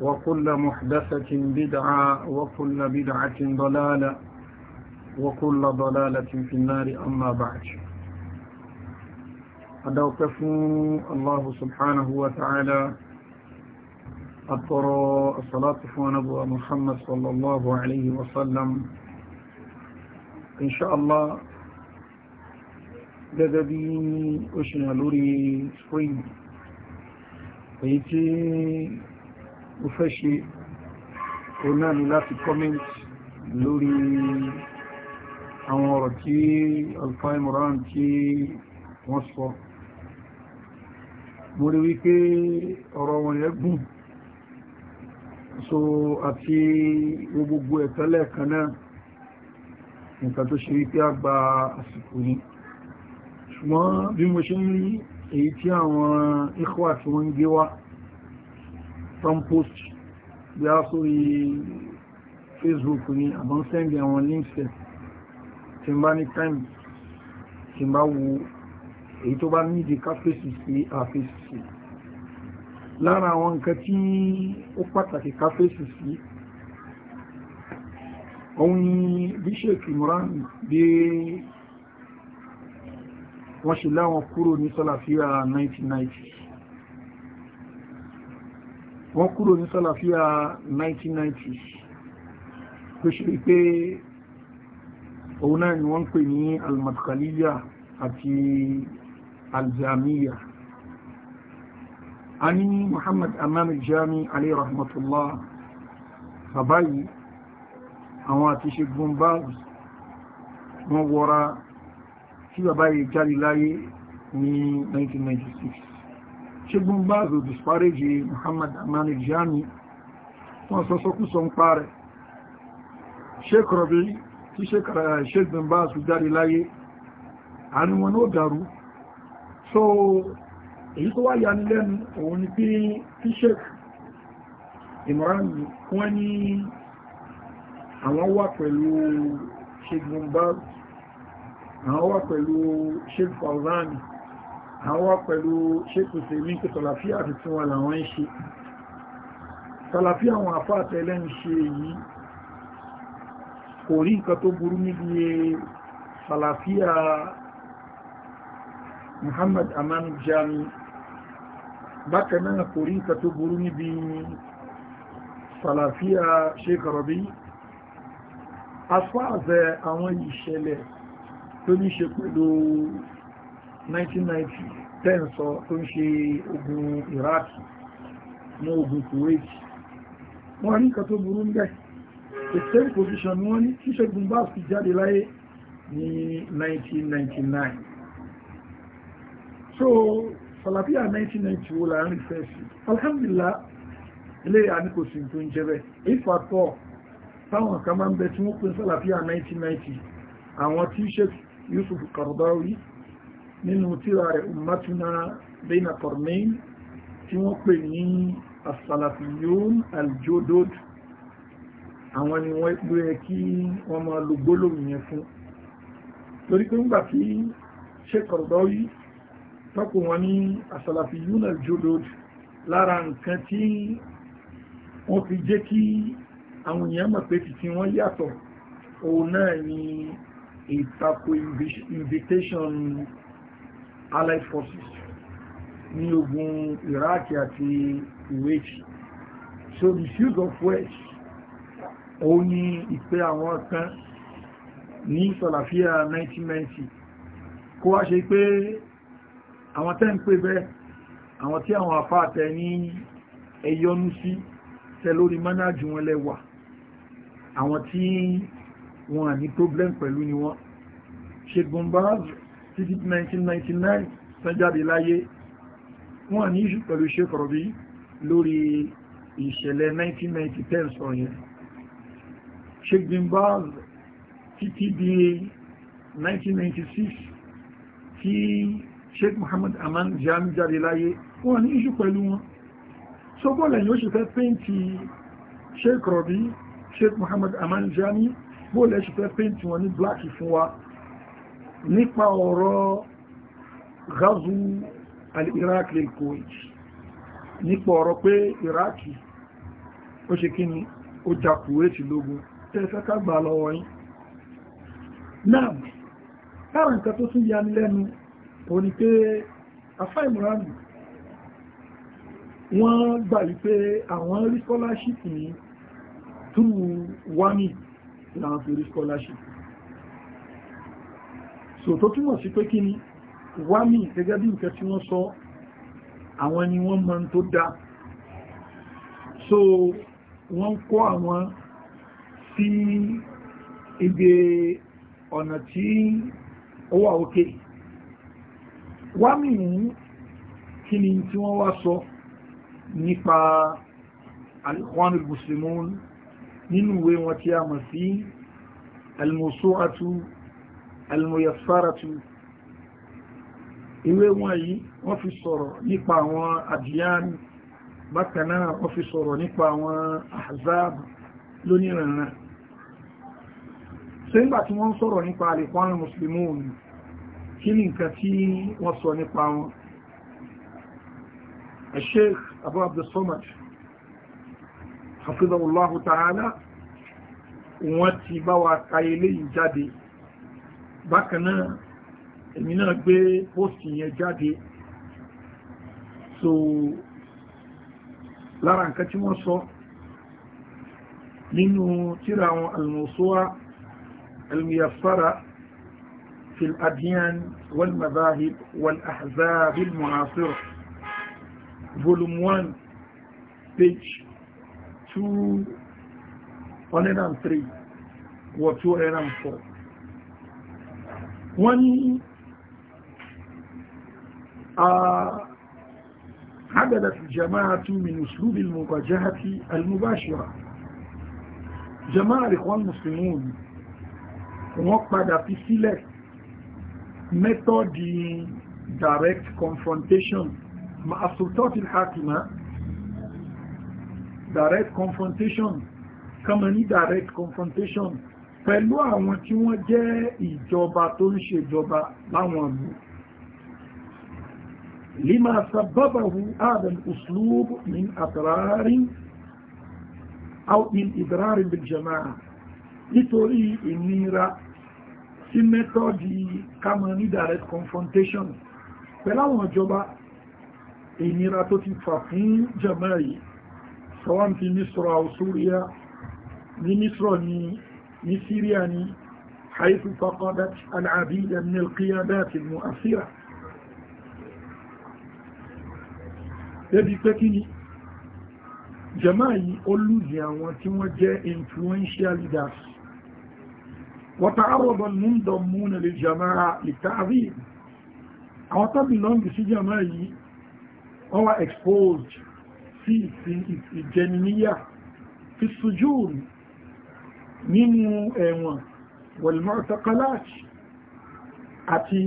وكل محدثة بدعة وكل بدعة ضلالة وكل ضلالة في النار أما بعد أدوكفوا الله سبحانه وتعالى أطرى الصلاة ونبوة محمد صلى الله عليه وسلم إن شاء الله gẹ́gẹ́ bí لوري ṣe mo fẹ́ ṣe òun náà ni láti comment lórí àwọn ọ̀rọ̀ tí alfai moran tí wọ́n sọ mo rí wípé ọ̀rọ̀ wọn yẹ gùn so àti gbogbo ẹ̀tẹ́lẹ̀ kan náà nǹkan tó ṣe wípé a gba àsìkò ní ṣùgbọ́n bí mo ṣe ń rí èyí tí àwọn ikhwa tí wọ́n ń gé wá from post bí a sórí facebook ní àbọ̀n sẹ́ndì àwọn links ẹ̀ tí n bá ní time tí n bá wo èyí tó bá nídi káfíìsì sí àfíìsì sí lára àwọn nǹkan tí ó pàtàkì káfíìsì sí òun ni bíṣèkì moran bí wọ́n ṣe láwọn kúrò ní sọ́làfíà 1990 wọ́n kúrò ní sọ́làfíà 1990 tó ṣe pé òun náà ni wọ́n ń pè ní almadkhaliya àti aljamiya a ní Muhammad Amam Jami alayhi rahmatullah bàbá yìí àwọn àti ṣe gbọmbáàbù wọ́n wọ́ra tí bàbá yìí jáde láyé ní 1996 ṣégbùn báàzù disparage Muhammad Amani Jami wọ́n sọ́sọ́kúsọ ń parẹ̀ Sheikh Rabi tí ṣégbùn eh, báàzù jáde láyé àní wọn ó dàrú so èyí tó wá yani lẹ́nu òun ni pé tí Sheikh Imran wọ́n ní àwọn wà pẹ̀lú ṣégbùn báàzù àwọn wà pẹ̀lú Sheikh Fawzani àwọn pẹ̀lú ṣékùsẹ̀ ní kí tọ̀làfíà ti tún wà láwọn ń ṣe tọ̀làfíà àwọn àfáàtẹ̀ lẹ́n ṣe yìí kò rí nǹkan tó burú níbi tọ̀làfíà Muhammad Aman Jami bákan náà kò rí nǹkan tó burú níbi tọ̀làfíà Sheikh Rabi afáàzẹ àwọn ìṣẹ̀lẹ̀ tó ní ṣe pẹ̀lú 1990 tẹ́ǹsọ tó ń ṣe ogun Iraq mọ́ ogun Kuwait wọ́n rí nǹkan tó burú ń bẹ̀ the same position wọ́n ní tíṣẹ́ gbùnbá fi jáde láyé ní 1999 so Salafia 1990 wo láàrin fẹ́ sí alhamdulillah ilé àníkòsí tó ń jẹ́ bẹ́ ìfàtọ̀ táwọn kan máa ń bẹ tí wọ́n pín Salafia 1990 àwọn tíṣẹ́ Yusuf Qaradawi nínú tíra rẹ̀ ummatuna bayna qarnayn tí wọ́n pè ní as-salafiyun àwọn ni wọ́n ló yẹ kí wọ́n máa lo gbólóhùn yẹn fún torí pé ńgbà tí Sheikh Qaradawi tọ́pù wọn ní as-salafiyun al-jodod lára nǹkan tí wọ́n fi jẹ́ kí àwọn èèyàn mọ̀ pé títí wọ́n yàtọ̀ òun náà ni ìtako invitation allied forces ní ogun iraq àti kuwait so the shoes of west òun ni ìpè àwọn kan ní sọ̀làfíà 1990 kó wá ṣe pé àwọn tẹ́ ń pè bẹ́ẹ̀ àwọn tí àwọn àfáàtẹ ní ẹyọnú sí tẹ lórí mánájú wọn lẹ́wà àwọn tí wọn ní problem pẹ̀lú ni wọ́n ṣe gbọmbáàzù 1999 tán jáde láyé wọ́n ní ìṣù pẹ̀lú Sheikh Rabi lórí ìṣẹ̀lẹ̀ 1990 sọ yẹn Sheikh Bin Baz títí di 1996 tí Sheikh Muhammad Aman Jami jáde láyé wọ́n ní ìṣù pẹ̀lú wọn so bọ́ọ̀lẹ̀ yóò ṣe fẹ́ pẹ́ntì Sheikh Rabi Sheikh Muhammad Aman Jami bọ́ọ̀lẹ̀ ṣe fẹ́ pẹ́ntì wọn ní black fún wa nípa ọ̀rọ̀ gazu al-iraq lè kuwait nípa ọ̀rọ̀ pé iraki ó ṣe kí ni ó jà kuwait lógún tẹ́fẹ́ká gbà lọ́wọ́ yìí náà lára nǹkan tó tún yani lẹ́nu ò ní pé afá ìmúránù wọ́n gbà wípé àwọn rí scholarship ní túrù wani láwọn fi rí scholarship so tó túmọ̀ sí pé kí ni wámi gẹ́gẹ́ bí nǹkan tí wọ́n sọ àwọn ni wọ́n mọ̀ tó dá so wọ́n kọ́ àwọn sí ibi ọ̀nà tí ó wà òkè wámi kí ni tí wọ́n wá sọ nípa al-Ikhwanul Muslimun nínú ìwé wọn tí a mọ̀ sí al-Mawsu'atu almuyassaratu ìwé wọn yìí wọ́n fi sọ̀rọ̀ nípa àwọn àdìyàn bákan náà wọ́n fi sọ̀rọ̀ nípa àwọn ahzab lóníranran ṣe ń gbà tí wọ́n sọ̀rọ̀ nípa àlèkwọ́n muslimun kí ní nǹkan tí wọ́n sọ nípa wọn الشيخ أبو عبد الصمد حفظه الله تعالى wọ́n ti bá wa ka ilé ìjáde bákan náà èmi náà gbé pósì yẹn jáde so lára nǹkan tí wọ́n sọ nínú tíra àwọn almusuwa almuyassara في الأديان والمذاهب والأحزاب المعاصرة Volume 1 page 203 or 204 wọ́n ní عددت الجماعة من أسلوب المواجهة المباشرة جماعة الإخوان المسلمون wọ́n padà fi sílẹ̀ mẹ́tọ́dì direct confrontation ma asultọ́tì hakima direct confrontation kama ní direct confrontation pẹ̀lú àwọn tí wọ́n jẹ́ ìjọba tó ń ṣèjọba láwọn ìlú lima sababahu adam uslub min adrarin aw min idrarin bil jama'a nítorí ìnira sí mẹ́tọ́dì kama direct confrontation pẹ̀lú àwọn ìjọba ìnira tó ti fà fún jama'a yìí sọ́wọ́n ti Misra àwọ̀ Súríà ní Misra ni ní Syria ní haifu faqadat al-abida min al-qiyadat al-mu'athira débi pé kí ni jama yìí ó lùdí àwọn tí wọ́n jẹ́ influential leaders وتعرض المنضمون للجماعة للتعذيب àwọn tábí lọ́nà sí jama yìí wọ́n wá exposed sí ìjẹniyà fi sujúrù nínú ẹ̀wọ̀n wọ̀lmọ́tọ́kọ́láàṣì àti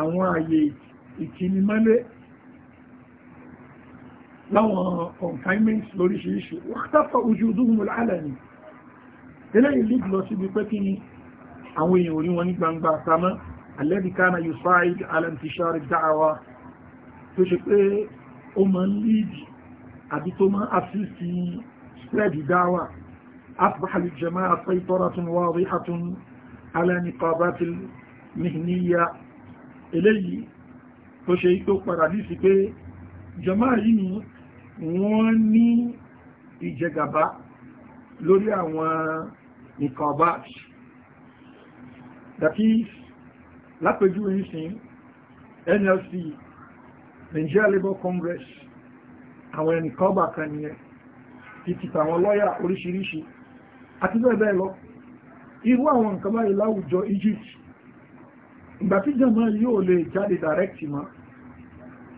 àwọn àyè ìkìnímọ́lé láwọn confinements lóríṣìíṣìí wọ́kátàfà ojú dúnmùl alẹ́ni eléyìí lè lọ síbi pé kí ni àwọn èèyàn orí wọn ní gbangba samá alẹ́dìkánà yusaid alẹ́ntishari dáawa tó ṣe pé ó máa lead àbí tó máa assist spread dáawa أصبح للجماعة سيطرة واضحة على نقابات المهنية إليه تشيكو فراديسي كي جماعة يني واني ìjẹgàbá lórí àwọn nìkọ̀ọ̀bá that is lápẹjú ìsìn NLC Nigeria Labour Congress àwọn ẹnìkọ̀ọ̀bá kan ni ẹ ti tìtà àwọn lọ́yà oríṣiríṣi àti bẹ́ẹ̀ bẹ́ẹ̀ lọ irú àwọn nǹkan báyìí láwùjọ Egypt ìgbà tí jẹ́mọ́ yóò lè jáde direct ma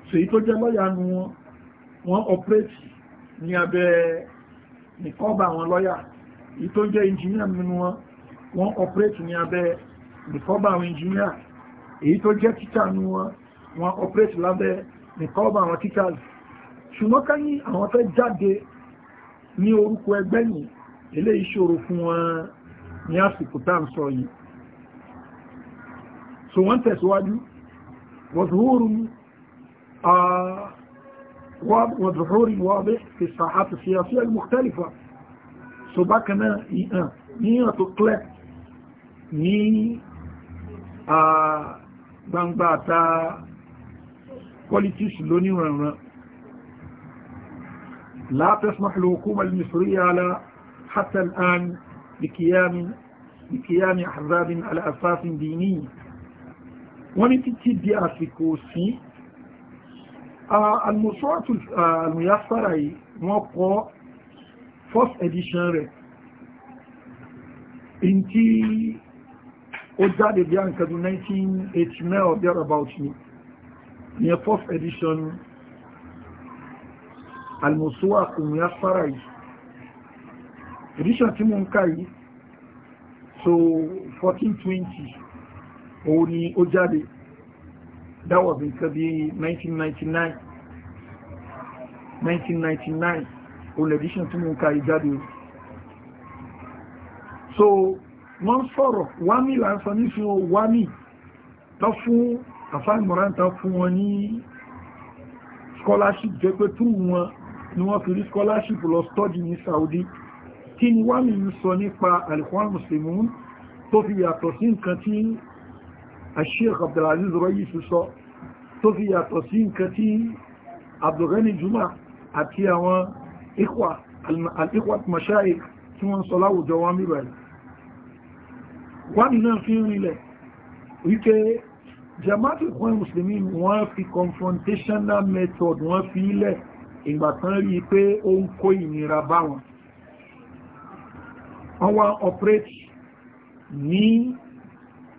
ṣèyí tó jẹ́ lọ́yà nu wọn wọ́n operate ní abẹ́ nìkọ́bà àwọn lọ́yà èyí tó jẹ́ engineer nínú wọn wọ́n operate ní abẹ́ nìkọ́bà àwọn engineer èyí tó jẹ́ teacher nínú wọn wọ́n operate lábẹ́ nìkọ́bà àwọn teachers ṣùgbọ́n ká ní àwọn fẹ́ jáde ní orúkọ ẹgbẹ́ yìí ilé ìṣòro fún wọn ní àsìkò tá à ń sọ yìí so wọ́n tẹ̀síwájú wọ́dùhúrù wọ́bẹ̀ fi sàhátù sí àfíà mùtẹ́lifà so bákanáà ìhàn ní àtúklẹ̀ ní gbangba àta politics lóníwọ̀nran látẹ́smọ̀lù hukumar misriya la حتى الآن بقيام بقيام أحزاب على أساس ديني ونتتدي أفكوسي الموسوعة الميسرة موقع first edition rẹ̀ in tí ó jáde bí àǹkàdù 1989 or thereabout ni ní first الموسوعة الميسرة yìí edition tí mo ń ká so 1420 òun ni ó jáde that was nǹkan bí 1999 1999 òun edition tí mo ń ká jáde so wọ́n sọ̀rọ̀ wámi lásán ní fi hàn wámi tán fún àfáìmọ̀rántà fún wọn ní scholarship jẹ́ pé túrù wọn ni wọ́n fi rí scholarship lọ study ní Saudi kí ni wá mìí sọ nípa alìkọ́wàá muslimun tó fi yàtọ̀ sí nǹkan tí Sheikh Abdulaziz Rayis sọ tó fi yàtọ̀ sí nǹkan tí Abdulghani Juma àti àwọn ikhwa al-ikhwa mashayikh tí wọ́n sọ láwùjọ wọn mìíràn wámi náà fi rinlẹ̀ wípé jama'at ìgbà tán rí pé ó ń kó ìnira báwọn àwọn operate ní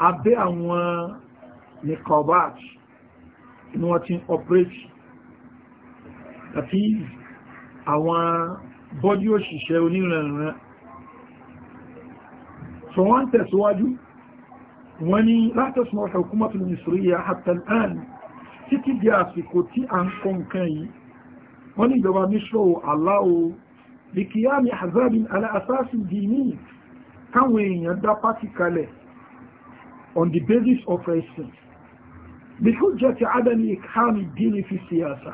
abẹ́ àwọn nicobat inú wọ́n ti operate àti àwọn bọ́dí òṣìṣẹ́ onírànràn so wọ́n tẹ̀síwájú wọ́n ni látọ̀sùn ọ̀ṣà hukumatul misriya hatta al'an títí di àsìkò tí a ń kọ nǹkan yìí wọ́n ni ìjọba misro aláwọ̀ bíkíyàmì àzábin aláàsáàsì dìní káwọn èèyàn dá pátì kalẹ̀ on the basis of ẹ̀sìn bíkú jẹ́ ti adani ìkámi dìní fi síyàsà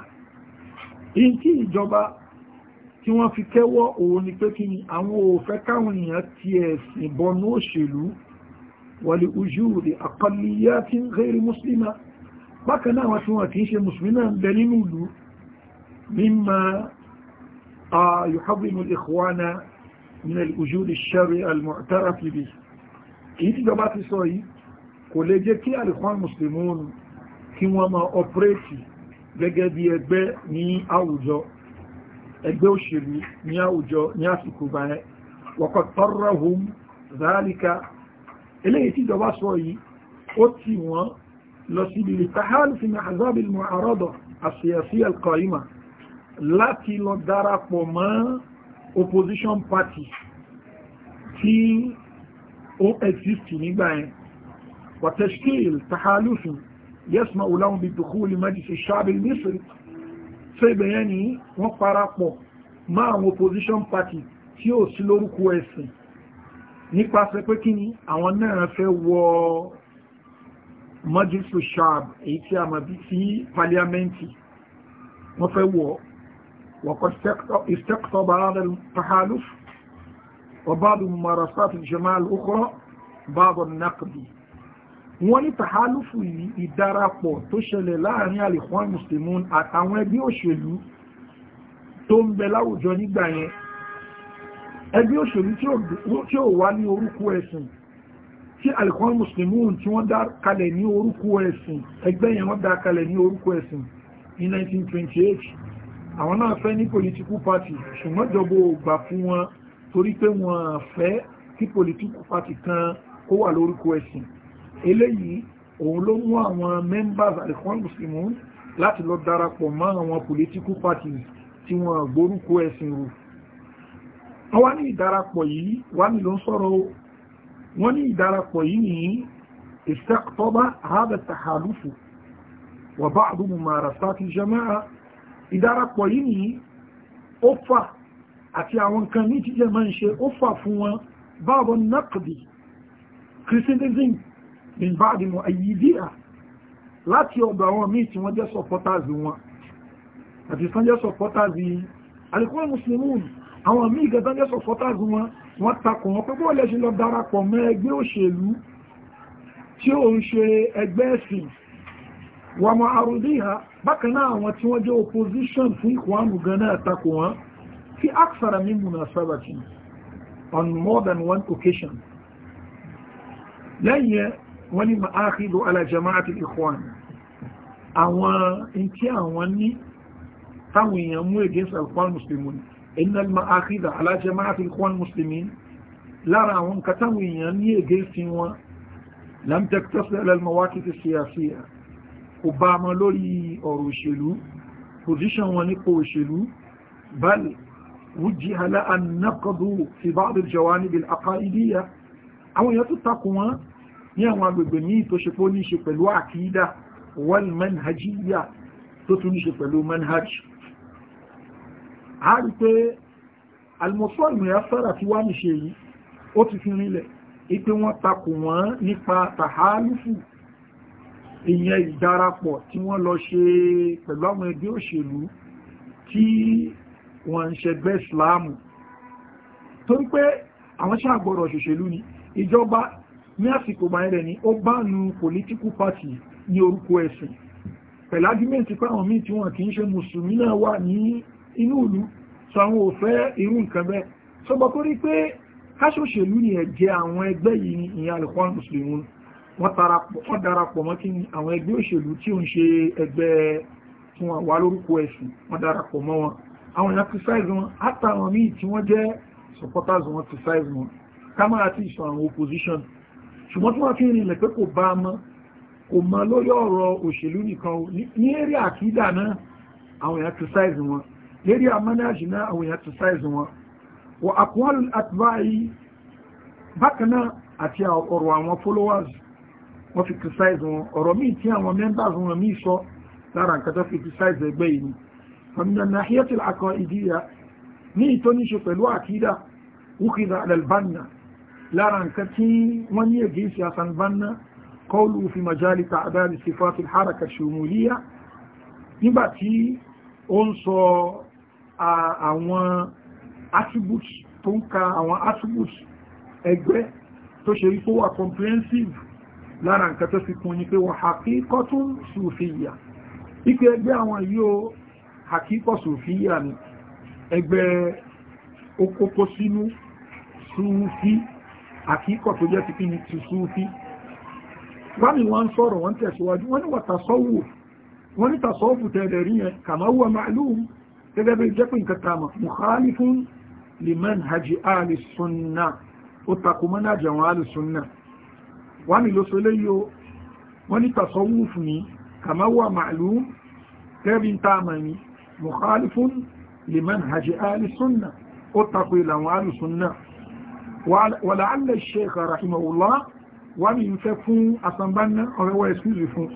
in tí ìjọba tí wọ́n fi kẹ́wọ́ òun ni pé kí ni àwọn òfẹ́ káwọn èèyàn ti ẹ̀sìn bọnú òṣèlú wàlẹ̀ ujúùrì àkọlìyà tí ń gẹ́rí mùsùlùmá bákan náà wọ́n tí wọ́n kì í ṣe mùsùlùmí náà ń bẹ nínú ìlú يحرم الإخوان من الأجور الشرع المعترف به èyí tí jọba ti sọ yìí kò lè jẹ́ kí al-Ikhwan Muslimun kí wọ́n máa ọpẹ́rẹ́tì gẹ́gẹ́ bí ẹgbẹ́ ní àwùjọ ẹgbẹ́ òṣèlú ní àwùjọ ní àsìkò báyẹ waqad tarrahum dhalika eléyìí tí jọba sọ yìí ó tì wọ́n lọ sí ibi tahaluf min ahzab al-mu'arada as-siyasiyya al-qa'imah láti lọ darapọ̀ mọ́ opposition party tí ó exist nígbà yẹn wàtẹ̀ṣkìl tàhálùfin yẹ́sùmọ̀ òláwọn bí dùkúlì mẹ́jìsì ṣáàbì mísìrì tó ìbẹ̀yẹn ni wọ́n parapọ̀ mọ́ àwọn opposition party tí ó sí lórúkọ ẹ̀sìn nípasẹ̀ pé kí ni àwọn náà fẹ́ wọ mẹ́jìsì ṣáàbì èyí tí a mọ̀ bí sí pàlíámẹ́ǹtì wọ́n fẹ́ wọ̀ ọ́ وقد استقطب هذا التحالف وبعض ممارسات الجماعة الأخرى بعض النقد wọ́n ní tàhálùfù yìí ìdarapọ̀ tó ṣẹlẹ̀ láàrin al-Ikhwan Muslimun àtàwọn ẹgbẹ́ òṣèlú tó ń bẹ láwùjọ nígbà yẹn ẹgbẹ́ òṣèlú tí ó wà ní orúkọ ẹ̀sìn tí al-Ikhwan Muslimun tí wọ́n dá kalẹ̀ ní orúkọ ẹ̀sìn ẹgbẹ́ yẹn wọ́n dá kalẹ̀ ní orúkọ ẹ̀sìn ní 1928 àwọn náà fẹ́ ní political party ṣùgbọ́n jọba ò gbà fún wọn torí pé wọ́n fẹ́ kí political party kan kó wà lórúkọ ẹ̀sìn eléyìí òun ló mú àwọn members àdìkún muslimun láti lọ darapọ̀ mọ́ àwọn political parties tí wọ́n gbórúkọ ẹ̀sìn rù wọ́n wá ní ìdarapọ̀ yìí wá ní ló ń sọ̀rọ̀ wọ́n ní ìdarapọ̀ yìí ní ìsẹ́kọ̀tọ́bá ààbẹ̀tàhálùfù wà bá àdúgbò màrà sáà ti jẹ́ mẹ́ra ìdárapọ̀ yìí nìyí ó fà àti àwọn nǹkan ní jíjẹ máa ń ṣe ó fà fún wọn báwọn nákùdì christianism bin báàdì mọ̀ àyídíà láti ọ̀dọ̀ àwọn míì tí wọ́n jẹ́ supporters wọn àti tán jẹ́ supporters alìkọ́wọ́ muslimun àwọn míì gẹ̀ tán jẹ́ supporters wọn wọ́n takò wọn pẹ́ bọ́ọ̀lẹ́ ṣe lọ darapọ̀ bákan náà àwọn tí wọ́n jẹ́ opposition fún ìkwánù gan náà takò wọn fi aksara min munasabati on more than one occasion lẹ́yìn wọ́n ni ma'áhìlú ala jama'ati ìkwán àwọn tí àwọn ní táwọn èèyàn mú against alkwan muslimun inna al-ma'áhìlú ala jama'ati ìkwán muslimin lára àwọn katáwọn èèyàn ní against wọn lam tẹ́kítọ́sí alalmawakiti siyasiya kò bá mọ́ lórí ọ̀rọ̀ òṣèlú position wọn nípa òṣèlú bal wujjiha la an-naqdu fi ba'd al-jawanib al-aqaidiyya àwọn èèyàn tó takò wọn ní àwọn agbègbè ní ìtòṣepọ̀ ní ṣe pẹ̀lú àkídà wal manhajiyya tó tún ní ṣe pẹ̀lú ìyẹn ìdarapọ̀ tí wọ́n lọ ṣe pẹ̀lú àwọn ẹgbẹ́ òṣèlú tí wọ́n ń ṣẹgbẹ́ ìsìláàmù tó ń pé àwọn ṣe àgbọ̀rọ̀ òṣèlú ni ìjọba ní àsìkò báyìí rẹ̀ ni ó bá nu political party ní orúkọ ẹ̀sìn pẹ̀lú ágímẹ́ǹtì pé àwọn míì tí wọ́n kì í ṣe mùsùlùmí náà wà ní inú ìlú sọ àwọn ò fẹ́ irú nǹkan bẹ́ẹ̀ sọgbọ́n tó rí pé káṣòṣèlú ni ẹ̀jẹ̀ àwọn ẹgbẹ́ yìí ni ìyẹn àlùkò mùsùlùmí wọ́n darapọ̀ mọ́ kí àwọn ẹgbẹ́ òṣèlú tí ó ń ṣe ẹgbẹ́ tí wọ́n wà lórúkọ ẹ̀sìn wọ́n darapọ̀ mọ́ wọn àwọn èèyàn criticize wọn àtàwọn míì tí wọ́n jẹ́ supporters wọn criticize wọn kámẹ́rà ti sọ àwọn opposition ṣùgbọ́n tí wọ́n fi rìn lẹ̀ pé kò bá mọ́ kò mọ́ lórí ọ̀rọ̀ òṣèlú nìkan ní eré àkídà náà àwọn èèyàn criticize wọn lérí àmánájì náà àwọn èèyàn criticize wọn wọ àkùnwọ́n àtìbáyé bákan náà àti ọ̀rọ̀ àwọn followers wọ́n fi criticize wọn ọ̀rọ̀ míì tí àwọn members wọn míì sọ lára nǹkan tó fi criticize ẹgbẹ́ yìí ni ọ̀nà nàíyẹ́tì àkọ ìdíyà ní ìtọ́níṣe pẹ̀lú àkídà wúkìdà albanna lára nǹkan tí wọ́n ní èdè ìsì asanbanna kọlu fi majali ta'adari sifati haraka shumuliya nígbà tí ó ń sọ àwọn attributes tó ń ka àwọn attributes ẹgbẹ́ tó ṣe rí tó wà comprehensive lára nǹkan tó fi kún ní pé wọ́n hakíkọ́ tún sùfíyà ipé ẹgbẹ́ àwọn yíò hakíkọ́ sùfíyà ni ẹgbẹ́ okókó sínú sùfí hakíkọ́ tó jẹ́ ti kíni ti sùfí wámi wọ́n sọ̀rọ̀ wọ́n tẹ̀síwájú wọ́n ni wà tasọ́wù wọ́n ni tasọ́wù tẹ̀lẹ̀ wà ní ló sọlé yóò wọ́n ní tasawuf ní kàmáwà ma'lum tẹ́rin táàmà ní mukhalifun liman hajji alisunna ó takò ìlànà alisunna wà láàlẹ̀ sheikh rahimahullah wà ní ń fẹ́ fún asambanna ọ̀rẹ́wọ̀ excuse fún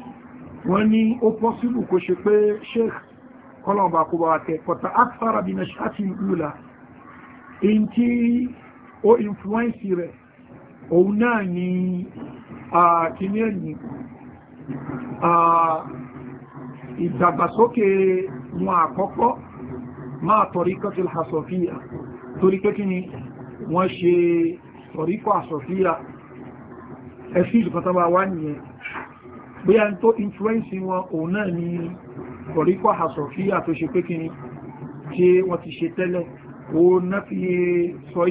wọ́n ní ó pọ́sílù kó ṣe pé sheikh kọlọ̀ọ̀bà òun náà ni àkíní ẹ̀yìn ìdàgbàsókè wọn àkọ́kọ́ máa tọ̀ríkọ́tìl àsọ̀fíà torí pé kí ni wọ́n ṣe tọ̀ríkọ́ àsọ̀fíà ẹ̀fí ìlúkọtọ́bà wá nìyẹn bí a ń tó influence wọn òun náà ni tọ̀ríkọ́ àsọ̀fíà tó ṣe pé kí ni tí wọ́n ti ṣe tẹ́lẹ̀ òun náà fi sọ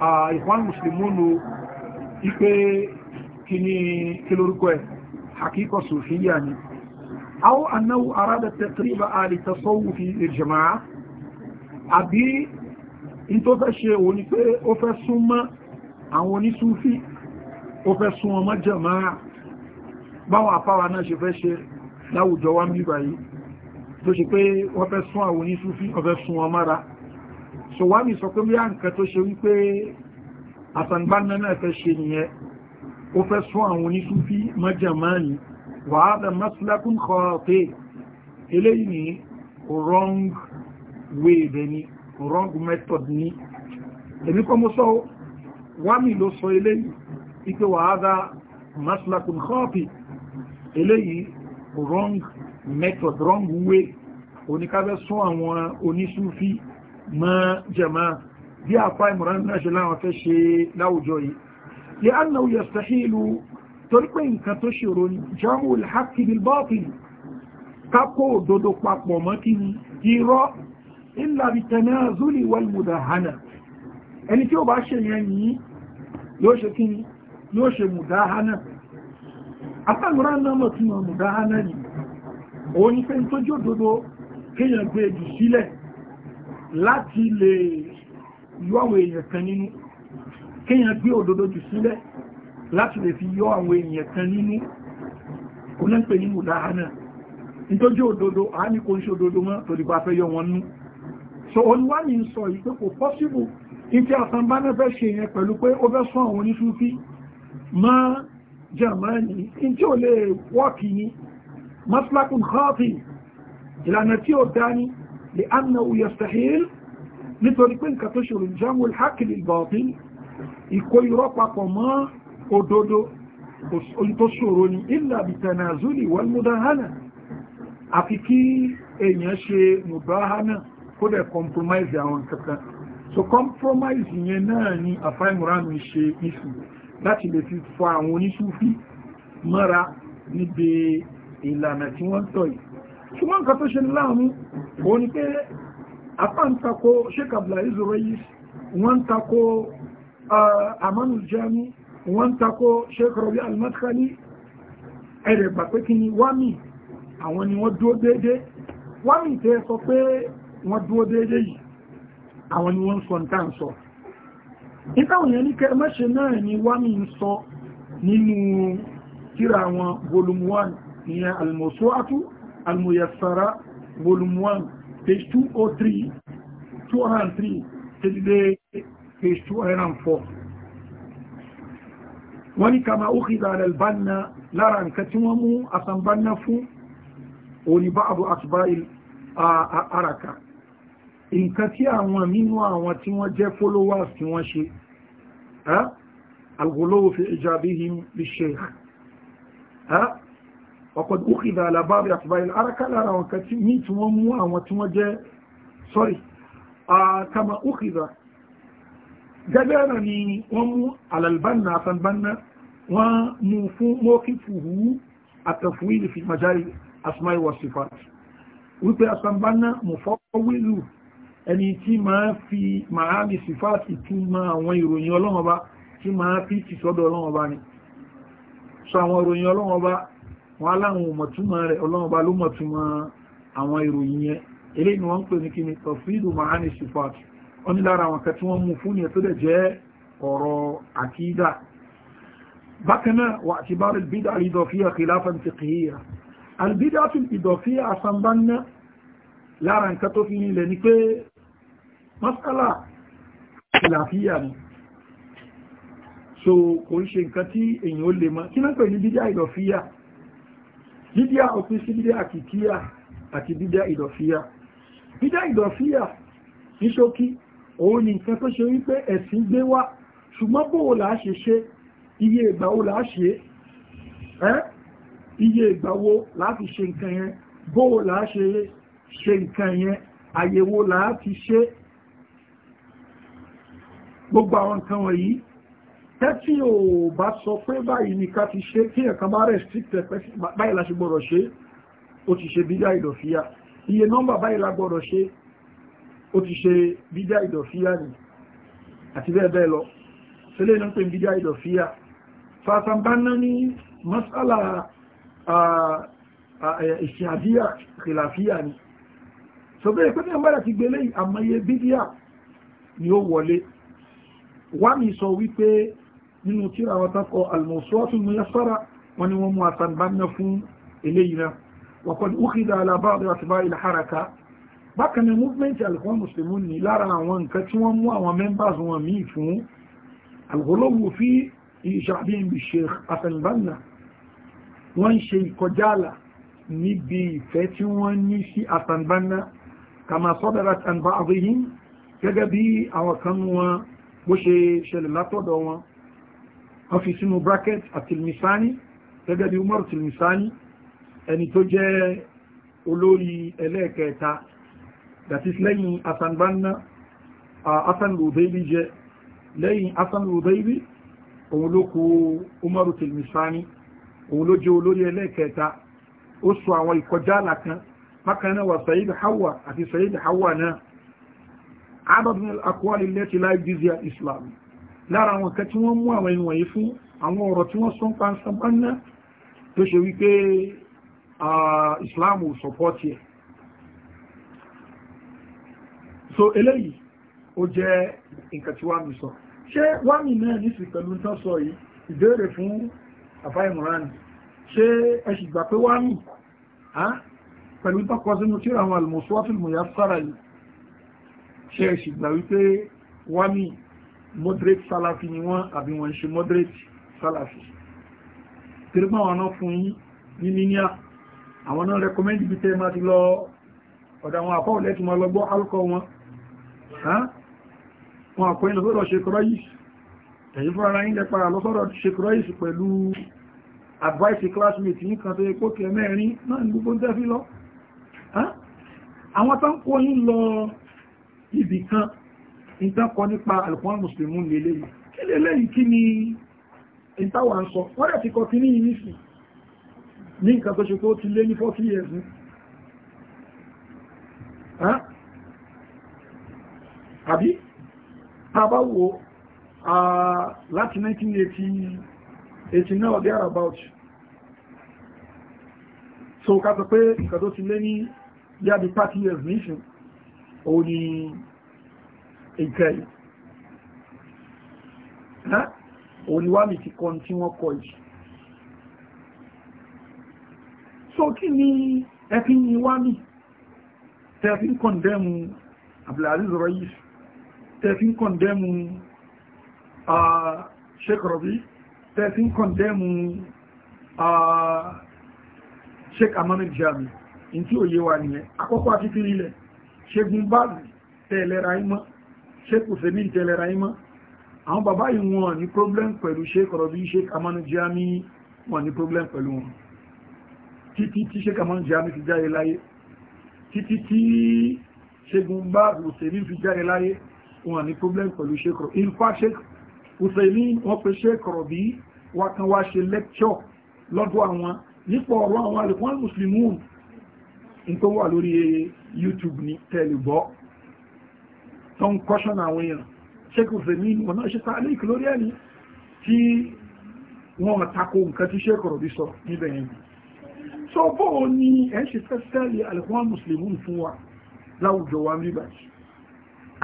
ìfọ́n mùsùlùmúnù ipé kí ní kí lórúkọ ẹ̀ hakíkọ sòfíyà ni aw annahu arada taqriba ali tasawufi al-jama'a àbí in tó fẹ́ ṣe òní pé ó fẹ́ súnmọ́ àwọn onísúfí ó fẹ́ súnmọ́ mọ́ jama'a báwọn àpáwà náà ṣe fẹ́ ṣe láwùjọ wá ń yìí tó ṣe pé wọ́n fẹ́ sún àwọn onísúfí wọ́n fẹ́ sún wọn so wá ní sọ pé bí á nǹkan tó ṣe wípé àtàǹgbáná náà fẹ́ ṣe nìyẹn ó fẹ́ sún àwọn oníṣúfí mọ́jàmánì wà á dà maslakun kọ́ọ̀tẹ́ eléyìí ní wrong way dẹ̀ ni wrong method ni èmi kọ́ mo sọ wá mi ló sọ eléyìí ike wà á dà maslakun kọ́ọ̀tẹ́ eléyìí wrong method wrong way oníkábẹ́ sún àwọn oníṣúfí mọ́ jẹ̀má bí àpá ìmọ̀ràn náà ṣe láwọn fẹ́ ṣe láwùjọ yìí lè annahu yastahilu torí pé nǹkan tó ṣòro ní jamu al-haqqi bil-batil kákó òdodo papọ̀ mọ́ kí ni irọ́ illa bi-tanazuli wal-mudahana ẹni tí ó bá ṣe yẹn yìí yóò ṣe kí yóò ṣe mùdáhánà àtàgbọ́rá náà mọ̀ tí wọ́n mùdáhánà ni òun ni pé tó jódodo kéèyàn gbé jù sílẹ̀ láti lè yọ àwọn èèyàn kan nínú kéèyàn gbé òdodo jù sílẹ̀ láti lè fi yọ àwọn èèyàn kan nínú kò náà pè ní mùdáhánà nítorí òdodo a ní kò ń ṣe òdodo mọ́ tó dìgbà fẹ́ yọ wọn nú so olúwa ní sọ yìí pé kò pọ́síbù ìfẹ́ àtàbánà fẹ́ ṣe yẹn pẹ̀lú pé ó fẹ́ sọ àwọn oníṣúfí ma Germany in tí ó lè wọ́kì ní maslakun khafi ìlànà tí ó dání لأنه يستحيل نتوريكين كتشر الجمع الحق للباطل يكو يرقى قما ودودو يتشرني إلا بتنازل والمداهنة أفكي أن يشي مداهنة كده compromise àwọn kankan so compromise yẹn náà ni afáìmùránù ṣe ìsù láti lè fi fa àwọn oníṣúfí mọ́ra níbi ìlànà tí wọ́n tọ̀ yìí ṣùgbọ́n nǹkan tó ṣe láàmú òun ni pé apá ń takò sheik abdullahi zurais wọ́n ń takò amanu jami wọ́n ń takò sheik rabi almadkhali ẹ̀rẹ̀ gbà pé kí ni wámi àwọn ni wọ́n dúró déédé wámi tẹ́ sọ pé wọ́n dúró déédé yìí àwọn ni wọ́n sọ nǹkan ìtàwọn yẹn ní kẹ mẹ́ṣe náà ni wámi ń sọ nínú kíra wọn volume 1 ìyẹn almosuatu al-muyassara volume 1 page 203 203 till the page 204 wọ́n ní kama ukhida al-banna lára nǹkan tí wọ́n mú asambanna fún òní bá abu asibá araka nǹkan tí àwọn nínú àwọn tí wọ́n jẹ́ followers tí wọ́n ṣe al-ghuluw fi ijabihim bi sheikh ọ̀kọ̀dù òkìdá alábáàbí àtìbáyé araka lára àwọn kan ní tí wọ́n mú àwọn tí wọ́n jẹ́ sọ́rì àkàmà òkìdá gẹ́gẹ́ náà ni wọ́n mú alalbanna asanbanna wọ́n mú fún mọ́kífùhù àtàfúwìlì fi majari asmai wa sifat wípé asanbanna mufawwilu ẹni tí máa fi màámi sifat ìtumọ̀ àwọn ìròyìn ọlọ́wọ́ bá tí máa fi tìsọ́dọ̀ ọlọ́wọ́ bá ni so àwọn ìròyìn ọlọ́wọ́ bá wọ́n aláwọn ọmọ̀túnmọ̀ rẹ̀ ọlọ́mọba ló mọ̀túnmọ̀ àwọn ìròyìn yẹn eléyìí ni wọ́n ń pè ní kíni tọ̀fíìdù mahani sifat wọ́n ní lára àwọn kan tí wọ́n mú fún yẹn tó dẹ̀ jẹ́ ọ̀rọ̀ àkídà bákan wà àti bá rẹ̀ bídà ìdọ̀fíà kìláfà ti kìíyà albídà tún ìdọ̀fíà àsambánná lára nǹkan tó fi nílẹ̀ ni pé masala kìláfíà ni so kò ń ṣe nǹkan tí èèyàn ó lè mọ kí náà pè ní bídà ìdọ̀fíà bídíà òpin sí bídíà kìkíyà àti bídíà ìdọ̀fíyà bídíà ìdọ̀fíyà ní ṣókí òun ni nǹkan tó ṣe wípé ẹ̀sìn gbé wá ṣùgbọ́n bó o làá ṣe ṣe iye ìgbà wo làá ṣe iye ìgbà wo làá fi ṣe nǹkan yẹn bó o làá ṣe ṣe nǹkan yẹn àyẹ̀wò làá fi ṣe gbogbo àwọn nǹkan wọ̀nyí tẹ́tí ò bá sọ pé báyìí ni ká ti ṣe kí ẹ̀kan bá restrict ẹ̀pẹ́ báyìí la ṣe gbọ́dọ̀ ṣe ó ti ṣe bídá ìdọ̀fíà iye nọ́mbà báyìí la gbọ́dọ̀ ṣe ó ti ṣe bídá ìdọ̀fíà ni àti bẹ́ẹ̀ bẹ́ẹ̀ lọ sílé ní pé bídá ìdọ̀fíà fàtàbáná ní masala ìṣàdíyà kìláfíà ni so bẹ́ẹ̀ pé ní àmàlà ti gbélé àmọye bídíà ni ó wọlé wá mi sọ wípé nínú tíra wọn tako al-mawsu'atul muyassara wọn ni wọ́n mú àtàbánná أخذ على بعض أتباع الحركة bákan movement alìkọ́ musulmi ní lára àwọn nǹkan tí wọ́n mú àwọn members wọn míì fún alìkọ́lọ́wò fi ìṣàbí ibi sheikh afẹ́lbanna wọ́n ṣe ìkọjáàlà níbi ìfẹ́ tí wọ́n ní sí afẹ́lbanna kama sọ́dára tàbí àríhìn gẹ́gẹ́ bí àwọn kan wọn bó ṣe ṣẹlẹ̀ látọ̀dọ̀ wọn wọ́n fi sínú bracket àtìlmìsáni gẹ́gẹ́ bí umar tìlmìsáni ẹni tó jẹ́ olórí ẹlẹ́ẹ̀kẹta that is lẹ́yìn Hassan Banna Hassan Lodaibi jẹ́ lẹ́yìn Hassan Lodaibi òun ló kó umar tìlmìsáni òun ló jẹ́ olórí ẹlẹ́ẹ̀kẹta ó sọ àwọn ìkọjá àlàkan bákanáà wà lára àwọn kan tí wọ́n mú àwọn ẹni wọ̀nyí fún àwọn ọ̀rọ̀ tí wọ́n sọ́n pàṣẹpàṣẹ tó ṣe wípé Islam ò sọpọ́tì so eléyìí ó jẹ́ nǹkan tí wàmí sọ ṣé wàmí náà nísì pẹ̀lú tán sọ yìí ìbéèrè fún àfáìmọ̀rán ṣé ẹ sì gbà pé wàmí pẹ̀lú tọ́kọ sínú tí àwọn almusuwatul muyassara yìí ṣe ẹ sì gbà wípé wàmí moderate salafi ni wọ́n àbí wọ́n ṣe moderate salafi tẹ́lẹ̀ bá wọn náà fún yín ní níníà àwọn náà recommend bí tẹ́ máa ti lọ ọ̀dà àwọn àpá òlẹ́tì máa lọ gbọ́ alkọ wọn wọn àkọ́ ìlọ sọ́dọ̀ ṣe kọ́rọ́ yìí ẹ̀yìn fún ara yín lẹ́pàá lọ sọ́dọ̀ ṣe kọ́rọ́ yìí pẹ̀lú advice classmate yín kan tó yẹ kó kẹ́ mẹ́rin náà ní gbogbo tẹ́ fi lọ àwọn tán kó yín lọ ibì kan ìtànkọ nípa alùpùpù mùsùlùmí lélẹ́ yìí kí lélẹ́ yìí kí ni ìtawà ń sọ wọ́n dẹ̀ ti kọ kíní yìí nìsì ní nǹkan tó ṣe tó ti lé ní 40 years ní àbí tàbá wo láti 1980 náà there about so ká sọ pé nǹkan tó ti lé ní yàbí 30 years nìsì òun ni ìkẹyì oníwàmì ti kọ́ tí wọ́n kọ́ yìí so kí ni ẹfí ni wàmì tẹ́fí ń kọ̀ndẹ́mù Abdulaziz Rayis tẹ́fí ń kọ̀ndẹ́mù Sheikh Rabi tẹ́fí ń kọ̀ndẹ́mù Sheikh Ahmad Jami in tí ó yé wa nìyẹn akọ́kọ́ àti fi nílẹ̀ Sheikh Mubaz tẹ́ẹ̀lẹ́ra imọ́ sheik usemi tẹ́lẹ̀ra imá àwọn bàbá yìí wọn ní problem pẹ̀lú sheik rọ̀bí sheik amanu jami wọn ní problem pẹ̀lú wọn títí tí sheik amanu jami fi jáde láyé títí tí sheikun bá usemi fi jáde láyé wọn ní problem pẹ̀lú sheik rọ̀bí in fact sheik usemi wọ́n pe sheik rọ̀bí wọ́n kan wá ṣe lecture lọ́dọ̀ àwọn nípa YouTube ní tẹ́lẹ̀ tó ń kọ́ṣọ́nà àwọn èèyàn ṣékù fèmí wọn náà ṣe sáà léèkì lórí ẹni tí wọ́n tako nǹkan tí ṣékù rọ̀bí sọ níbẹ̀ yẹn so bóò ni ẹ̀ ṣe fẹ́ sẹ́lẹ̀ alìkùnwá mùsùlùmí fún wa láwùjọ wa níbà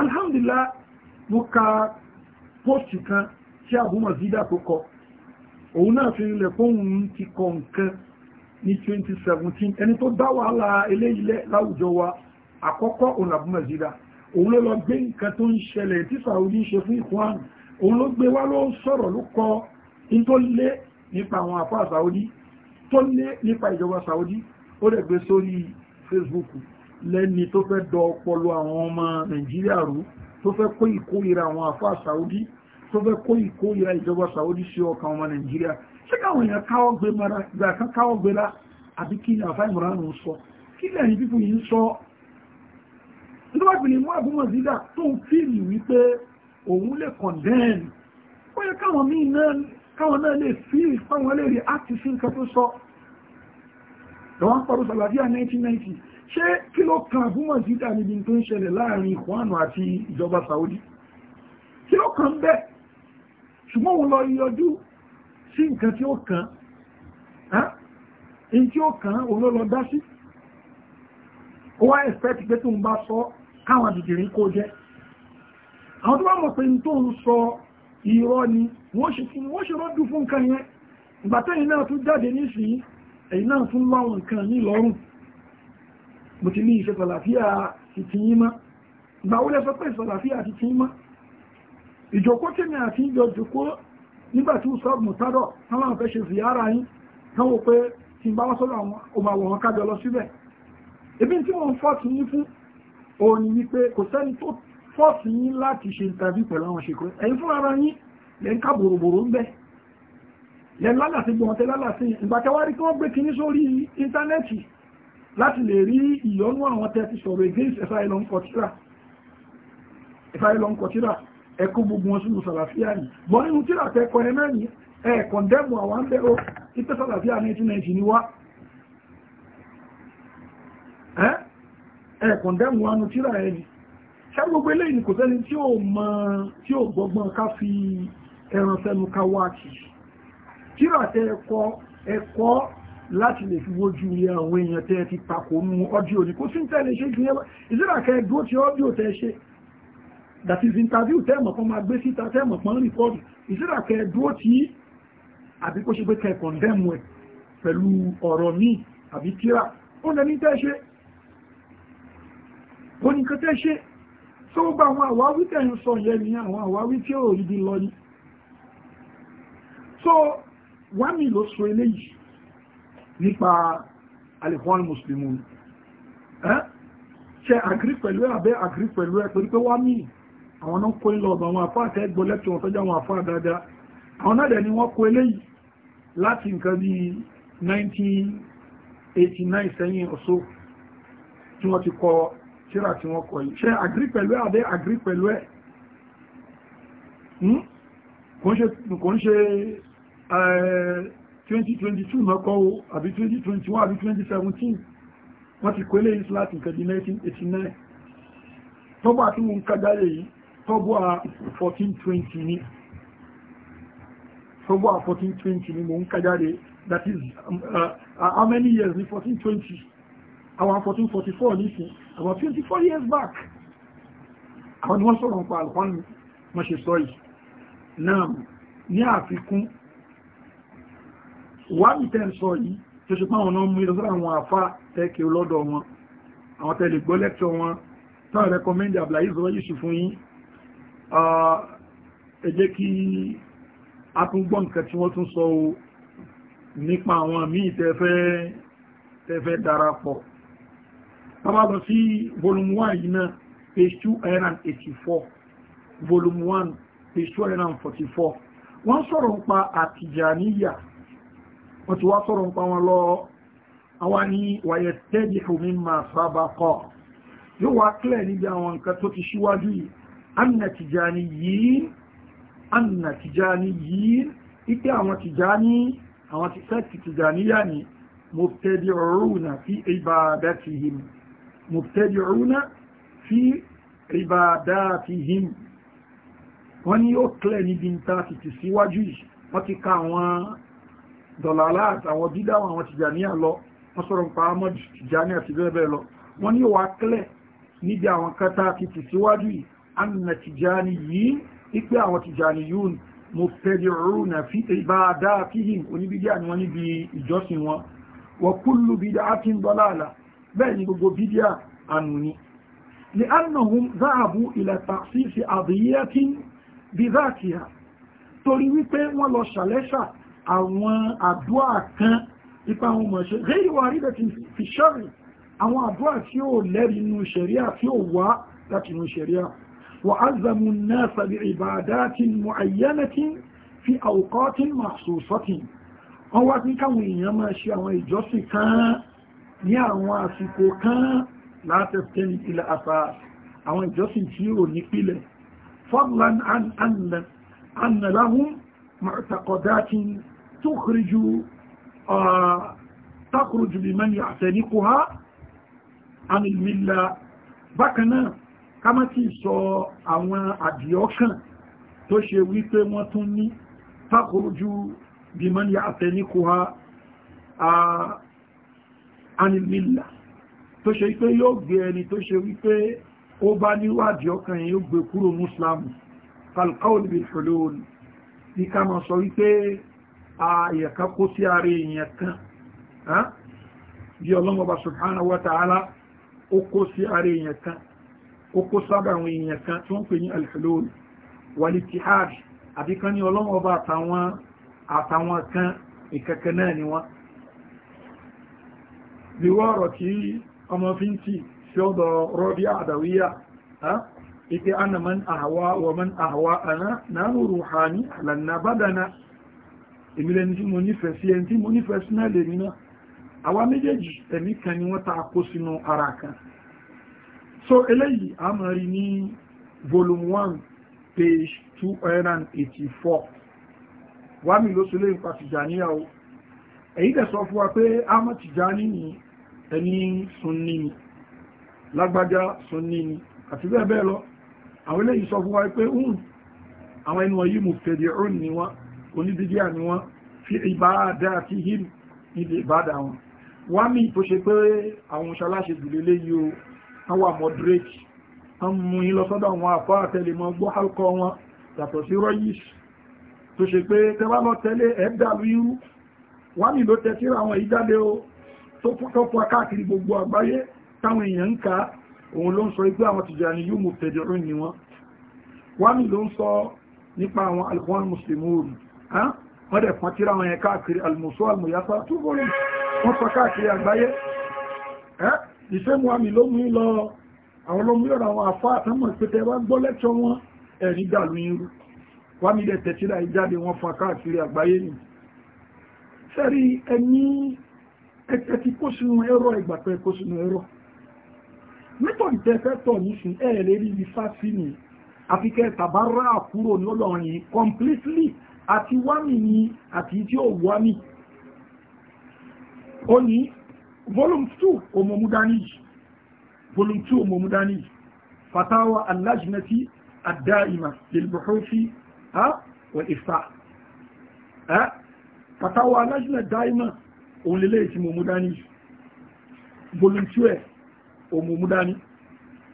alhamdulillah mo ka póòsì kan tí àbúmọ̀ zídà tó kọ òun náà fi rinlẹ̀ fóun ti kọ nǹkan ní 2017 ẹni tó dá wàhálà eléyìí láwùjọ wa àkọ́kọ́ òun àbúmọ̀ zídà òun ló lọ gbé nǹkan tó ń ṣẹlẹ̀ tí Saudi ṣe fún Ikhwan òun ló gbé wá ló sọ̀rọ̀ ló kọ in tó lé nípa àwọn àfá Saudi tó lé nípa ìjọba Saudi ó dẹ̀ gbé sórí Facebook lẹ́ni tó fẹ́ dọ ọpọlọ àwọn ọmọ Nàìjíríà rú tó fẹ́ kó ìkórira àwọn àfá Saudi tó fẹ́ kó ìkórira ìjọba Saudi sí ọkàn ọmọ Nàìjíríà ṣé káwọn èèyàn káwọ́ gbé mara ìgbà kan káwọ́ gbé lá àbí kí ni àfá ìmọ̀ràn sọ kí lẹ́yìn pípọ̀ yìí ń sọ níwájú ni wọ́n àbúmọ̀ sídà tó ń fíìlì wípé òun lè condemn ó yẹ káwọn míì náà káwọn náà lè fíìlì fáwọn lè rí àti sí nǹkan tó sọ lọ́wọ́n pọ̀rọ̀ sàlàdíà 1990 ṣé kí ló kan àbúmọ̀ sídà níbi tó ń ṣẹlẹ̀ láàrin ìkùnánù àti ìjọba Saudi kí ló kan bẹ́ẹ̀ ṣùgbọ́n òun lọ yọjú sí nǹkan tí expect pé tóun káwọn dìdìrín kó jẹ́ àwọn tó bá mọ̀ pé tó ń sọ irọ́ ni wọ́n ṣe fún wọ́n ṣe rọ́dù fún nǹkan yẹn ìgbà tẹ́yìn náà tún jáde nísìnyí ẹ̀yìn náà tún láwọn nǹkan ní lọ́rùn mo ti ní ìṣẹ́ sàlàfíà ti ti yín mọ́ ìgbà ó lẹ́sọ pé sàlàfíà ti ti yín mọ́ ìjòkó tí ó tí wọ́n fọ́ ti yín fún ó ní wípé kò sẹ́ni tó fọ́ọ̀sì yín láti ṣe interview pẹ̀lú àwọn ṣèkọ́ ẹ̀yin fún ara yín lẹ́ ń ká bòròbòrò ń bẹ́ lẹ́ ń lálàsí gbọ̀ntẹ́ lálàsí ìgbàtẹ́wárí kí wọ́n gbé kinní sórí íńtánẹ́ẹ̀tì láti lè rí ìyọnú àwọn tẹ́ ti sọ̀rọ̀ against ẹ̀fà ìlọ́n kọtíra ẹ̀kọ́ gbogbo wọn ni bọ́ nínú tíra tẹ́ ẹ̀kùn dẹ́mù anú tíra ẹni ṣágbogbo eléyìí kò sẹ́ni tí ó mọ̀ tí ó gbọ́gbọ́n ká fi ẹran sẹ́nu ká wá kì tíra tẹ ẹ̀kọ́ ẹ̀kọ́ láti lè fi wójú ilé àwọn èèyàn tẹ́ ti takò mú ọdíò ní kó sí ń tẹ́lẹ̀ ṣe jùlọ ìsìnà kẹ́ dúró ti ọdíò tẹ́ ṣe that is interview tẹ́mọ̀ kan máa gbé síta tẹ́mọ̀ kan rìpọ́ọ̀dù ìsìnà kẹ́ dúró ti àbí kó ṣe pé kẹ́ kọ̀ndẹ́mù ẹ̀ pẹ̀lú ọ̀rọ̀ míì àbí tíra ó lẹ́ni tẹ́ ṣe ó ní nǹkan tẹ́ ṣe tó gba àwọn àwáwí tẹ̀ ń sọ yẹn àwọn àwáwí tí ò rí bí lọ ní so wá mi ló sọ eléyìí nípa alifon muslimun ṣe agri pẹ̀lú ẹ̀ abẹ́ agri pẹ̀lú ẹ̀ torí pé wá mi àwọn náà kó ilọ̀ ọ̀dọ̀ àwọn àfáà tẹ́ gbọ́ lẹ́tọ̀ wọn tọ́jú àwọn àfáà dáadáa àwọn náà dẹ̀ ni wọ́n kó eléyìí láti nǹkan bí 1989 sẹ́yìn ọ̀sọ́ tí wọ́n ti kọ tíra tí wọ́n kọ yìí ṣe agri pẹ̀lú ẹ̀ àbẹ́ agri pẹ̀lú ẹ̀ hmm? kò ń ṣe 2022 mọ́kọ́ eh, o àbí 2021 àbí 2017 wọ́n ti kó ilé yìí láti nǹkan di 1989 tọ́bọ̀ àti wọn kájálẹ̀ yìí tọ́bọ̀ à 1420 ni tọ́bọ̀ à 1420 ni mo ń kájálẹ̀ that is uh, uh, how many years ni 1420 àwọn 1444 nísìn About 24 years back àwọn ni wọ́n sọ̀rọ̀ nípa alùpàánù wọ́n ṣe sọ yìí náà ní àfikún wà ní tẹ́ sọ yìí tó ṣe pàwọn náà mú ìlọ́sọ́rọ̀ àwọn àfá tẹ́kẹ̀ lọ́dọ̀ wọn àwọn tẹ́lẹ̀ gbọ́ lẹ́kṣọ́ wọn tán rẹ́kọmẹ́ndì àbláyé sọ yìí sí fún yín ẹ jẹ́ kí a tún gbọ́ nǹkan tí wọ́n tún sọ nípa àwọn míì tẹ́fẹ́ darapọ̀ tàbátọ̀ sí volume 1 yìí náà page 84 volume 1 page 244 wọ́n 44 ń pa àtìjàníyà wọ́n ti wá sọ̀rọ̀ ń pa wọn lọ àwọn ní wàyẹ̀ tẹ́jì omi máa sábà kọ́ yóò wá kílẹ̀ níbi àwọn nǹkan tó ti ṣíwájú anna tijaniyin anna tijaniyin ike àwọn tijani àwọn ti sẹ́ẹ̀tì tijaniya ni mubtadi'una fi ibadatihim mubtadi'una fi ibadatihim wọ́n ní ó kílẹ̀ níbi ta ti ti síwájú yìí wọ́n ti ka àwọn dọ̀làlá àtàwọn dídá àwọn Tìjàníyà lọ wọ́n sọ̀rọ̀ pa Ahmad Tìjàní àti bẹ́ẹ̀bẹ́ẹ̀ lọ wọ́n ní wà kílẹ̀ níbi àwọn kẹta ti ti síwájú yìí anna Tìjàní yìí ipé àwọn Tìjàní yìí mubtadi'una fi ibadatihim oníbídíà ni wọ́n níbi ìjọsìn wọn wa kullu bid'atin dọ̀làlá bẹ́ẹ̀ ni gbogbo bídíà ànù ni ni annahum záàbù ilẹ̀ tàṣíṣì àdìyẹ́tì bí záàkìá torí wípé wọ́n lọ ṣàlẹ́ṣà àwọn àdúà kan ipa àwọn ọmọ ṣe rí ìwà rí bẹ̀tì fi ṣọ́rì àwọn àdúà tí ó lẹ́rìí inú ṣẹ̀ríà tí ó wá láti inú ṣẹ̀ríà wà ázamu náà sàbí ìbàdátin mu'ayyanatin fi àwùkọ́tin mahsusatin wọ́n wá ní káwọn èèyàn máa ṣe àwọn ìjọsìn kan ní àwọn àsìkò kan látẹ̀tẹ́ni ilẹ̀ àfà àwọn ìjọsìn tí ó nípìlẹ̀ fadlan an lahum mu'taqadatin tukhriju takhruju liman ya'taniquha anil milla bákan náà ká má ti sọ àwọn àdìọ́kàn tó ṣe wípé wọ́n tún ní takhruju liman ya'taniquha anilmila tó ṣe wípé yóò gbé ẹni tó ṣe wípé ó bá níwádìí ọkàn yóò gbé kúrò mùsùlámù kalkaul bil hulul ní ká máa sọ wípé àyẹ̀ká kó sí ààrẹ èèyàn kan bí ọlọ́mọba subhanahu ní alhulul walitihad àtàwọn kan ìkẹ̀kẹ̀ náà ni wọ́n ìwọ́ ọ̀rọ̀ tí ọmọ fi ń tì sí ọ̀dọ̀ rọ́bíà àdàwíyà ike ana man àhàwá wa man àhàwá àná náà ruhani àlànà bádana ìmìlẹ̀ ní tí mo nífẹ̀ẹ́ sí ẹni tí mo nífẹ̀ẹ́ sí náà lè nínú àwa méjèèjì ẹ̀mí kan ni wọ́n ta kó sínú ara kan so eléyìí a máa rí ní volume one page two hundred and eighty four wàá mi ló sọ lẹ́yìn pàtìjà níyàwó èyí tẹ̀ sọ fún wa pé Ahmad Tijani ni ẹni sunni ni lágbájá sunni ni àti bẹ́ẹ̀ bẹ́ẹ̀ lọ àwọn eléyìí sọ fún wa pé ń àwọn ẹni wọ̀nyí mubtadi'un ni wọ́n onídídíà ni wọ́n fi ibadatihim níbi ìbádà wọn wá mí tó ṣe pé àwọn ṣaláṣe jùlé léyìí o wọ́n wà moderate wọ́n mú yí lọ́sọ́dọ̀ àwọn àpá àtẹlẹmọ́ gbọ́ halkọ́ wọn yàtọ̀ sí rọ́yìs tó ṣe pé tẹ́wàá lọ tẹ́lé ẹ̀ẹ́dàlú irú wọ́n ní ló tẹ́síra àwọn ìjáde o tó fọ́pọ̀ káàkiri gbogbo àgbáyé táwọn èèyàn ń ka òun ló ń sọ ipé àwọn Tìjàní yóò mú tẹ̀dẹ̀rún ni wọ́n wọ́n ní ló ń sọ nípa àwọn alkhwan muslimun wọ́n dẹ̀ fọ́n tíra àwọn yẹn mu àmì ló mú lọ àwọn ló mú lọ́rọ̀ àwọn afá àtàmọ̀ ìpẹ́tẹ́ wá gbọ́ lẹ́tọ̀ wọn ẹ̀rí dàlú irú wọ́n ní lẹ̀ tẹ̀síra ìjáde wọn fọ́n káàkiri àgbáyé nìyí sẹ́rí ẹni ẹ̀kẹ́ ti kó sínú ẹ̀rọ ìgbàpẹ́ kó sínú ẹ̀rọ mẹ́tọ̀dì tẹ́fẹ́ tọ̀ nísìn ẹ̀ lè rí ibi fásí ni àfi kẹ́ tàbárà kúrò lọ́lọ́rin completely àti wámi ni àti tí ó wámi ó ní volume 2 omomudanij volume 2 omomudanij fatawa alájìnẹ́tì àdáìmà lè bọ̀hófì wal fatawa alájúlẹ̀ dáímà òun lè léè tí mo mú dání volunteer o mo mú dání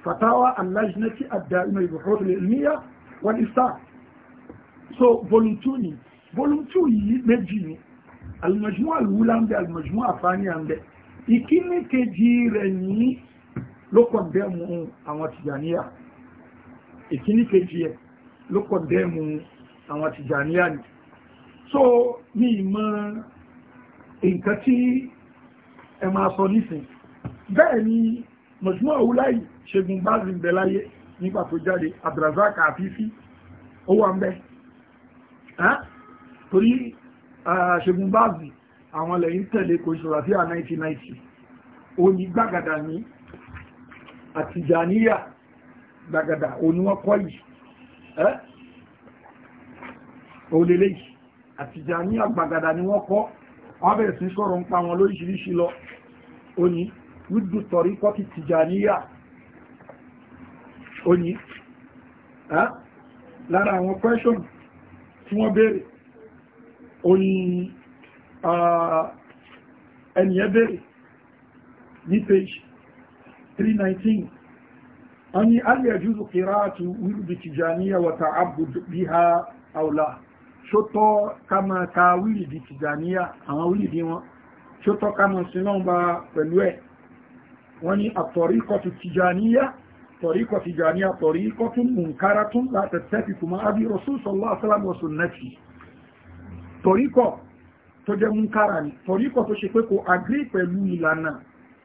fatawa alájúlẹ̀ tí àdáímà ìbòkótòlè níyà wọ́n ní sáà so volunteer ni volunteer yìí méjì ni alìmọ̀júmọ́ àlúwúlá ń bẹ alìmọ̀júmọ́ àfáàní à ń bẹ ìkíní kejì rẹ̀ ní ló kọ̀ndẹ́mù àwọn tìjàníyà ìkíní kejì ẹ̀ ló kọ̀ndẹ́mù àwọn tìjàníyà ni so ní ìmọ̀ nǹkan tí ẹ máa sọ nísìn bẹ́ẹ̀ ni mọ̀júmọ́ òwúláì ṣẹ́gun bázin bẹ láyé nígbà tó jáde abdulrazak àfífí ó wà ń bẹ torí ṣẹ́gun bázin àwọn lẹ́yìn tẹ̀lé kò ṣọ́ra sí à 1990 òní gbàgàdà ní àtìjàníyà gbàgàdà òní wọ́n kọ́ yìí ó àtìjàní àgbàgàdà ni wọ́n kọ́ wọ́n bẹ̀rẹ̀ sí sọ̀rọ̀ ń pa wọn lóríṣiríṣi lọ òní wíjù tọ̀rí kọ́kì tìjàníyà òní lára àwọn question tí wọ́n bẹ̀rẹ̀ òní ẹniyẹ bẹ̀rẹ̀ ní page 319 wọ́n ni alẹ́ jùlọ kìrá àti wíjù tìjàníyà wata abu biha aula ṣótọ́ ká máa ka wíìlìdì tìjàníyà àwọn wíìlìdì wọn ṣótọ́ ká máa sin náà bá pẹ̀lú ẹ̀ wọ́n ní àtọ̀ríkọ̀tù tìjàníyà tọ̀ríkọ̀ tìjàníyà tọ̀ríkọ̀ tún mùnkára tún láti tẹ́fì mùnkára ni tọ̀ríkọ̀ tó ṣe pé kò agré pẹ̀lú ìlànà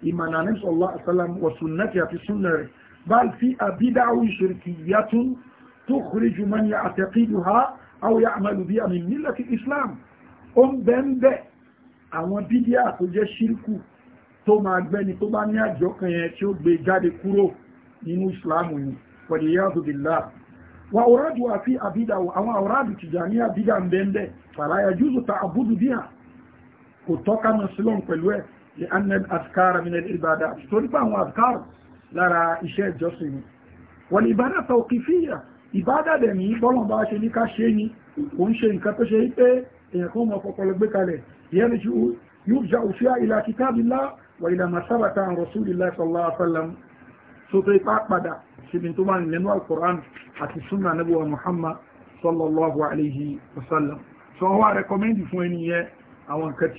ìmànà nabi bal fi àbídáwù shirkiyyatun تخرج من يعتقدها أو يعمل بها من ملة الإسلام أم بمبه àwọn bídíà tó jẹ́ ṣírkù tó máa gbẹ́ni tó bá ní àjọ kan yẹn tí ó gbé jáde kúrò nínú ìsìláàmù yìí pẹ̀lú yáàdù bìlá wa ọ̀rádù àfi àbídà àwọn ọ̀rádù tìjà ní àbídà ń bẹ́ẹ̀ fàlàyà jùzù ta àbúdù bíà kò tọ́ka mọ́ sílọ̀n pẹ̀lú ẹ̀ lè anel azkara min el ibada torí pa àwọn azkara lára iṣẹ́ ìjọsìn wọn ìbádà tawqifiyya ìbádàdẹ̀ ní bọ́lọ̀n bá ṣe ní ká ṣe ní o ń ṣe nǹkan tó ṣe wípé èyàn kan mọ̀ pọ̀pọ̀lọ gbé kalẹ̀ yẹ́nu tí yóò já òṣìá ìlà kìtàbílá wà ìlà masábàtà rasulillah sallallahu alaihi wasallam so tó ipá padà síbi tó máa nìlẹ́nu alkùrán àti súnà nabuwa muhammad sallallahu alaihi wasallam so wọ́n wá rẹkọmẹ́ndì fún ẹni yẹ àwọn nǹkan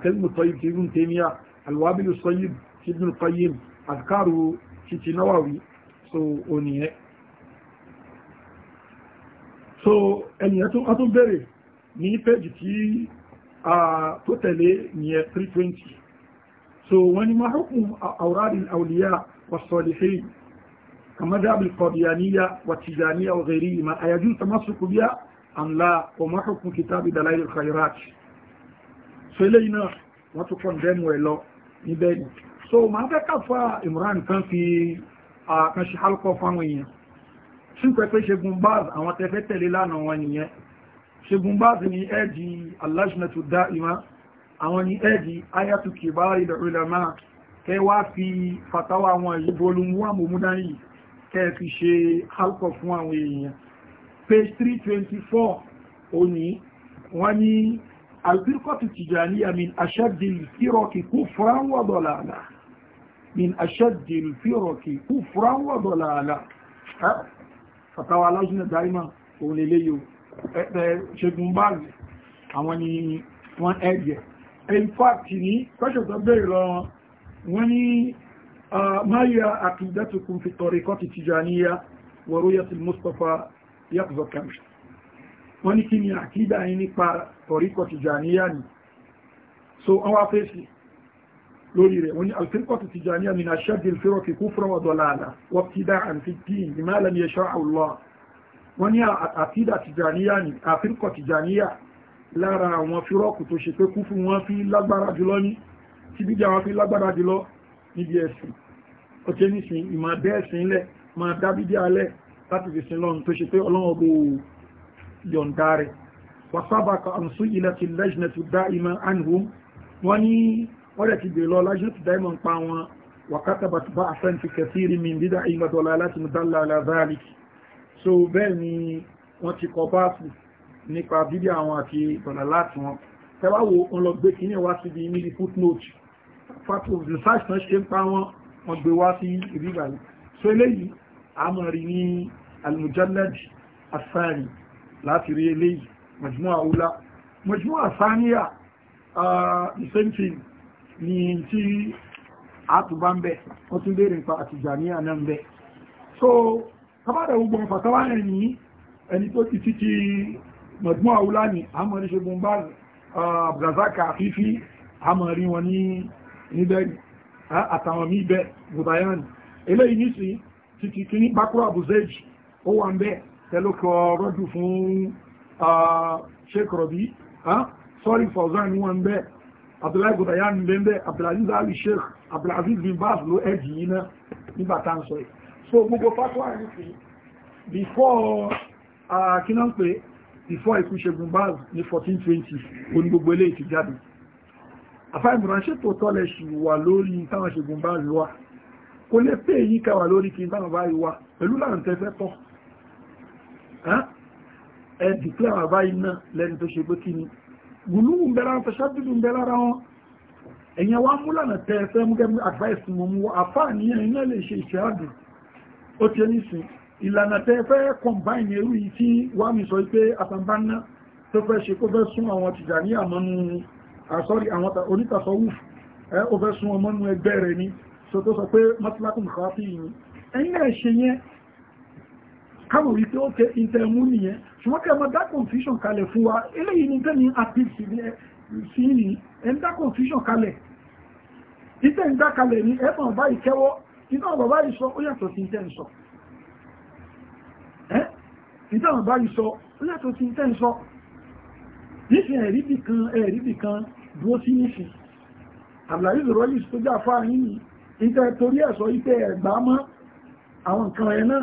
tí ó tèmíyà alwabilu sayyib ibn qayyim adkaru titi nawawi so oniyẹ so ẹniyàn tún ọdún bẹ̀rẹ̀ ní pẹ́jì tí a tó tẹ̀lé niyẹ 320 so wani ma hukun aurarin auliya wa salihin kama dabil qadiyaniya wa tijaniya wa ghairi ma ayajun tamassuku biya am la wa ma hukun kitabi dalail khairat so eléyìí náà wọ́n tún kọ́ ndẹ́nu ẹ̀ lọ so màá fẹ́ káfà Imran kan fi àkànṣe halkọ fáwọn èèyàn ṣípẹ́ pé ṣegun báàz àwọn tẹfẹ́ tẹ̀lé lánàá wọn nìyẹn ṣegun báàz ni ẹ́ẹ̀dì aláṣínàtò dáìmá àwọn ni ẹ́ẹ̀dì ayatu kibari da ulama kẹ wá fi fatawa wọn yìí bolun wà mọ̀múdá yìí kẹ fi ṣe halkọ fún àwọn èèyàn page 324 òní wọ́n ní alfirkọ́tù tìjàníyà min aṣẹ́dì kírọ̀kì kú fúráwọ̀ dọ̀làlà min aṣẹ́dì ìfírọ̀kì kú fúran wọ̀dọ̀ làálà fatawa aláṣínà dáìmà òun lè léyò ẹ̀ẹ́ ṣegun báàlì àwọn ni wọ́n ẹgbẹ̀ ẹ̀fàtì ní pẹ́ṣọ̀tọ̀ bẹ̀rẹ̀ lọ wọ́n ni máyà àkìdẹ́tukùn fi tọrí kọ́ ti Tijaniya wọ̀rọ̀yàtì Mustafa yàtọ̀ kẹmṣẹ̀ wọ́n ni kí ni àkídà yìí nípa tọrí kọ́ Tijaniya ni so wọ́n wá fèsì lórí rẹ̀ wọ́n ní alfirkọ́tù tijaniya min aṣẹ́dì alfirọ́kì kufran wa dalala wabtida'an fi ddin bima lam yasha' Allah wọ́n ní àtìdá tijaniya ni àfirkọ́ tijaniya lára àwọn firọ́kù tó ṣe pé kú fún wọn fi lágbára jùlọ ní tí bíjà wọn fi lágbára jùlọ níbi ẹ̀sìn ọ̀tẹ́ nísìn ìmọ̀ bẹ́ẹ̀sìn lẹ̀ máa dábídí alẹ́ láti fi sin lọ́run tó ṣe pé ọlọ́run bó yọ̀ǹda rẹ̀ wasábàkà àmsú ilẹ̀ ti lẹ́jìnà tó dá ìmọ̀ anhum wọ́n ní wọ́n rẹ̀ ti bèèrè lọ lájú ti dáìmọ̀ ń pa wọn wàkátàbà tó bá àfẹ́ǹtì kẹfìrí mi dídá ìgbàdọ̀lá láti mú dálà aláàbáàlì so bẹ́ẹ̀ ni wọ́n ti kọ báàfù nípa dídí àwọn àti dọ̀là láti wọn tẹ́wá wo wọn lọ gbé kíní wá síbi níbi footnote fatu research náà ṣe ń pa wọn wọn gbé wá sí ìrìbà yìí so eléyìí a mọ̀ rí ní almujallad asani láti rí eléyìí majmua àwùlá majmua asaniya uh, the same thing ni tí àtúbá ń bẹ̀ wọ́n tún bèèrè nípa àtìjà ní àná ń bẹ̀ so kábàdà gbogbo fàtàwà rẹ̀ ní ẹni tó ti títí mọ̀dún àwúlá ní àmọ́rí ṣogun bá brazaka fífí àmọ́rí wọn ní níbẹ̀ àtàwọn mí bẹ̀ budayan eléyìí nísì títí kí ní bakura abuzeji ó wà ń bẹ̀ tẹ́lókọ rọ́dù fún ṣekọ̀rọ̀bí sọ́rí fọ̀zán ní wọn ń bẹ̀ abdullahi gudayan ń bẹ́ẹ̀ abdulaziz ali sheikh abdulaziz bin baz ló ẹ̀jì yìí náà nígbà tá ń sọ yìí so gbogbo fatwa ní fi before kí náà pé before ikú ṣegun baz ní 1420 oní gbogbo eléyìí ti jáde àfáà ìmúránṣẹ́ tó tọ́lẹ̀ ṣì wà lórí táwọn ṣegun baz wà kò lè pé èyí kẹwà lórí kí n táwọn bá yìí wà pẹ̀lú láàrín tẹ́fẹ́ tọ́ ẹ dìklẹ́ àbáyìí náà lẹ́ni tó ṣe pé kí ni gùlúù ń bẹ̀rẹ̀ tẹ̀ṣẹ́dùdù ń bẹ̀rẹ̀ wọn ẹ̀yẹn wá mú lànà tẹ́ ẹ̀fẹ́ mú gẹ́gẹ́ advice mọ̀ mú àfáà ní ẹ̀yìn lè ṣe ìṣẹ́ àdùn ó ti ní sìn ìlànà tẹ́ ẹ̀fẹ́ combine ẹrú yìí tí wá mi sọ pé àtàbáná tó fẹ́ ṣe kó fẹ́ sún àwọn Tìjàní àmọ́nu àsọ́rí ah, àwọn onítàsọ́wùf ó fẹ́ sún ọmọ́nu ẹgbẹ́ rẹ̀ ni so tó sọ pé mọ́tílákùn kàáfì káwọn wípé ó kẹ ìtẹ̀mú nìyẹn ṣùgbọ́n kẹ́ mọ́ dá confusion kalẹ̀ fún wa eléyìí ní tẹ́ni appeal sí ní ẹ̀ ń dá confusion kalẹ̀ ìtẹ̀ ń dá kalẹ̀ ní ẹ̀fọn ọba ìkẹwọ́ ìtàn bàbá yìí sọ ó yàtọ̀ sí ìtẹ́ ń sọ ìtàn bàbá yìí sọ ó yàtọ̀ sí ìtẹ́ ń sọ nísìn ẹ̀rí bì kan ẹ̀rí bì kan dúró sí nísìn àbùláyé ìrọ̀lì tó jà fáà yìí ní ìtẹ̀ torí ẹ̀sọ́ ìtẹ̀ ẹ̀gbá mọ́ àwọn nǹkan ẹ̀ náà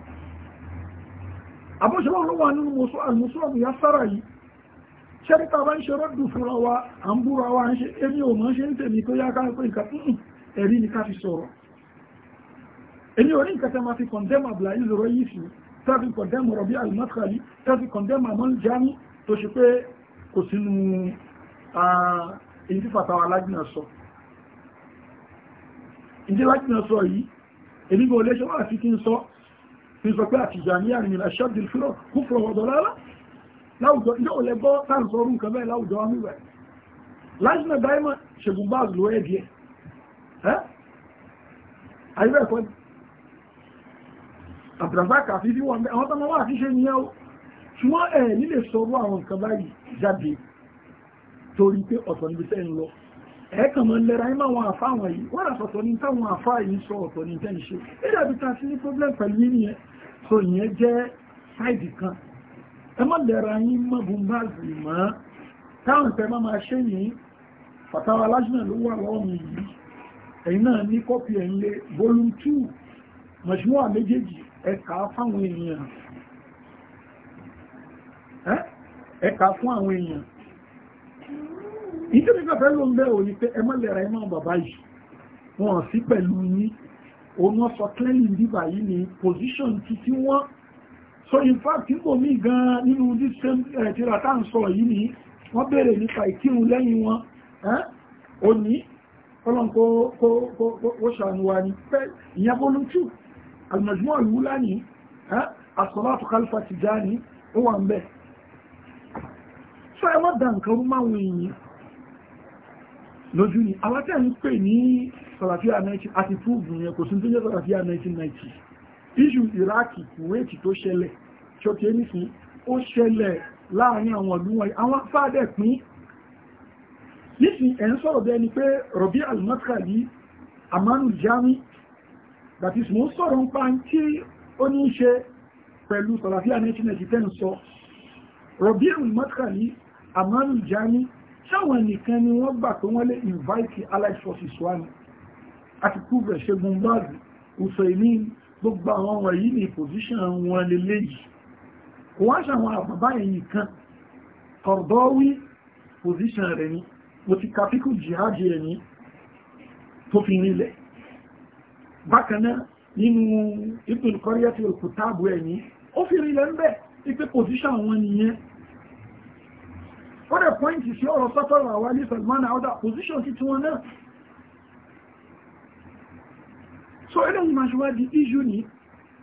àbúṣọ́wọ́ ló wà nínú mùsùlùmí ya sára yìí ṣẹ́ríta bá ń ṣe rọ́dù fúnra wa à ń búra wa ń ṣe èmi ò mọ́ ṣe ń tèmi tó yá ká pé nǹkan tún ẹ̀rí ni ká fi sọ̀rọ̀ èmi ò rí nǹkan tẹ́ máa fi kọ̀ndẹ́mù àbúlà yìí lọ́rọ̀ yìí sí tàbí kọ̀ndẹ́mù rọ̀bí alimakali tàbí kọ̀ndẹ́mù àmọ́n tó ṣe pé kò sínú èyí fàtàwà lágbìnà sọ pé àtìjàníyà ni ìrìnàṣọ́dì fúrọ̀ kú fúrọ̀ wọ̀dọ̀ rárá láwùjọ ilé ò lẹ́gbọ́ táǹsọ orú nǹkan bẹ́ẹ̀ láwùjọ amúwẹ̀ láìsínà dáìmọ̀ ṣègùn bá lò ẹ́ díẹ̀ ẹ́ ayébẹ̀ kọ́ Abdulrasaq àfi bí wọn àwọn tó máa wà àti ṣe nìyẹn o ṣùgbọ́n ẹ̀ nílé sọ̀rọ̀ àwọn nǹkan báyìí jáde torí pé ọ̀tọ̀ níbi tẹ́ ń lẹ́ra ẹ̀ máa wọn àfa àwọn wọ́n rà sọ̀tọ̀ ní táwọn àfa yìí sọ ọ̀tọ̀ ní tẹ́ ṣe ẹ̀ dàbí sí ní problem pẹ̀lú yìí nìyẹn so ìyẹn jẹ́ sáìdì kan ẹ má lẹ́ra yín mọ́ bùnbáàzì mọ́ táwọn tẹ́ máa ṣe yìí fàtàwà aláṣínà ló wà lọ́wọ́ mi yìí ẹ̀yìn náà ní kọ́pì ẹ̀ ń lé volum 2 mọ̀ṣúwà méjèèjì ẹ̀ka fáwọn èèyàn ẹ̀ka fún àwọn èèyàn ìdí nígbà fẹ́ ló ń bẹ́ òní pé ẹ má lẹ́ra ẹ má bàbá yìí wọ́n sí pẹ̀lú yín òun wọ́n sọ clearly bíbà yìí ni position ti tí wọ́n so in fact nígbò mí gan nínú this same eh, tíra tá ń sọ yìí ni wọ́n bèèrè nípa ìkírun lẹ́yìn wọn ó ní ọlọ́n kó ṣàánú wa ní pẹ́ ìyẹn bó ló tù almajmọ́ ìwúlá ní asọ́látù kálífà ti já ní ó wà ń bẹ̀ so ẹ wọ́n dà nǹkan rú máwọn èèyàn lójú ni àwọn tẹ́ ń pè ní sàràfíà 19 àti fúùbù yẹn kò sí tó jẹ́ sàràfíà 1990 iṣu iraki kuwaiti tó ṣẹlẹ̀ ṣọ́kì ẹnìsìn ó ṣẹlẹ̀ láàrin àwọn ìlú wọn àwọn fáadẹ̀ pín nísìn ẹ̀ ń sọ̀rọ̀ bẹ́ẹ̀ ni pé rọ̀bí al-madkhali amanu jami that is mo sọ̀rọ̀ ń pa tí ó ní ṣe pẹ̀lú sàràfíà 1990 sọ rọ̀bí al-madkhali amanu jami sáwọn nìkan ni wọ́n gbà pé wọ́n lè invite allied forces wá àti púpẹ̀ ṣegun báàgì òsọ ìní gbogbo àwọn ọmọ yìí ní pòsíṣàn wọn lélẹ́ yìí kò wá ṣàwọn àbàbá ẹ̀yìn kan kọ̀rọ̀dọ́wí pòsíṣàn rẹ̀ ni mo ti kàfíkù jihadi ẹ̀ ní tó fi nílẹ̀ bákanáà nínú ìpín kọ́ríyà tí ó kù táàbù ẹ̀ ní ó fi rí lẹ́m̀bẹ̀ ipé pòsíṣàn wọn so eléyìí máa ṣe wá di issue ní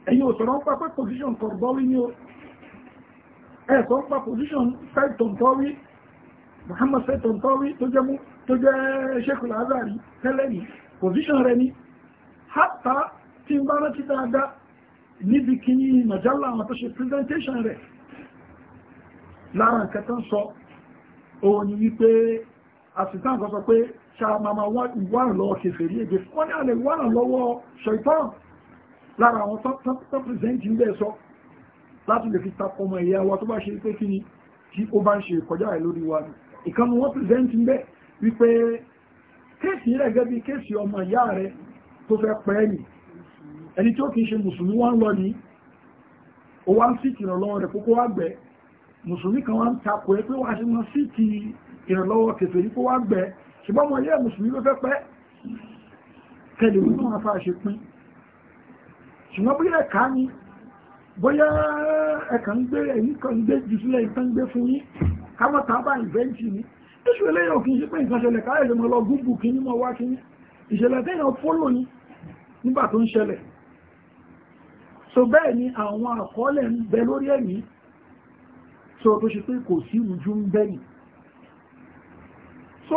ẹ̀yìn òsọ̀rọ̀ ń pápá position kọ̀rọ̀bọ́wí ní o ẹ̀sọ́ ń pa position Said Tontowi Muhammad Said Tontowi tó jẹ́ mú tó jẹ́ tẹ́lẹ̀ ní position rẹ̀ ní hátà tí ń bá rántí dáadáa níbi kí màjálà àwọn tó ṣe presentation rẹ̀ lára nǹkan tán sọ òun ni wípé àsìtàn kan sọ pé ṣàmàmà ìwà lọ́wọ́ kèfèrí èdè wọ́n ní àlè ìwà lọ́wọ́ ṣaitan lára àwọn tó pìrìsẹ́ntì ilé ẹ̀sọ́ láti lè fi tapọ̀ ọmọ ìyá wa tó bá ṣe pé kí ni tí ó bá ń ṣe kọjá ẹ̀ lórí wa ni ìkànnì wọ́n pìrìsẹ́ntì ń bẹ̀ wípé kéèsì rẹ̀ gẹ́gẹ́ kéèsì ọmọ ìyá rẹ̀ tó fẹ́ pẹ́ ni ẹni tí ó kìí ṣe mùsùlùmí wá ń lọ ní ó wá ń síkì ìrànlọ́wọ́ rẹ̀ kókó wá gbẹ́ mùsùlùmí kan wá ń takò ẹ pé wá ṣe mọ́ síkì ìrànlọ́wọ́ kèfèrí kó wá gbẹ́ ṣùgbọ́n wọn yẹ mùsùlùmí ló fẹ́ pẹ́ kẹlẹ̀ nínú afá ṣe pín ṣùgbọ́n bóyá ẹ̀ka ni bóyá ẹ̀ka ń gbé ẹ̀yìn kan ń gbé jù sílẹ̀ ìtàn gbé fún yín ká mọ̀ tá bá ìvẹ́ǹtì ni iṣu eléyà òkè ṣe pé nǹkan ṣẹlẹ̀ káyọ̀ lè mọ̀ lọ gúgù kí ní mọ̀ wá kí ní ìṣẹ̀lẹ̀ tẹ́yàn fólò ní nígbà tó ń ṣẹlẹ̀ so bẹ́ẹ̀ ni àwọn àkọọ́lẹ̀ ń bẹ lórí ẹ̀mí so tó ṣe pé kò sí ìrújú ń bẹ́yìn so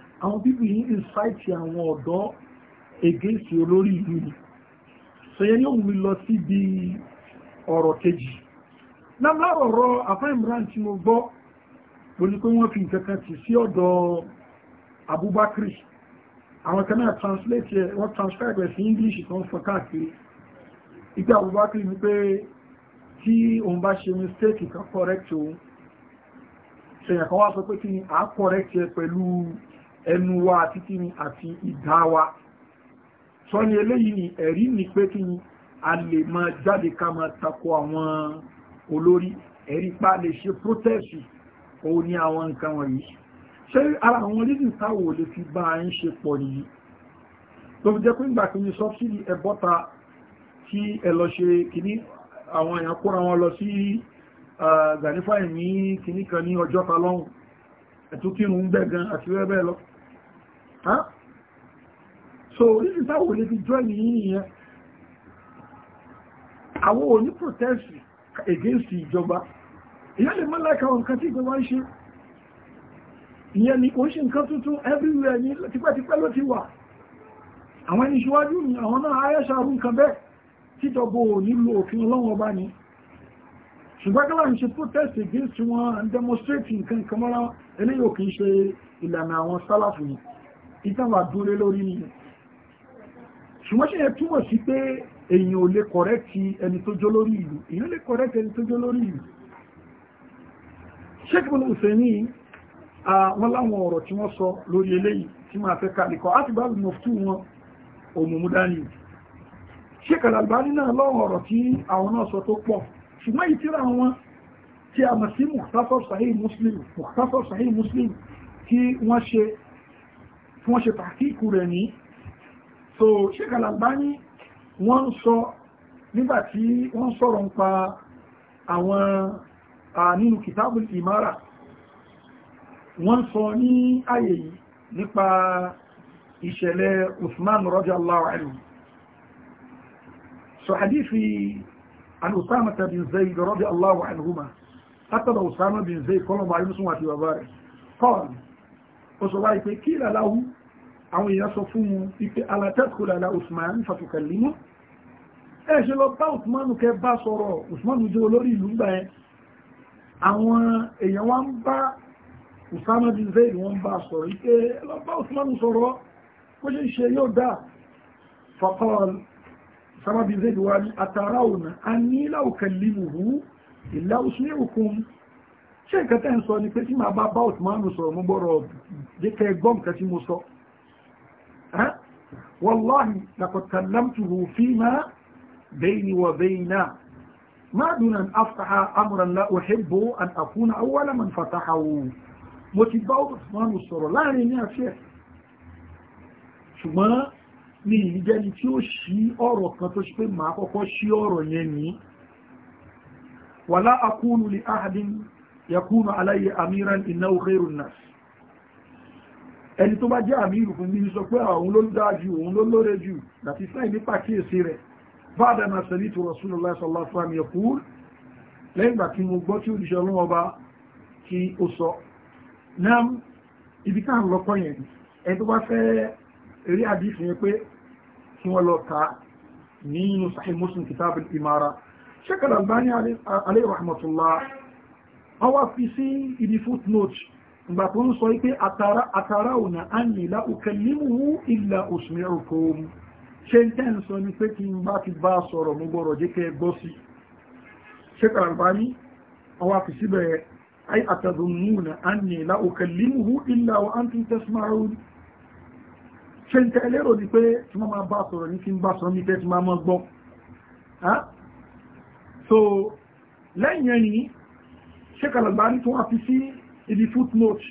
àwọn bíbí yìí ìsáìtì àwọn ọ̀dọ́ egéṣì olórí ìlú ni sọyẹ́ ní òun mi lọ sí bí ọ̀rọ̀ kejì náà lárọ̀rọ̀ afẹ́mìíràn tí mo gbọ́ mo ní pé wọ́n fi nǹkan kan tì sí ọ̀dọ̀ Abubakar àwọn kan náà translate ẹ̀ wọ́n transcribe ẹ̀ sí English tó ń fọ káàkiri ìgbà Abubakar ni pé tí òun bá ṣe mistake kan correct òun ṣèyàn kan wá sọ pé kí ni à correct ẹ pẹ̀lú ẹnu wa àti kíni àti ìdá wa sọ́ni eléyìí ni ẹ̀rí ni pé kíni a lè máa jáde ká máa tako àwọn olórí ẹ̀rí pa lè ṣe protest òun ni àwọn nǹkan wọ̀nyí ṣé ara àwọn reason táwò lè fi bá a ń ṣe pọ̀ nìyí tó fi jẹ́ pé nígbà kíni subsidy ẹ bọ́ta kí ẹ lọ ṣe kíní àwọn èèyàn kóra wọn lọ sí Gani Fáyẹ̀mí kíní kan ní ọjọ́ta lọ́hùn ẹ̀tún kírun ń bẹ̀ gan àti bẹ́ẹ̀ bẹ́ẹ̀ lọ́wọ́ so oríṣi táwọn olè fi join yìí nìyẹn àwọn òní protest against ìjọba ìyá lè mọ́lá ìka nǹkan tí ìjọba ń ṣe ìyẹn ni kò ń ṣe nǹkan tuntun everywhere ní tipẹ́tipẹ́ ló ti wà àwọn ẹni ṣíwájú ni àwọn náà ayẹ́ṣà rú nǹkan bẹ́ẹ̀ títọ́bò nílò òfin ọlọ́wọ́ bá ní ṣùgbọ́n kí láàrín ṣe protest against wọn and demonstrate nǹkan kan mọ́ra eléyìí ò kìí ṣe ìlànà àwọn sálàfù yìí ìtàwà dúró lórí ni ṣùgbọ́n ṣe yẹ túmọ̀ sí pé èyàn ò lè kọ̀rẹ́kì ẹni tó jó lórí ìlú èyàn lè kọ̀rẹ́kì ẹni tó jó lórí ìlú ṣẹ́kùn òsèní àwọn láwọn ọ̀rọ̀ tí wọ́n sọ lórí eléyìí tí máa fẹ́ kàlìkọ́ àti bá mọ̀fútù wọn òmùmú dání Sheikh Al-Albani náà lọ́wọ́ ọ̀rọ̀ tí àwọn náà sọ tó pọ̀ ṣùgbọ́n yìí tíra wọn tí a mọ̀ sí Mukhtasar Sahih Muslim Mukhtasar Sahih Muslim tí wọ́n ṣe fún ṣe pàkíkù rẹ̀ ní so Sheikh Al-Albani wọ́n sọ nígbàtí wọ́n sọ̀rọ̀ ń pa àwọn nínú Kitabul Imara wọ́n sọ ní ayè yìí nípa ìṣẹ̀lẹ̀ Uthman radiyallahu anhu so hadithi an Usama bin Zayd radiyallahu anhuma látọ̀dọ̀ Usama bin Zayd kọlọ̀mọ̀ ó sọ wáyé pé kí ìlàláwú àwọn èèyàn sọ fún wọn wípé alatẹ́kù lala Usman fatukalimu ẹ ṣe lọ bá Usmanu kẹ bá sọ̀rọ̀ Usmanu jẹ́ olórí ìlú gbà ẹ àwọn èèyàn wá ń bá Usama bin Zayd wọ́n bá sọ̀rọ̀ wípé ẹ lọ bá Usmanu sọ̀rọ̀ kó ṣe ṣe yóò dáa faqal Usama bin Zayd wá ní àtàrà òun a ní ìlà ṣé nǹkan tẹ́ ń sọ ni pé tí màá bá bá òtùmánù sọ̀rọ̀ mú gbọ́rọ̀ jẹ́ kẹ́ gbọ́ nǹkan tí mo sọ wallahi laqad kallamtuhu fima bayni wa bayna ma duna an aftaha amran la uhibbu an akuna awwala man fatahahu mo ti bá òtùmánù sọ̀rọ̀ láàrin ní àṣẹ ṣùgbọ́n ní ìjẹni tí ó ṣí ọ̀rọ̀ kan tó ṣe pé màá kọ́kọ́ ṣí ọ̀rọ̀ yẹn ní wàlá akúlù lè يكون عليه أميرا إنه خير الناس. ẹni tó bá jẹ́ àmírù fún mi sọ pé àwọn ló dájú òun ló lóore jù láti sáì ní pàkíyèsí rẹ̀ báadà náà sẹ̀lítù rasulullah sallallahu alaihi wasallam yaqul lẹ́yìn ìgbà tí mo gbọ́ tí òjíṣẹ́ ọlọ́wọ́ bá kí ó sọ náà ibi káà ń lọ́kọ́ yẹn ẹni tó bá fẹ́ rí àwa fi sí ibi footnote ìgbà tó ń sọ wípé àtàrà ọ̀nà àyìnlá òkèlímù ìlà òsùnmẹ́rùkòm ṣe ń tẹ́ ń sọ ní pé kí n bá ti bá sọ̀rọ̀ mú gbọ́rọ̀ jẹ́ kẹ́ gbọ́ sí ṣe kàràbání àwa fi síbẹ̀ ay atadhunnuna anni Sheikh Al-Albani tó wá fi sí ibi footnote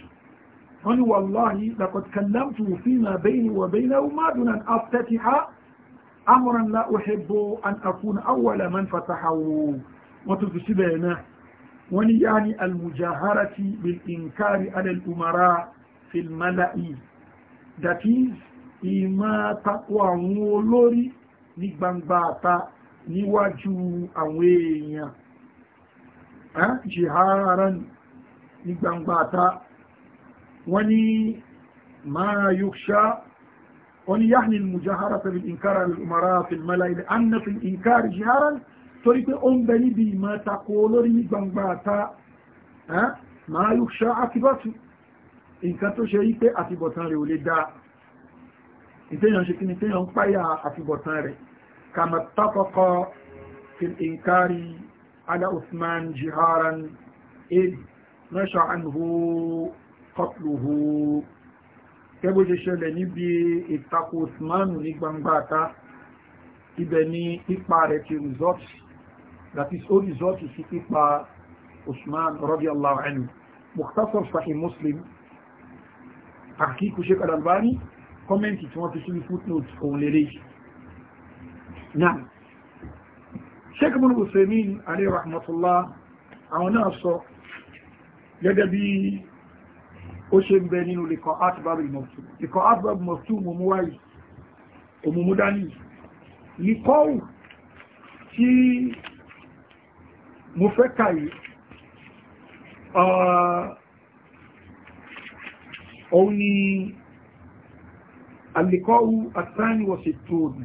wọ́n ní wàláhì laqad kallamtu fima bayni wa baynahu ma duna an aftatiha amran la uhibbu an akuna awwala man fatahahu wọ́n tún fi síbẹ̀ náà wọ́n ní yaani al-mujaharati bil inkari ala umara fil mala'i that is ìmá tako àwọn olórí ní gbangba àta níwájú àwọn èèyàn jìhárán ní gbangba ta wọ́n ni máa yóò ṣá wọ́n ni yáhìn mujahara fẹ́bí ìǹkára al'umara fil mala'il anna fil ìǹkára jìhárán torí pé ó ń bẹ níbi ìmọ̀ tako lórí ní gbangba ta máa yóò ṣá akíbátù nǹkan tó ṣe yí pé àtibọ̀tán rẹ̀ ò lè dáa ìtẹ́yàn ṣe kí tẹ́yàn ń páyà àtibọ̀tán rẹ̀ kàmà tápọ̀kọ́ fi على عثمان جهارا إذ نشى عنه قتله kẹ́bó ṣe ṣẹlẹ̀ níbi ìtakò Usmanu ní gbangba ta ibẹ̀ ni ipa rẹ̀ ti result that is ó result sí ipa Usman radiyallahu anhu mukhtasar sahih Muslim àkíkù Sheikh Al-Albani kọ́mẹ́ntì tí wọ́n fi sí footnote òun lè rí náà sheikh ibn usaimin alayhi rahmatullah àwọn náà sọ gẹ́gẹ́ bí ó ṣe ń bẹ nínú ikọ̀ atibab mọ̀tún ikọ̀ atibab mọ̀tún mọ̀mú wáyé òmùmú dání likọ́wù tí mo fẹ́ kàyí òun ni alikọ́wù àtàníwọ̀sẹ̀ tóòdù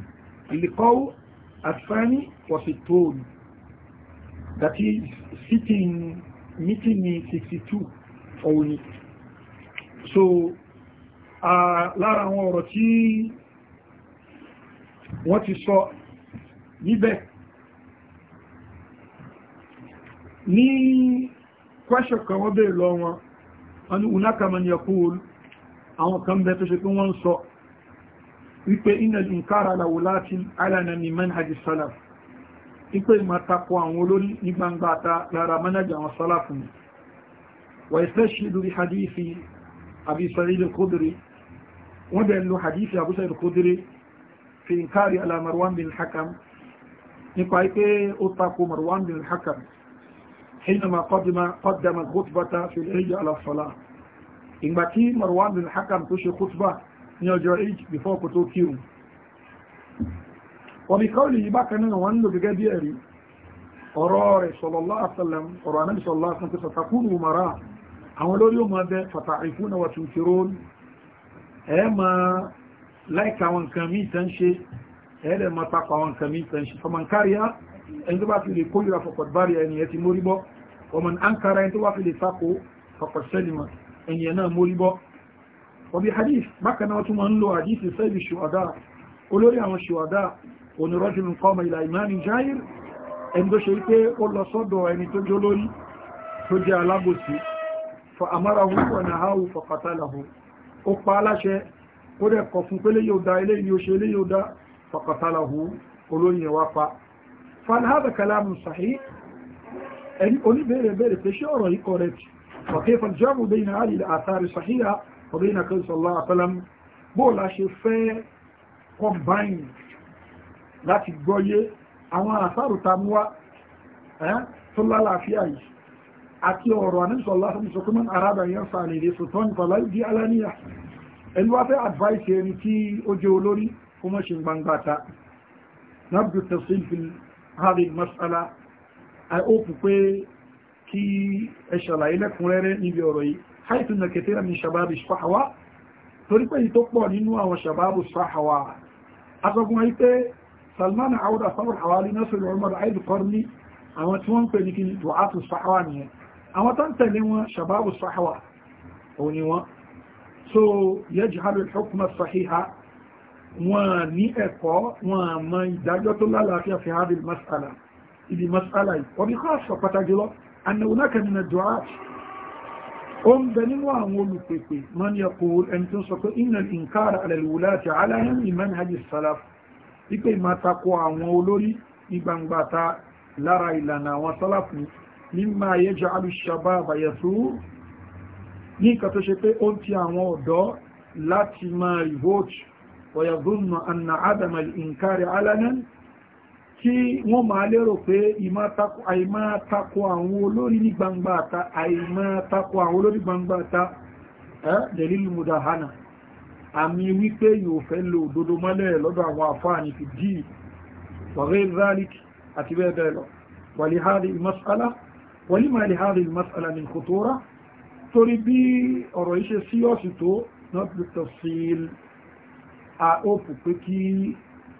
alikọ́wù Afani was a toll that is sitting, meeting in 62 only. So, lára àwọn ọ̀rọ̀ tí wọ́n ti sọ níbẹ̀ ní kwẹ́ṣọ̀ kan wọ́n bèèrè lọ wọn, wọn ni unaka man yakul àwọn kan bẹ tó ṣe pé wọ́n ń sọ wípé iná ìkára làwò láti alánàmì manhajj salaf wípé ìmọ̀tàkọ àwọn olórí ní gbangba lára manhajj àwọn salaf ni wà ìsẹ́ṣìlú rí hadithi àbí sọ̀rọ̀ kódìrí wọ́n bẹ̀rẹ̀ lo hadithi àbúsọ̀ kódìrí fi ìkárí ala Marwan bin Hakam nípa wípé ó takò Marwan bin Hakam حينما قدم قدم الخطبة في العيد على الصلاة إن بكي مروان بن الحكم تشي خطبة ní ọjọ́ eid before kò tó kírun wọ́n bí kọ́ọ̀lì yìí bákan náà wọ́n ń lò gẹ́gẹ́ bí ẹ̀rí ọ̀rọ̀ rẹ̀ sallallahu alaihi wasallam ọ̀rọ̀ anábì sallallahu alaihi wasallam fatakunu umara àwọn olórí ọmọ ẹbẹ fata'ifuna wa tunkirun ẹ máa láìka àwọn nǹkan míì tán ṣe ẹ lè máa tapọ̀ àwọn nǹkan míì ọbí hadith bákan náà tún ma ń lo hadith sẹ́bí ṣùwádá olórí àwọn ṣùwádá onírọ́jùlù kọmọ ilà ìmáni jáyìr ẹni tó ṣe wípé ó lọ sọ́dọ̀ ẹni tó jó lórí tó jẹ́ alábòsí fa àmára hùwà ní àháwù fọ̀kàtàlàhù ó pa aláṣẹ ó rẹ̀ kọ̀ fún pélé yóò dá ilé ni ó ṣe ilé ẹni oníbẹ̀rẹ̀ bẹ̀rẹ̀ pé ọ̀rọ̀ yìí correct fa kayfa al-jamu bayna hadhihi ọdún ìnà kan sọ̀lá àtàlám bóòlá ṣe fẹ́ combine láti gbọ́yé àwọn àsárùta múwá tó lálàáfíà yìí àti ọ̀rọ̀ àníṣọ́lá fún ìṣọ́kúnmọ́ arábà yẹn fààlè rẹ̀ sọ̀tọ́n fàlá ìdí aláníyà ẹni wá fẹ́ advice ẹni tí ó jẹ́ olórí fún mọ́ ṣe gbangbata nabdu tafsir fi hadi mas'ala i pé kí ẹ lẹ́kùnrẹ́rẹ́ níbi ọ̀rọ̀ yìí حيث أن كثير من شباب الصحوة فريقا يتطبع لنوا وشباب الصحوة أقول لك سلمان عودة صور حوالي نصر العمر عيد قرني أما توانك لك دعاة الصحوة أما تنسى لنوا شباب الصحوة ونوا سو يجعل الحكم الصحيحة وني أكو وما يدعو الله في هذه المسألة إذا مسألة وبخاصة فتجلو أن هناك من الدعاة ó ń bẹ nínú àwọn olùpèpè man yaqul ẹni tó sọ pé inna al-inkara ala al-wulati ala yamni manhaj as-salaf wípé ìmátakọ àwọn olórí ní gbangba ta lára ìlànà àwọn sálàfù mimma yaj'alu ash-shababa yasur ní nǹkan tó ṣe pé ó ti àwọn ọ̀dọ́ láti máa revolt wa yadhunnu anna adama tí wọ́n máa lérò pé àìmá takò àwọn olórí ní gbangba àta àìmá takò àwọn olórí gbangba àta dẹ̀lílù mudahana àmì wípé yóò fẹ́ lò òdodo mọ́lẹ̀ lọ́dọ̀ àwọn àfáà ní fi díì wàrẹ́ zalik àti bẹ́ẹ̀ bẹ́ẹ̀ lọ wàlíhàrí mas'ala wàlímà lèhàrí mas'ala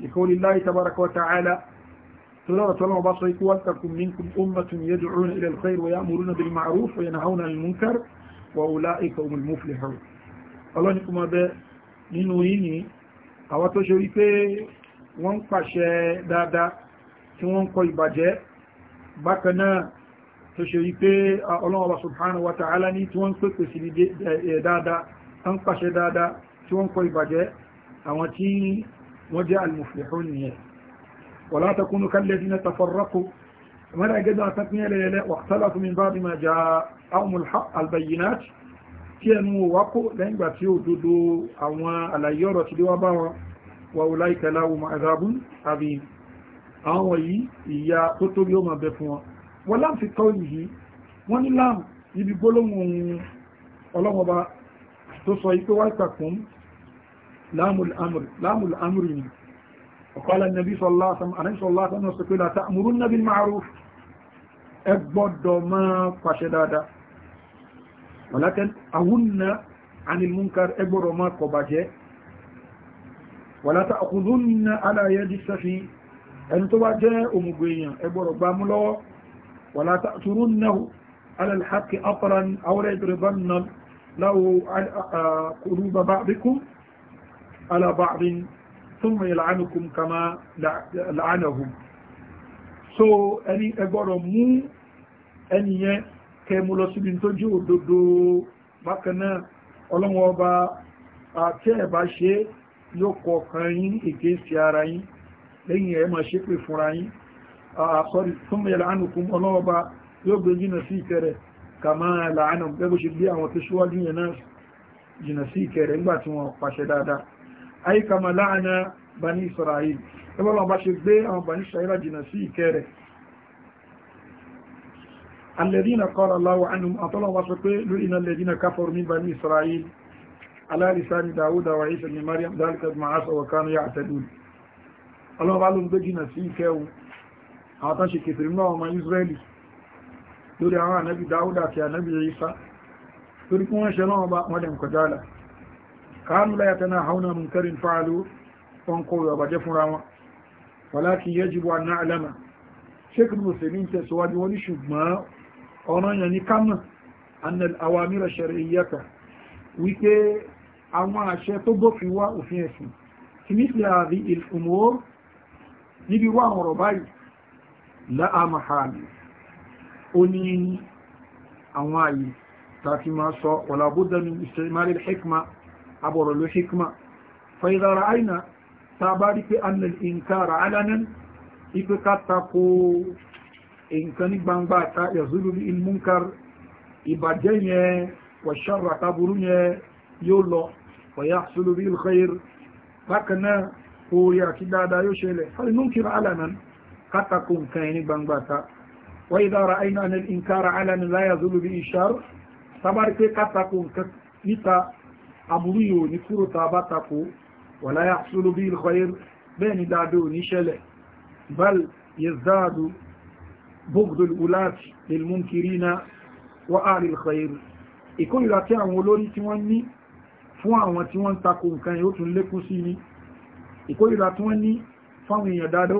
لقول الله تبارك وتعالى سورة الله بصيك ولتكن منكم أمة يدعون إلى الخير ويأمرون بالمعروف وينهون عن المنكر وأولئك هم المفلحون الله نكم هذا nínú yìí ni àwọn tó ṣe rí pé wọ́n ń pàṣẹ dáadáa tí wọ́n ń kọ ìbàjẹ́ bákan náà subhanahu wa ta'ala ní tí wọ́n ń pèpè sí dáadáa ń pàṣẹ dáadáa tí wọ́n ń kọ ìbàjẹ́ wọ́n jẹ́ al-muflihun nìyẹn wala takunu kalladhina tafarraqu mẹ́rẹ̀ gẹ́gẹ́ àtàkùnyẹ́ lẹ́yẹlẹ́ waqtalafu min ba'di ma ja'ahumul al-bayyinat tí ẹnu wákó lẹ́yìn gbà tí ó dodo àwọn àlàyé ọ̀rọ̀ tí wá bá wọn wà ó láìka lahum azabun azim àwọn yìí ìyà tó tóbi ó máa bẹ fún wọn wọ́n láàm fi kọ́ yìí wọ́n ní láàm ibi gbólóhùn ọlọ́mọba tó sọ yìí pé wáìkà kún لام الأمر لام الأمر وقال النبي صلى الله عليه وسلم أنا صلى الله عليه وسلم لا تأمرن بالمعروف أبدا ما قشدادا ولكن أهن عن المنكر أبدا ما قبجة ولا تأخذن على يد السفي أن تبجة أمقيا أبدا باملو ولا تأثرنه على الحق أطرا أو لا يضربن له قلوب بعضكم على بعض ثم يلعنكم كما لعنهم so ẹni ẹgbọ́rọ̀ mú ẹniyẹn kẹmú lọ síbi tó jí òdodo bákanáà ọlọ́wọ́ ọba àti ẹ̀bá ṣe yóò kọ kan yín èké sí ara yín lẹ́yìn ẹ̀ máa ṣe pè fúnra yín àṣọ́rí tó mẹ́yẹ̀ lánàkún ọlọ́wọ́ ọba yóò gbé jìnà sí ìkẹrẹ kàmá làánà gẹ́gbẹ́ ṣe gbé àwọn tó ṣíwájú yẹn náà jìnà sí ìkẹrẹ nígbà tí wọ́n pàṣẹ dáadáa ayé kama láàánà bani israel ẹgbẹ́ wọn bá ṣe gbé àwọn bani israel jìnà sí ìkẹrẹ̀ alẹ́dínà kọ́ra láwọ̀ anú àtọ́lọ́wọ́ sọ pé lórí iná lẹ́dínà káfọ́rù ní bani israel alárìsá ni dáwúdà wà ìsẹ̀ ni mariam dálítà máa sọ wọ̀kánu yà àtẹ́dù ọlọ́wọ́ bá ló ń gbé jìnà sí ìkẹrẹ̀ àwọn tán ṣe kèfèrè náà ọmọ israeli كانوا لا يتناهون عن منكر فعلوا فانقوا وبجفوا روا ولكن يجب أن نعلم شيخ المسلمين تسواد ونشبما ọ̀ranyàn ní kánà annal awamira shari'iyyata wípé àwọn àṣẹ tó bófin wá òfin ẹ̀sìn tí ní sílẹ̀ àrí ìlúmọ́ níbi wá àwọn ọ̀rọ̀ báyìí láàmà hàmì ó ní àwọn àyè tàbí máa sọ wàlàbúdà ní ìṣẹ̀málẹ̀ hikma عبر الحكمة فإذا رأينا تبارك أن الإنكار علنا إذا تقو إن كان بانباتا يزول المنكر إذا جنيا وشر يولو ويحصل به الخير فكنا قول يا كدادا يشيلي فلننكر علنا كتكون كيني بانباتا وإذا رأينا أن الإنكار علنا لا يزول به الشر تبارك كتكون كتكون aburú yìí ò ní kúrò tá a bá takò wala yahsulu bí al-khayr bẹ́ẹ̀ ni dáadé ò ní ṣẹlẹ̀ bal yazdadu bughdul ulati lil-munkirina wa ahli al-khayr ìkórìíra tí àwọn olórí tí wọ́n ní fún àwọn tí wọ́n takò nǹkan yóò tún lékún sí ní ìkórìíra tí wọ́n ní fáwọn èèyàn dáadáa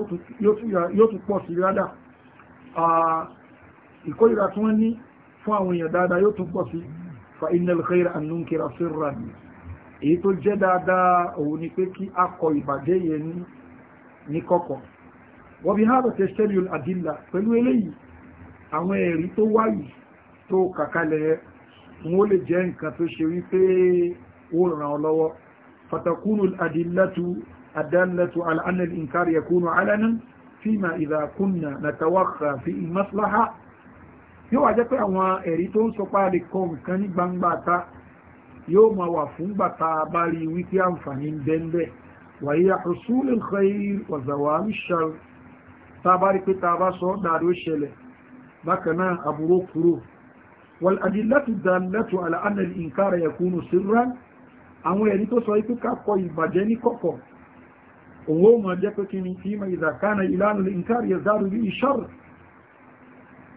yóò tún pọ̀ sí rádà ìkórìíra tí wọ́n ní fún àwọn èèyàn dáadáa yóò tún pọ̀ sí fa inna al-khayra an nunkira sirran èyí tó jẹ́ dáadáa òun ni pé kí a kọ ìbàjẹ́ yẹn ní kọ̀kọ̀ wọ́n bí hàbà tẹ́ sẹ́lẹ̀ àdìlà pẹ̀lú eléyìí àwọn ẹ̀rí tó wáyìí tó kàkalẹ̀ wọ́n lè jẹ́ nǹkan tó ṣe wípé ó ràn ọ́ lọ́wọ́ fatakunu adillatu adallatu al'anil inkari yakunu alanan fima idha kunna natawakha fi maslaha yóò wá jẹ́ pé àwọn ẹ̀rí tó ń sọpá lè kọ nǹkan ní gbangba ta yóò máa wà fún gbàta bá rí wípé àǹfààní ń bẹ́ńbẹ́ wàyí husul al-khair wa zawal ash tá a bá rí pé tá bá sọ dáadó ṣẹlẹ̀ bákan náà aburú kúrò wal adillatu dallatu ala anna al-inkara yakunu sirran àwọn ẹ̀rí tó sọ ikú kakọ ìbàjẹ́ ní kọ̀kọ̀ òun ó máa jẹ́ pé kí ni fima idha kana ilanu al-inkari yazaru bihi sharr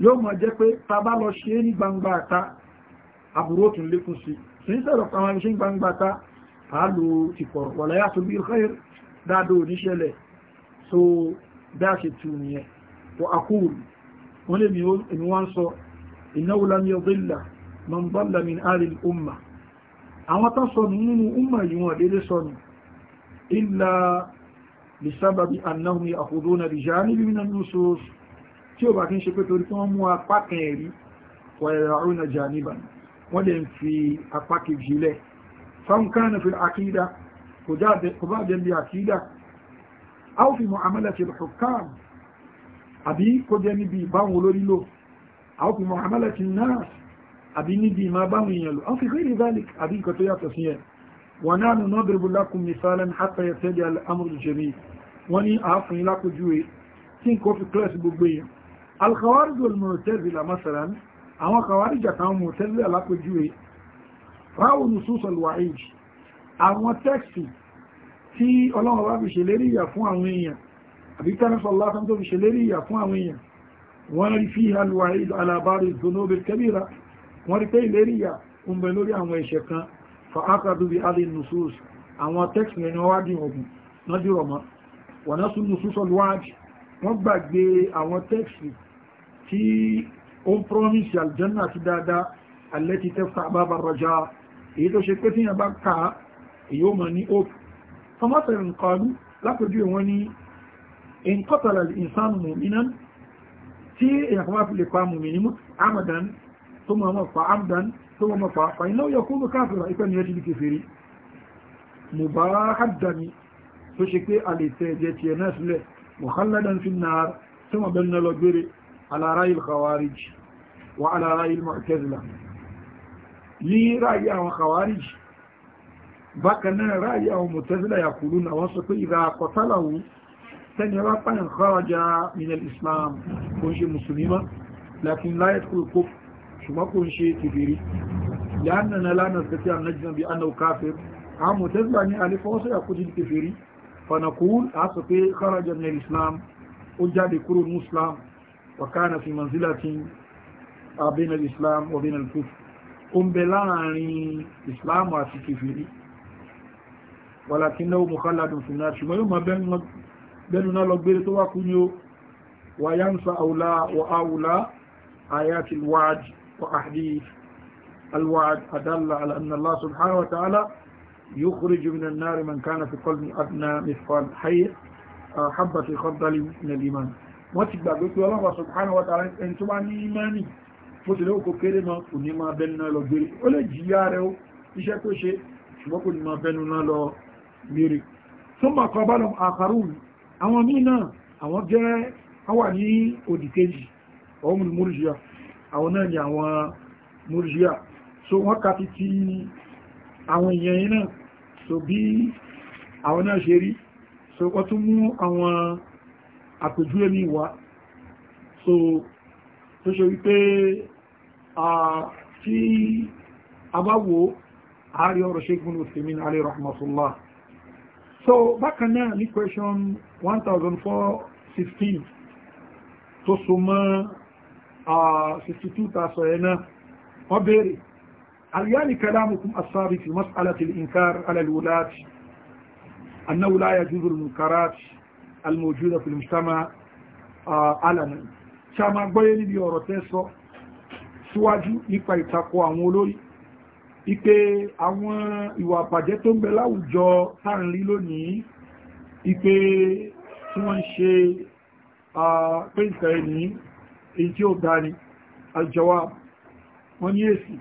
yóò mọ̀ jẹ́ pé tàbá lọ ṣe ní gbangba àta àbúrò tún lékún sí tí ń sẹ́rọ̀ pàwọn iṣẹ́ gbangba àta àálò ti pọ̀rọ̀ wọ̀lá yàtọ̀ bí ìrìkọ́ dáadọ́ oníṣẹ́lẹ̀ so bá ṣe tù nìyẹn wọ akúrù wọ́n lè mi wọ́n sọ innahu lam yadilla tí ó bá kí ń ṣe pé torí tí wọ́n mú apá kan ẹ̀rí wọ̀yẹ̀rọ̀rún ọjà níbà wọ́n lè fi apá kejì lẹ̀ fáwọn fi àkídà kò bá jẹ́ bí àkídà a ó fi mọ̀ àmẹ́lẹ̀ fi hukam àbí kó jẹ́ níbi ìbáwọn olórí lò a ó fi mọ̀ àmẹ́lẹ̀ fi náà àbí níbi ìmá báwọn èèyàn lò a fi rí ìrìnlẹ̀ àbí nǹkan tó yàtọ̀ fi kílẹ̀ sí gbogbo èèyàn alkhawarij wal mu'tazila masalan àwọn khawarij àtàwọn mu'tazila lápẹjúwe ráwọ̀ nusus alwa'id àwọn tẹ́kì tí ọlọ́run bá fi ṣèlérí ìyà fún àwọn èèyàn àbí tẹ́lẹ̀sọ̀ látàn tó fi ṣèlérí ìyà fún àwọn èèyàn wọ́n rí fi alwa'id alabari zonobe kẹbíra wọ́n rí pé ìlérí ìyà ń bẹ lórí àwọn ẹ̀ṣẹ̀ kan fa ákàdù bí alì nusus àwọn tẹ́kì rẹ̀ wá dín ogun lọ́dí rọ̀mọ́ wọ̀nà sún nusus alwa'id wọ́n gbàgbé àwọn tẹ́kì tí ó ń promise aljanna àti dáadáa alẹ́ti tẹ́fà àbábà rọjá èyí tó ṣe pé tí yàn bá ká èyí ó mọ̀ ní hope fọmọ́sẹ̀rẹ̀ nǹkan lápẹjú wọn ní ìǹkọ́tàlà ìsánù mọ̀mínà tí èyàn kan bá fi lè pa mọ̀mínì mú amadan tó mọ̀ mọ̀ pa amadan tó mọ̀ mọ̀ pa pa iná yọ kúrò ṣe pé a lè tẹ́ ẹ̀jẹ̀ tiẹ̀ náà sílẹ̀ mọ̀hálàdàn fi náà tí wọ́n bẹ́ẹ̀ lọ gbére على رأي الخوارج وعلى رأي المعتزلة لي رأي أو خوارج بكنا رأي أو معتزلة يقولون وسط إذا قتله سنرى خرج من الإسلام كنش مسلمة لكن لا يدخل الكفر شما كنش كبيري لأننا لا نستطيع أن نجزم بأنه كافر عام معتزلة أن يألف وسيقول الكفيري فنقول أسطي خرج من الإسلام وجاء لكل المسلم وكان في منزلة بين الإسلام وبين الكفر قم بلاني إسلام فيه ولكنه مخلد في النار شما يوم بيننا لقبير تواكنيو وينسى أولى وأولى آيات الوعد وأحديث الوعد أدل على أن الله سبحانه وتعالى يخرج من النار من كان في قلب أدنى مثقال حي حبة خضل من الإيمان wọ́n ti gbàgbé pé ọlọ́pàá subhanahu wa ta'ala ẹni tó bá ní imani bó ti lóòkó kéré náà kò ní máa bẹnu náà lọ gbére ó lè jìyà rẹ̀ ó iṣẹ́ tó ṣe ṣùgbọ́n kò ní máa bẹnu náà lọ gbére tó mọ̀ kọ́ bá lọ àkàrùn àwọn míì náà àwọn jẹ́ àwà ní òdì kejì ọmọ múrùjíà àwọn náà ni àwọn múrùjíà so wọ́n ká ti ti àwọn èèyàn náà so bí àwọn náà ṣe rí so wọ́n tún mú àwọn àpèjúwe mi wá so tó ṣe wípé tí a bá wo ààrẹ ọ̀rọ̀ ṣégun òsèmí alẹ́ rahmatullah so bákan náà ní question 1416 tó so mọ́ 62 tàṣọ ẹ̀ náà wọ́n bèèrè اليان كلامكم الصادق في مسألة الإنكار على الولاة أنه لا يجوز المنكرات الموجودة في المجتمع علنا ṣàmà gbọ́yé níbi ọ̀rọ̀ tẹ́ sọ síwájú nípa ìtakò àwọn olórí ipe àwọn ìwà àpàjẹ́ tó ń bẹ láwùjọ táàrin lónìí ipe tí wọ́n ń ṣe pé ìfẹ́ ní èyí tí ó dáni àjọwà wọ́n ní èsì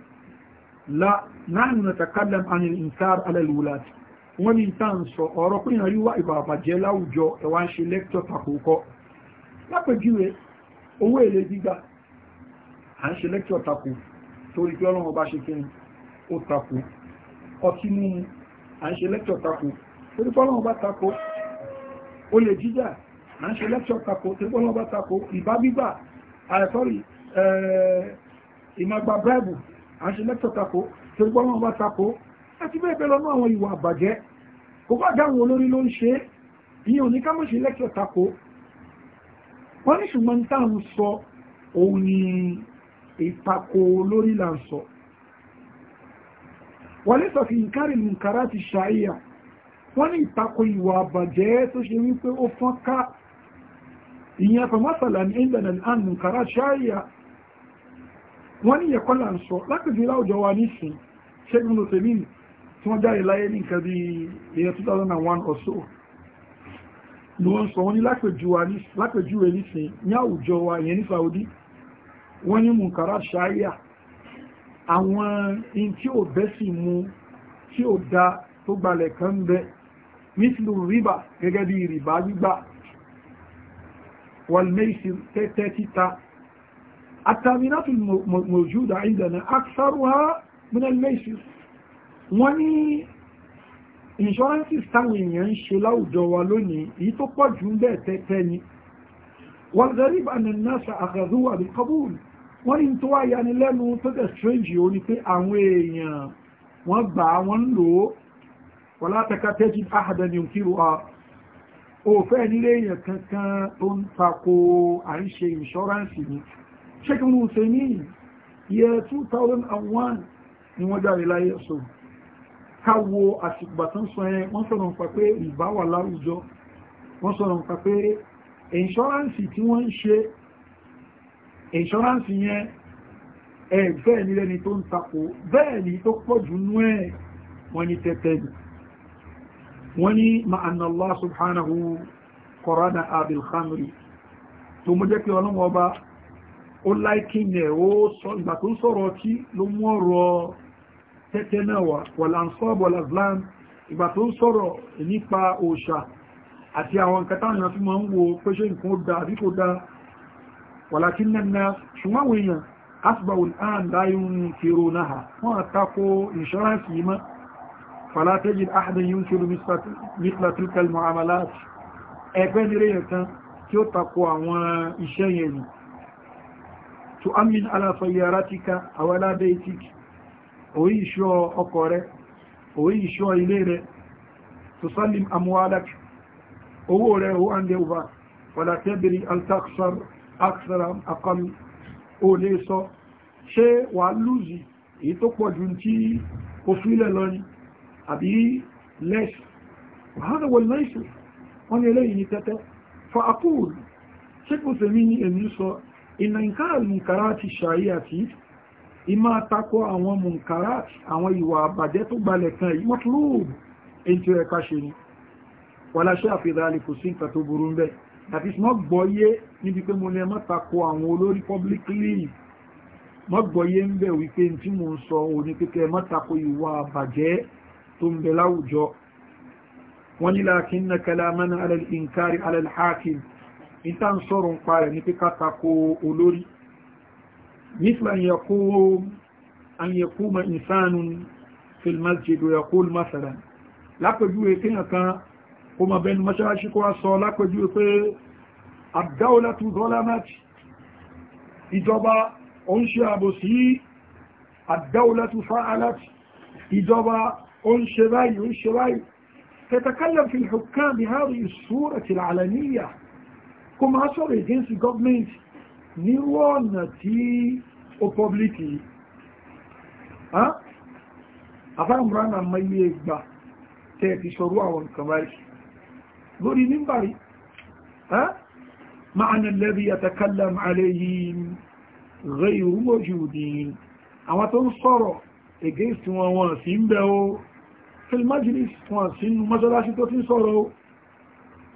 láàrin takalam anil insar alalulati wọ́n ní ìta ń sọ ọ̀rọ̀ pé ìrìn wá ìwà àbàjẹ́ láwùjọ ẹ̀wà ń ṣe lẹ́kítọ̀ tàkókọ́ lápèjúwe owó èlé gbígbà à ń ṣe lẹ́kítọ̀ tàkó torí pé ọlọ́run ọba ṣe kíni ó tàkó ọtí mímu à ń ṣe lẹ́kítọ̀ tàkó torí pé ọlọ́run ọba tàkó olè jíjà à ń ṣe lẹ́kítọ̀ tàkó torí pé ọlọ́run ọba tàkó ìbá àti bẹ́ẹ̀ bẹ́ẹ̀ lọ́nà àwọn ìwà àbàjẹ́ kò bá dáhùn olórí ló ń ṣe ìyẹn ò ní ká mọ̀ṣe lẹ́kẹ̀ọ́ tako wọ́n ní ṣùgbọ́n tá à ń sọ òun ni ìtako olórí là ń sọ wọ́n lè sọ fi ìkárì nìkárà ti ṣàìyà wọ́n ní ìtako ìwà àbàjẹ́ tó ṣe wípé ó fọ́n ká ìyẹn fọmọ́sàlà ní ìdànà àmì nìkárà ṣàìyà wọ́n ní ìyẹ̀kọ́ là ń sọ láti fi láwùjọ wa nísìn ṣẹ́gun lọ́sẹ̀mí tí wọ́n jáde láyé ní nǹkan bí ìyẹn 2001 or so ni wọ́n sọ wọ́n ní lápèjúwe nísìn ní àwùjọ wa ìyẹn ní Saudi wọ́n ní mùkàrà ṣáyà àwọn in tí ò bẹ́sì mu tí ò da tó gbalẹ̀ kan bẹ mítìlù rìbà gẹ́gẹ́ bí rìbà gbígbà wàlmẹ́sì tẹ́tẹ́ títa àtàmínátù mọ̀júdà ìdànà aksaruha minal maisir wọ́n ní insurances táwọn èèyàn ń ṣe láwùjọ wa lónìí èyí tó pọ̀ jù ń bẹ́ẹ̀ tẹ́tẹ́ ni wọ́n zẹ́rí bá ní nasa àkàzúwà bí kabul wọ́n ní tó wá yani lẹ́nu tó tẹ̀ strange ó ní pé àwọn èèyàn wọ́n gbà wọ́n lò ó wọ́n látẹ̀ka tẹ́jì àhàdàn ní òkìrò a òfẹ́ nílé èèyàn kankan tó ń tako à ń ṣe insurance ni ṣé kí wọ́n ṣe ní yẹ 2001 ni wọ́n jáde láyé ọ̀sọ̀rọ̀ káwo àsìkò tó ń sọ ẹ wọ́n sọ̀rọ̀ nípa pé rìbá wà láwùjọ wọ́n sọ̀rọ̀ nípa pé ìṣọ́ránsì tí wọ́n ń ṣe ìṣọ́ránsì yẹn ẹ bẹ́ẹ̀ ni lẹ́ni tó ń takò bẹ́ẹ̀ ni tó pọ̀ jù nú ẹ̀ wọ́n ní tẹ́tẹ́ ni wọ́n ní subhanahu kọ̀rọ̀nà abil khamri tó mú jẹ́ pé ọlọ́wọ́ ọba ó láìkí nẹ̀ ó sọ ìgbà tó ló mú ọ̀rọ̀ tẹ́tẹ́ náà wà láǹsọ́bọ̀ làzlán ìgbà tó ń sọ̀rọ̀ nípa òòṣà àti àwọn kẹtàrìnà tí ma ń wo pẹ́ṣẹ́ nǹkan ó dá àbí kò dá wàlákí nẹ́nà ṣùgbọ́n àwọn èèyàn asibawul an láyún kèrò náà wọ́n àtakò insurance yìí mọ́ falatẹ́jì ahadin yìí ń kèrò mítla to amin ala sayyaratika awala baitika òun ìṣọ́ ọkọ̀ rẹ̀ òun ìṣọ́ ilé to salim amwalak owó rẹ̀ owó and over wala tẹ́bìrì altaksar aksaram akọl o lè sọ ṣé wà lùzì èyí tó pọ̀ jù tí ó fílẹ̀ lọ ni àbí less wàhánà lẹ́sù wọ́n ni eléyìí ni tẹ́tẹ́ fa akúrù ṣé kò sẹ́mi ni èmi sọ ìnà nǹkan àlùmùkárá ti ṣàyí àti ìtù ìmá àtakọ àwọn mùnkàrá àwọn ìwà àbàjẹ́ tó gbalẹ̀ kan yìí wọ́n lóòrùn èyí tí ó ẹka ṣe ni wọ́n láṣẹ́ àfihàn kò sí nǹkan tó burú ń bẹ́ that is not gbọ́yé níbi pé mo ní ẹmọ́ takọ àwọn olórí publicly mọ́ gbọ́yé ń bẹ̀ wípé tí mo مثل أن يقوم أن يقوم إنسان في المسجد ويقول مثلا لا كجوه كنا كما بين مشاشي كوا صلاة كجوه الدولة ظلمت إجابة أنشي سي الدولة فعلت إجابة أنشي باي أنشي باي تتكلم في الحكام بهذه الصورة العلنية كما أصبح الجنس government nírú ọ̀nà tí ó pọ́blíkì yìí afẹ́mùrán náà mọ iye ìgbà tẹ́ ti ṣọrú àwọn nǹkan báyìí lórí nígbàrí ma'ana alladhi yatakallam alayhim ghayru mawjudin àwọn tó ń sọ̀rọ̀ against wọn sí ń bẹ o fil majlis sínú mọ́sálásí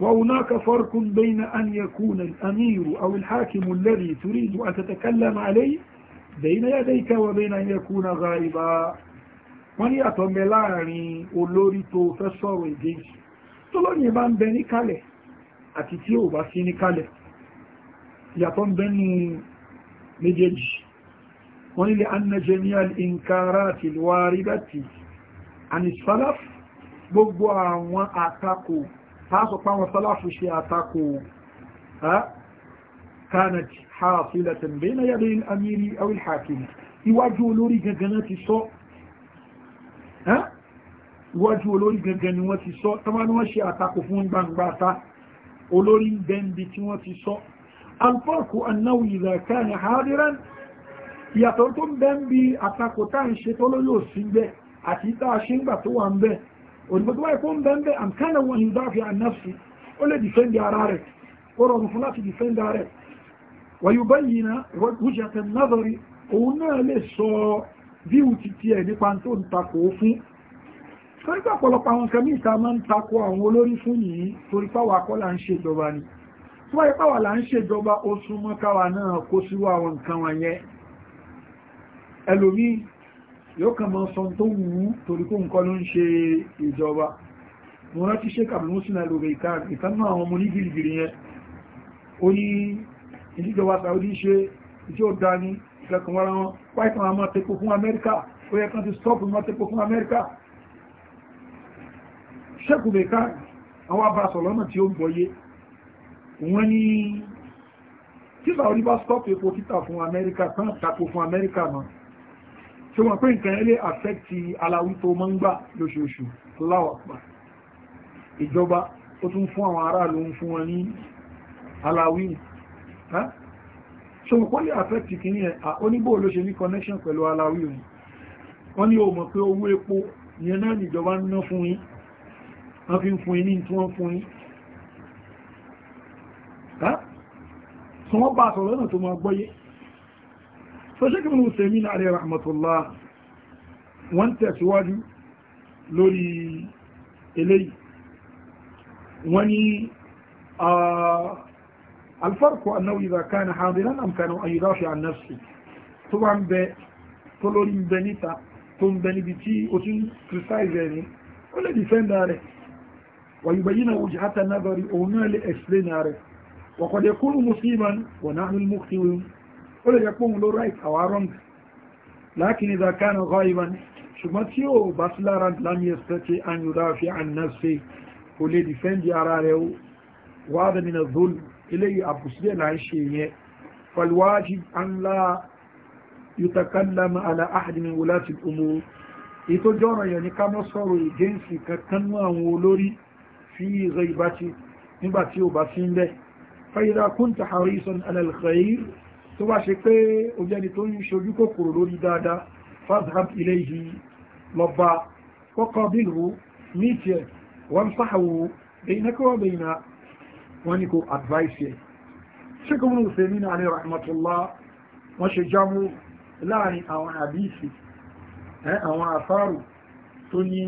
وهناك فرق بين أن يكون الأمير أو الحاكم الذي تريد أن تتكلم عليه بين يديك وبين أن يكون غائبا من يتملاني و ل و ر ي ت و فشر الجيش طلون يبان بني كالي اتيتيو باسيني كالي يطن بني لجيش من ل أ ن جميع ا ل إ ن ك ا ر ا ت ا ل و ا ر د ة عن السلف ببوا و أ ع ت ق و ا tásọ páwọn sálàfù ṣe àtakò كانت حاصلة بين يدي الأمير أو الحاكم يواجهوا لوري جنجنة سوء ها يواجهوا لوري جنجنة سوء طبعا وشي أتاقفون بانباتا ولوري بنبتنة سوء الفرق أنه إذا كان حاضرا يطلتم بنبي أتاقتان شتولو يوسين به أتيتا شنبتوان به onígbàgbà ẹ̀kọ́ ń bẹ́ẹ̀ bẹ́ẹ̀ àmkánà wọn ìdáfi ànáfsì ó lè dìfẹ́ndì ara rẹ̀ ó rọrùn fún láti dìfẹ́ndì ara rẹ̀ wàyú báyìí na wùjàtẹ̀ náàbọ̀rí òun náà lè sọ bíwù títí ẹ̀ nípa tó ń takò fún sọ́ríkà pọ̀lọpọ̀ àwọn kẹmí ìta máa ń takò àwọn olórí fún yìí torí páwà kọ́ là ń ṣe ìjọba ni tí wáyé páwà là ń ṣe ìjọba ó súnmọ́ káwà náà kó síwọ́ àwọn nǹkan wọn yẹn ẹlòmíì yóò kàn máa sọ tó wù torí kó nǹkan ló ń ṣe ìjọba mo rántí ṣékà mùsùn àlòrè ìkánná àwọn ọmọ onígirigiri yẹn ó ní ìdíjọba Saudi ṣe tí ó dá ní ìkẹkùn wára wọn pàìtàn àmọ́ tepo fún Amẹ́ríkà ó yẹ kan ti stọ́pù mọ́ tepo fún tí ó ní bá stọ́pù epo títà fún Amẹ́ríkà tán tako fún Amẹ́ríkà náà ṣe wọ́n pé nǹkan ilé àfẹ́kì aláwí tó mọ́ ń gbà lóṣooṣù láwàpá ìjọba ó tún fún àwọn aráàlú ń fún wọn ní aláwí ṣe wọ́n pọ́ lè àfẹ́kì kí ẹ̀ oníbò ló ṣe ní connection pẹ̀lú aláwí rẹ̀ wọ́n ní o mọ̀ pé owó epo yẹn náà níjọba ń ná fún yín wọ́n fi ń fún yín ní so ṣe kìí mùsùlùmí náà rẹ̀ rahmatullah wọ́n tẹ̀síwájú lórí eléyìí wọ́n ni alfarko annáwó ìzàká na hadiran amkanin ayyudáfi a nafsi tó bá ń bẹ tó lórí ń bẹ níta tó ń bẹ níbi tí ó ti ń criticize ẹni ó lè defend rẹ̀ ويبين وجهة النظر أو نال إسلنا وقد يكون مصيبا ونحن المخطئون ó lè jẹ́ pòun ló right àwa wrong lákìní ìdákánà ghaiban ṣùgbọ́n tí ó bá sí lára lámì ẹ̀sẹ̀ tí a ń yóò fi ànàṣe kò lè dìfẹ́ndì ara rẹ̀ wà dàmínà zol eléyìí àbùsílẹ̀ là ń ṣe yẹn falwájì anlá yutakallama ala ahadimin wulati umuru ètò jọ́rọ̀ yẹ̀ ní ká mọ́ sọ̀rọ̀ ìgẹ́ǹsì kankanú àwọn olórí fi ìzọ ìbá ti nígbàtí ò bá sí ń bẹ́ fa'ida kunta harisan tó wá ṣe pé ó jẹ́ni tó ń ṣojú kòkòrò lórí dáadáa fadhhab ilayhi lọ́ba kọ́kọ́ bílù meet ẹ̀ wọ́n sáhàwò bẹ́yìnàkọ́wọ́ bẹ́yìnà wọ́n ni kò advice ẹ̀ ṣe kò múlù fèmí náà ní rahmatullah wọ́n ṣe jámú láàrin àwọn àbíìsì àwọn àfáàrù tó ní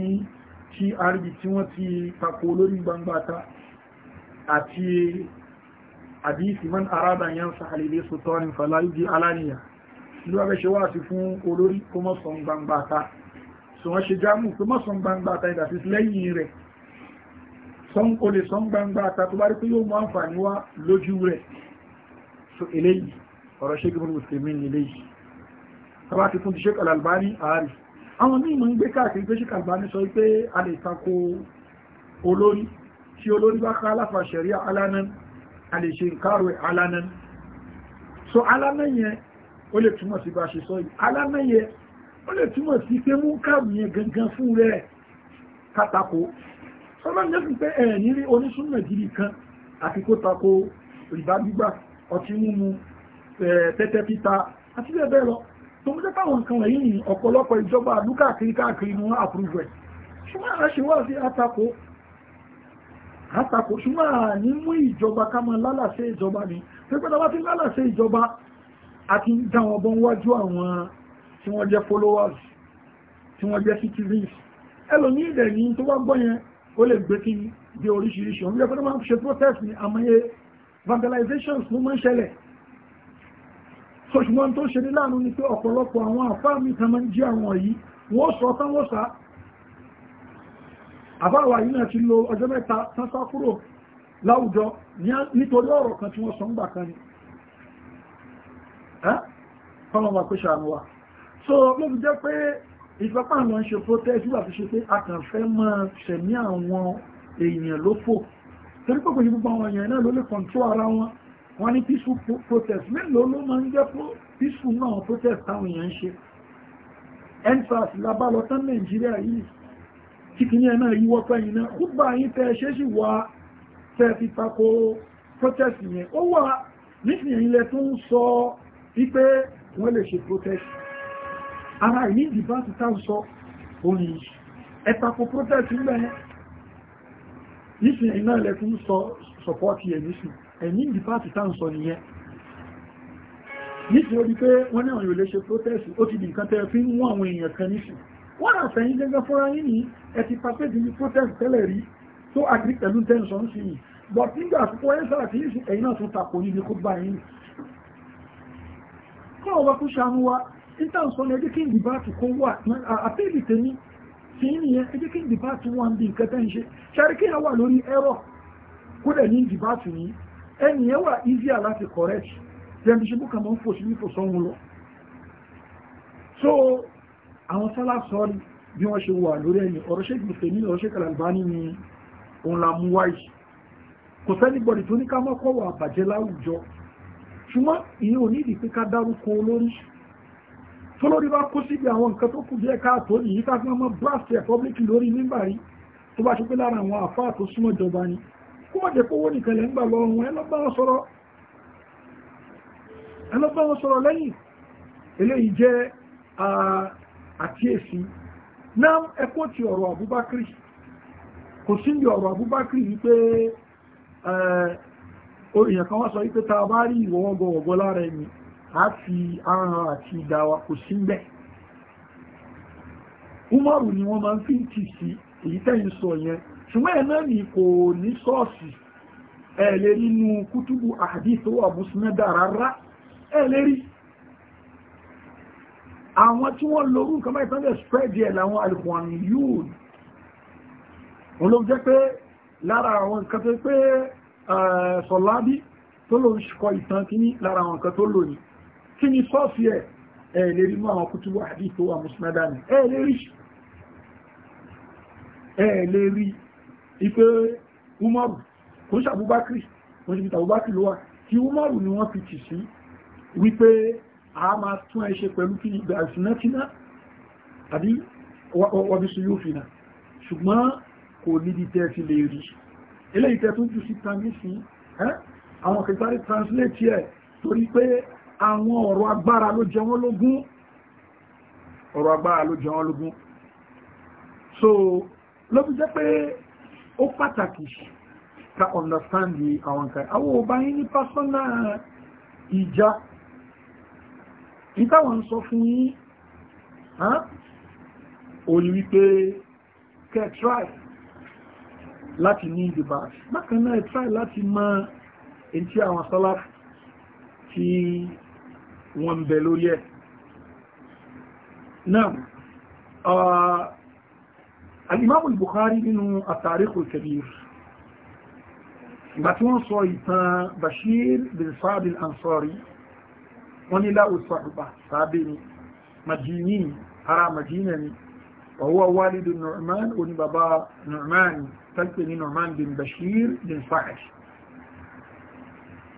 tí arìbì tí wọ́n ti tako lórí gbangbata àti àdíìsì mọ́n àrádà yẹn sàhàlìlé sọ́tọ́rin fàláyújí aláníyà ló wá bẹ́ṣe wá sí fún olórí kó mọ́sàn gbangbata so wọ́n ṣe jámù pé mọ́sàn gbangbata ìdàtí lẹ́yìn rẹ̀ sọ́n o lè sọ́n gbangbata tó bá rí pé yóò mọ́ àǹfààní wá lójú rẹ̀ so eléyìí ọ̀rọ̀ ṣe gbọ́n mùsùlùmí eléyìí tọ́bá ti fún ti ṣékà Albani ààrì àwọn míì mọ̀ ń gbé káàkiri pé ṣékà a lè ṣe ìkárò alánà so alánà yẹn ó lè túmọ̀ sí bá ṣe sọ yìí alánà yẹn ó lè túmọ̀ sí pé mú káàbù yẹn gangan fún rẹ̀ kátàkó sọ́nà jẹ́ pípẹ́ ẹ̀ nílé oníṣúnà gidi kan àti kó tako ìbá gbígbà ọtí mímu tẹ́tẹ́ pípa àti bẹ́ẹ̀ bẹ́ẹ̀ lọ tó ń jẹ́ káwọn nǹkan wọ̀nyí ọ̀pọ̀lọpọ̀ ìjọba àdúkà kiri káàkiri ni wọ́n àpúrúfẹ̀ ṣùgbọ́n àṣewọ́ sí àtakò àtakò ṣùgbọ́n à ní mú ìjọba ká máa lálàṣẹ ìjọba ni pípẹ́ta bá ti lálàṣẹ ìjọba àti dá wọn bọ́ wájú àwọn tí wọ́n jẹ́ followers tí wọ́n jẹ́ citizens ẹlòmí ìdẹ̀ ní tó bá gbọ́ yẹn ó lè gbé kí bí oríṣiríṣi òun jẹ́ pé wọ́n ṣe protest ní àmọye vandalizations ló máa ń ṣẹlẹ̀ so ṣùgbọ́n tó ṣe ní láàánú ni pé ọ̀pọ̀lọpọ̀ àwọn àfáàmì kan máa ń jí àwọn yìí wọ́n sọ tán wọ́n sá àbáwà yìí náà ti lo ọjọ́ mẹ́ta sánsá kúrò láwùjọ nítorí ọ̀rọ̀ kan tí wọ́n sọ ń gbà kan ni kọ́lọ̀mà pé ṣàánú wa so ló fi jẹ́ pé ìfẹ́pà lọ ń ṣe protest wà fi ṣe pé a kàn fẹ́ mọ́ ṣẹ̀mí àwọn èèyàn ló fò torí pé kò gbogbo àwọn èèyàn náà ló lè control ara wọn wọ́n ní peaceful protest mélòó ló máa ń jẹ́ peaceful náà protest táwọn èèyàn ń ṣe endsars labalọ́tán nàìjíríà yìí tí kì ní ẹ̀nà ìwọ́ fẹ́yìn náà kúgbà yí tẹ́ ṣe sì wá tẹ́ fi tako protest yẹn ó wà nísìnyí ilẹ̀ tó ń sọ wípé wọ́n lè ṣe protest ara ìní ìdìbá ti tá ń sọ òní ẹ̀tako protest ńlẹ̀ nísìnyí náà ilẹ̀ tó ń sọ sọpọ́tì ẹ̀ nísìn ẹ̀ní ìdìbá ti tá ń sọ nìyẹn nítorí pé wọ́n ní àwọn èèyàn ṣe protest ó ti di nǹkan tẹ́ fi ń wọ́n àwọn èèyàn kan nísìn wọ́n àfẹ́yìn gẹ́gẹ́ fúnra yín ní ẹ ti pàtẹ́jì ní protest tẹ́lẹ̀ rí tó agri pẹ̀lú tẹ́ǹsán sí i but nígbà àsìkò ẹ̀sà àti ìsù ẹ̀yìn náà tún tako yín ní kó gbà yín. kọ́ ọ̀wá kó ṣàánú wa intanṣọ́ ni ẹjẹ́ kí n dìbà tù kó wà àpéèlì tèmi tí ń yẹn ẹjẹ́ kí n dìbà tù wà ń bí nǹkan tẹ́ ń ṣe ṣàrí kí wà lórí ẹ̀rọ kó dẹ̀ ní dìbà tù yín ẹnì yẹn wà easier láti correct jẹ́mi ṣe bó kà máa ń fò sí ní fò sọ́hun lọ. so àwọn sálà sọ́rí bí wọ́n ṣe wà lórí ẹni ọ̀rọ̀ ṣe gbèsè ní ọ̀rọ̀ ṣe ni òun la mú wáyé kò sẹ́ni bọ̀dì tó ní ká mọ́kọ́ wà bàjẹ́ láwùjọ ṣùgbọ́n ìyẹn ò ní ìdí pé ká dárúkọ olórí tó lórí bá kó síbi àwọn nǹkan tó kù díẹ̀ káàtó yìí ká fún ọmọ blast republic lórí nígbà rí tó bá ṣe pé lára àwọn àfáà tó súnmọ́ ìjọba ni kó mọ̀ jẹ́ kówó nìkan lẹ́ ń gbà lọ́rùn ẹ lọ́ wọn sọ̀rọ̀ lẹ́yìn eléyìí jẹ́ ah, àkíyèsí náà ẹkọ́ ti ọ̀rọ̀ Abubakri kò sí ní ọ̀rọ̀ Abubakri wípé èèyàn kan wá sọ wípé ta bá rí ìwọ̀ lára ẹni a fi àti ìdáwà kò sí ń Umaru ni wọ́n máa ń fi tì sí èyí tẹ́yìn sọ yẹn àwọn tí wọ́n lórú nǹkan báyìí tánlẹ̀ spread yẹ láwọn alìkùnwàn yóò wọ́n ló jẹ́ pé lára àwọn nǹkan tó pé sọ̀lábí tó ló ń ṣkọ ìtàn kí ní lára àwọn nǹkan tó lónìí kí ni sọ́ọ̀sì ẹ̀ ẹ̀ lè rí mú àwọn kútùbù hadith tó wà musnada ni ẹ̀ lè rí ẹ̀ lè rí ipé umaru kò ṣàbúbákìrì wọ́n ṣe fi tàbúbákìrì lówà tí umaru ni wọ́n fi tì sí wípé a máa tún ẹ ṣe pẹ̀lú kí ìgbà ìfìnàtínà àbí ọbísù yóò fìnà ṣùgbọ́n kò nídi tẹ́ ti lè rí ilé ìtẹ́ tó jù sí tamisi àwọn kìtàrí translate ẹ̀ torí pé àwọn ọ̀rọ̀ agbára ló jẹ wọ́n lógún ọ̀rọ̀ agbára ló jẹ wọ́n lógún so ló fi jẹ́ pé ó pàtàkì ka understand àwọn nǹkan àwọn ò bá yín ní personal ìjà ìtàwọn sọ fún yín ó ní wípé kẹ́ try láti ní ìdìbà bákan náà try láti mọ èyí tí àwọn sálàfù tí wọ́n ń bẹ lórí ẹ̀ náà alìmáàmù Bukhari nínú àtàríkù kabir ìgbà tí wọ́n sọ ìtàn Bashir bin Sa'd ansari wọ́n ní láwù sọ̀rọ̀bà sábẹ́ ni madini ara madina ni wàhúwa walidu norman oní bàbá norman tẹ́lẹ̀ ní norman bin bashir bin sa'ad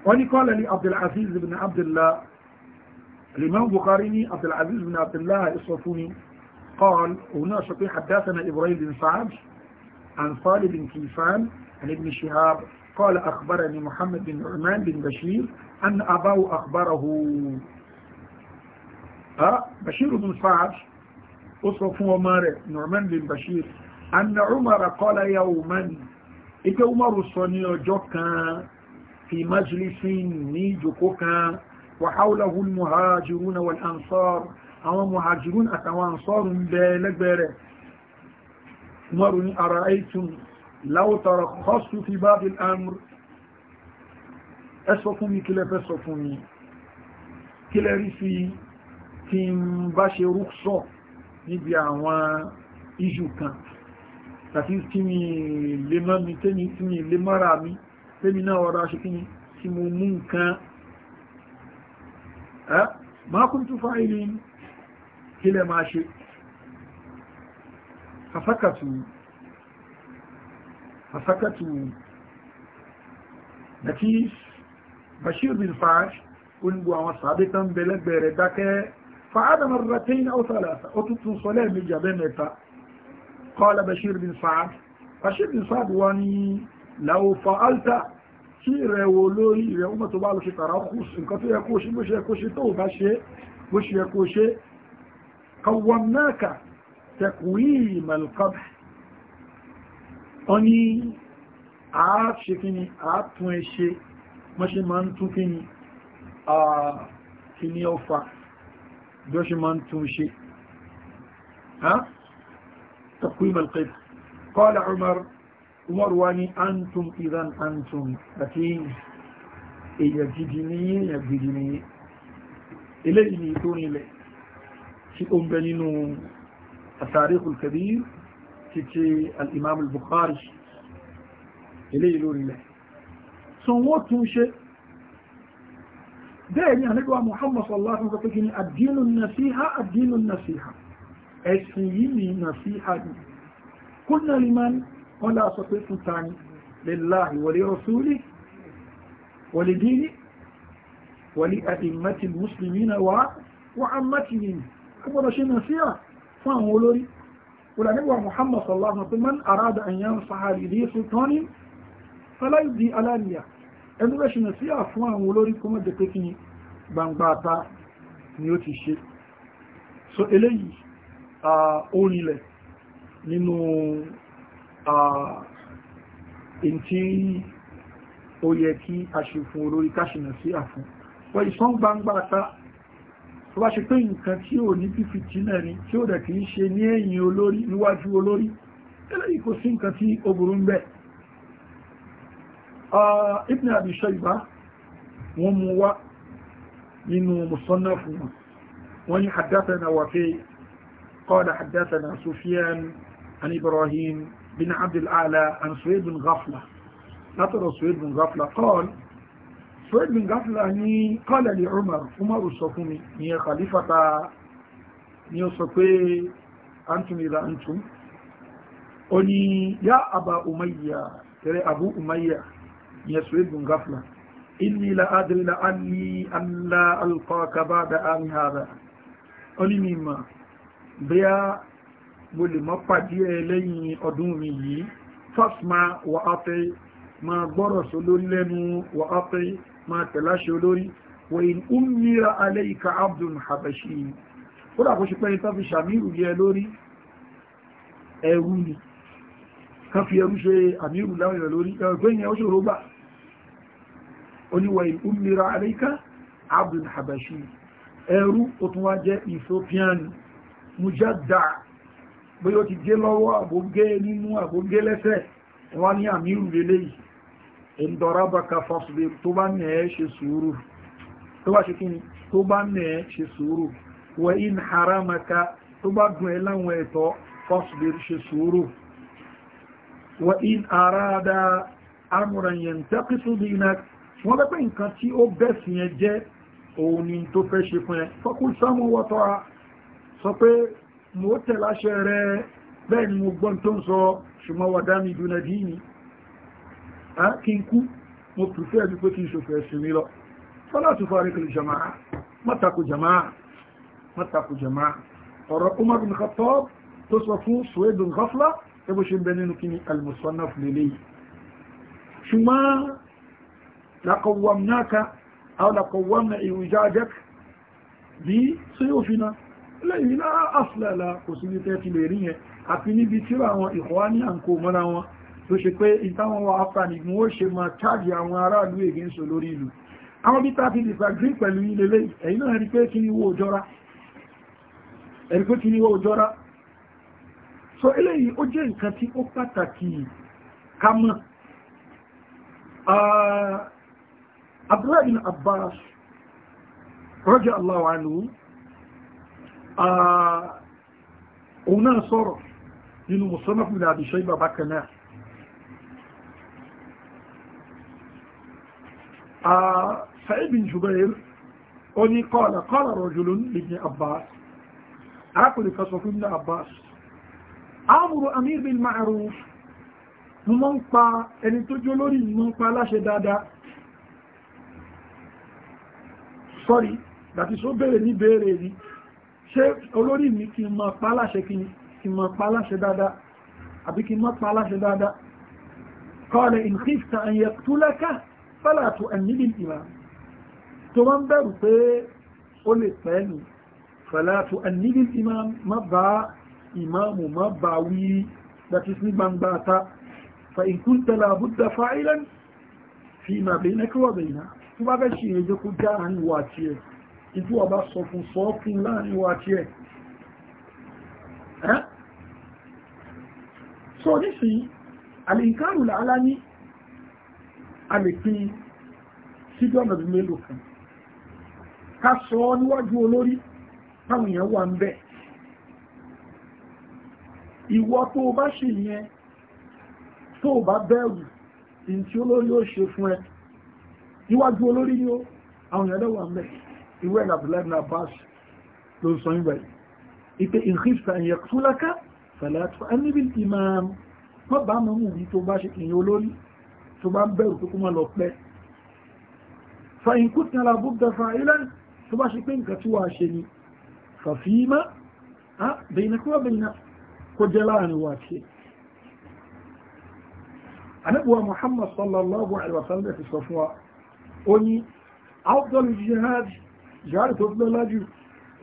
wọ́n ní kọ́lẹ̀ ní abdulaziz bin abdullah الإمام بخاري عبد العزيز بن عبد الله الصفوني قال هنا شقي حدثنا إبراهيم بن سعد عن صالح بن كيسان عن ابن شهاب قال أخبرني محمد بن عمان بن بشير أن أباه أخبره أه؟ بشير بن سعد أصرف ومار نعمان بن بشير أن عمر قال يوما إذا عمر صنيع جوكا في مجلس نيجوكا وحوله المهاجرون والأنصار أو مهاجرون أو أنصار بلغبرة عمر أرأيتم لو ترخصت في بعض الأمر ẹ sọ fún mi kílẹ̀ fẹ́ sọ fún mi kílẹ̀ rí sí tí ń bá ṣe rúksọ̀ níbi àwọn iṣu kan tàbí tí mi lè mọ́ mi tẹ́mi tí mi lè mọ́ra mi tẹ́mi náà ọ̀rọ̀ aṣe kí tí mo mú nǹkan ẹ́ máa kún tún fáìlì kílẹ̀ máa ṣe afákàtù afákàtù that is bashir bin fash onígbò àwọn sàábé tán bẹ̀lẹ́gbẹ̀ rẹ̀ dákẹ́ fa'ada marratain aw thalatha ó tún tún sọlẹ́ méjì abẹ́ mẹ́ta qala bashir bin fash bashir bin fash wọ́n ní law fa'alta tí rẹ̀ wo lórí rẹ̀ ọmọ tó bá lọ ṣe tàrà kùs nǹkan tó yẹ kó oni a ṣe kini a tún ẹ ṣe ṣe máa ń tún kí ni kí ni ó fa bí ó ṣe máa ń tún ṣe تقويم القبط قال عمر عمر واني أنتم إذا أنتم أتين يجدني يجدني إليه يكون إليه في أم بنين التاريخ الكبير في الإمام البخاري إليه يلون إليه sanwó tún ṣe bẹ́ẹ̀ ni àníbíwá Muhammad sallallahu alaihi wasallam ní àdínú nasiha àdínú nasiha ẹ̀sìn yìí ni nasiha ni kúnnà limani wọ́n lá sọ pé fún tani lillahi wa li rasuli wa li dini wa li a'immati muslimina wa wa ammatihim agbọ́dọ̀ ṣe nasiha fún àwọn olórí wọ́n àníbíwá Muhammad sallallahu alaihi wasallam man arada an yansaha li sultanin fala alaniya ẹni bẹ́ ṣe nasiha fún àwọn olórí kó mọ́ jẹ́ pé kí gbangba ta ni ó ti ṣe so eléyìí orinlẹ̀ nínú èyí tí ó yẹ kí a ṣe fún olórí ká ṣe nasiha fún wọ́n ìsán gbangba ta tó bá ṣe pé nǹkan tí ò ní fífi tí náà ni tí ó dẹ̀ kìí ṣe ní ẹ̀yìn olórí níwájú olórí eléyìí kò sí nǹkan tí ó bẹ́ẹ̀ Ah, Ibn Abi Shaybah wọ́n mú wá nínú musannaf fún wọn wọ́n ni haddathana Wafi' qala haddathana Sufyan an Ibrahim bin Abd al-A'la an Suhayd bin Ghafla látọ̀rọ̀ Suhayd bin Ghafla qala Suhayd bin Ghafla ni qala li Umar Umar sọ fún mi ni khalifata ni ó antum ila antum ó ya Aba Umayya tẹ́rẹ Abu Umayya ìyẹn suwed bin gafla inni la adri la anni alla alqaka ba'da ami hada oni mi ma bóyá mo lè mọ́ pàdé ẹ lẹ́yìn ọdún mi yìí fasma wa ati ma gbọ́rọ̀ sí olórí lẹ́nu wa ati ma tẹ̀láṣẹ olórí wa in umira alayka abdul habashi ó dà kó ṣe pẹ́yìn tó fi ṣàmírù yẹ lórí ẹrú ni ká fi ẹrú ṣe àmírù láwọn ìrẹ̀ lórí ẹgbẹ́ yẹn ó ṣòro gbà oníwà ìlúmira àríkà abdul habashi ẹrú ó tún wá jẹ́ ethiopian mujadda bóyá ó ti gé lọ́wọ́ àbógé nínú àbógé lẹ́sẹ̀ wọ́n ní àmì ìrùlélẹ́ yìí ìndọ̀rábàkà fọ́sùlẹ̀ tó bá ní ẹ̀ ṣe sùúrù tó bá ṣe kí ni tó bá ní ṣe sùúrù wọ in haramaka tó bá dùn ẹ láwọn ẹ̀tọ́ fọ́sùlẹ̀ ṣe sùúrù wọ in arada amúran yẹn wọ́n lẹ́pẹ́ nǹkan tí ó bẹ̀sì yẹn jẹ́ òun ni tó fẹ́ ṣe fún ẹ fọ́kún sáàmù wọ́tọ́ a sọ pé mo tẹ̀ láṣẹ rẹ bẹ́ẹ̀ ni mo gbọ́n tó ń sọ ṣùgbọ́n wà dá mi jama'a mọ́tàkù jama'a mọ́tàkù jama'a ọ̀rọ̀ Umar bin Khattab tó sọ fún suwedun ghafla ẹbọ́ ni al ṣùgbọ́n لقومناك أو لقومنا إوجاجك بسيوفنا lẹ́yìn náà asìlẹ̀lá kò sí ní tẹ́ẹ̀tì lè rí yẹn àti níbi tí àwọn ìkọ̀wá ní àǹkó mọ́ra wọn tó ṣe pé ìtawọn wa afghani ni ó ṣe máa chájì àwọn aráàlú ègéńsò lórí ìlú àwọn bí tàbí disagree pẹ̀lú ilé lẹ́yìn ẹ̀yìn náà rí pé kí ni wó òjọ́ra so eléyìí ó jẹ́ nǹkan tí ó pàtàkì kámọ́ ah, Abdullahi bin Abbas radiyallahu anhu uh, òun náà sọ̀rọ̀ nínú Musannaf ibn Abi Shayba bákan náà uh, Sa'id bin Jubair ó ní qala qala rajulun li ibn Abbas arákùnrin kan sọ fún Abbas amuru amir bil ma'ruf mo pa ẹni tó jó lórí mo pa aláṣẹ dáadáa sorry that is ó bèèrè ní bèèrè rí ṣé olórí mi kí n máa pa láṣẹ kí n máa pa láṣẹ dáadáa àbí kí n máa pa láṣẹ dáadáa qala in khifta an yaqtulaka fala tu'ammil al-imam tó wọ́n bẹ̀rù pé ó lè pẹ́ ní fala tu'ammil al-imam má fa in kunta la budda fa'ilan fi ma baynaka wa baynahu tó bá fẹ́ ṣe ìrẹ́jẹ́ kó já àárín ìwà àti ẹ̀ ìtú ọba sọ fún sọ fún láàrin ìwà àti ẹ̀ so nísìnyí àlèkárù làálá ní àlèpín síbí ọ̀nà bí mélòó kan ká sọ níwájú olórí táwọn èèyàn wà ń bẹ̀ ìwọ tó o bá ṣe yẹn tó o bá bẹ̀rù ìyìn olórí ó ṣe fún ẹ níwájú olórí ni ó àwọn èèyàn lẹ́wà mẹ́ ìwé ìlàbùlẹ́bù náà bá ṣe ló ń sọ ń bẹ̀rẹ̀ ìpé ìhìfà ìyẹ̀ fúlákà fẹ̀lẹ́tù ẹnibí ìmáàmù wọ́n bá mọ́ mú tó bá ṣe ìyẹn olórí tó bá ń bẹ̀rù tó kúmọ̀ lọ pẹ́ fàyínkú tí sallallahu alaihi wasallam ti sọ fún ó ní afdal jihad jihad tó fi lọ́lá jù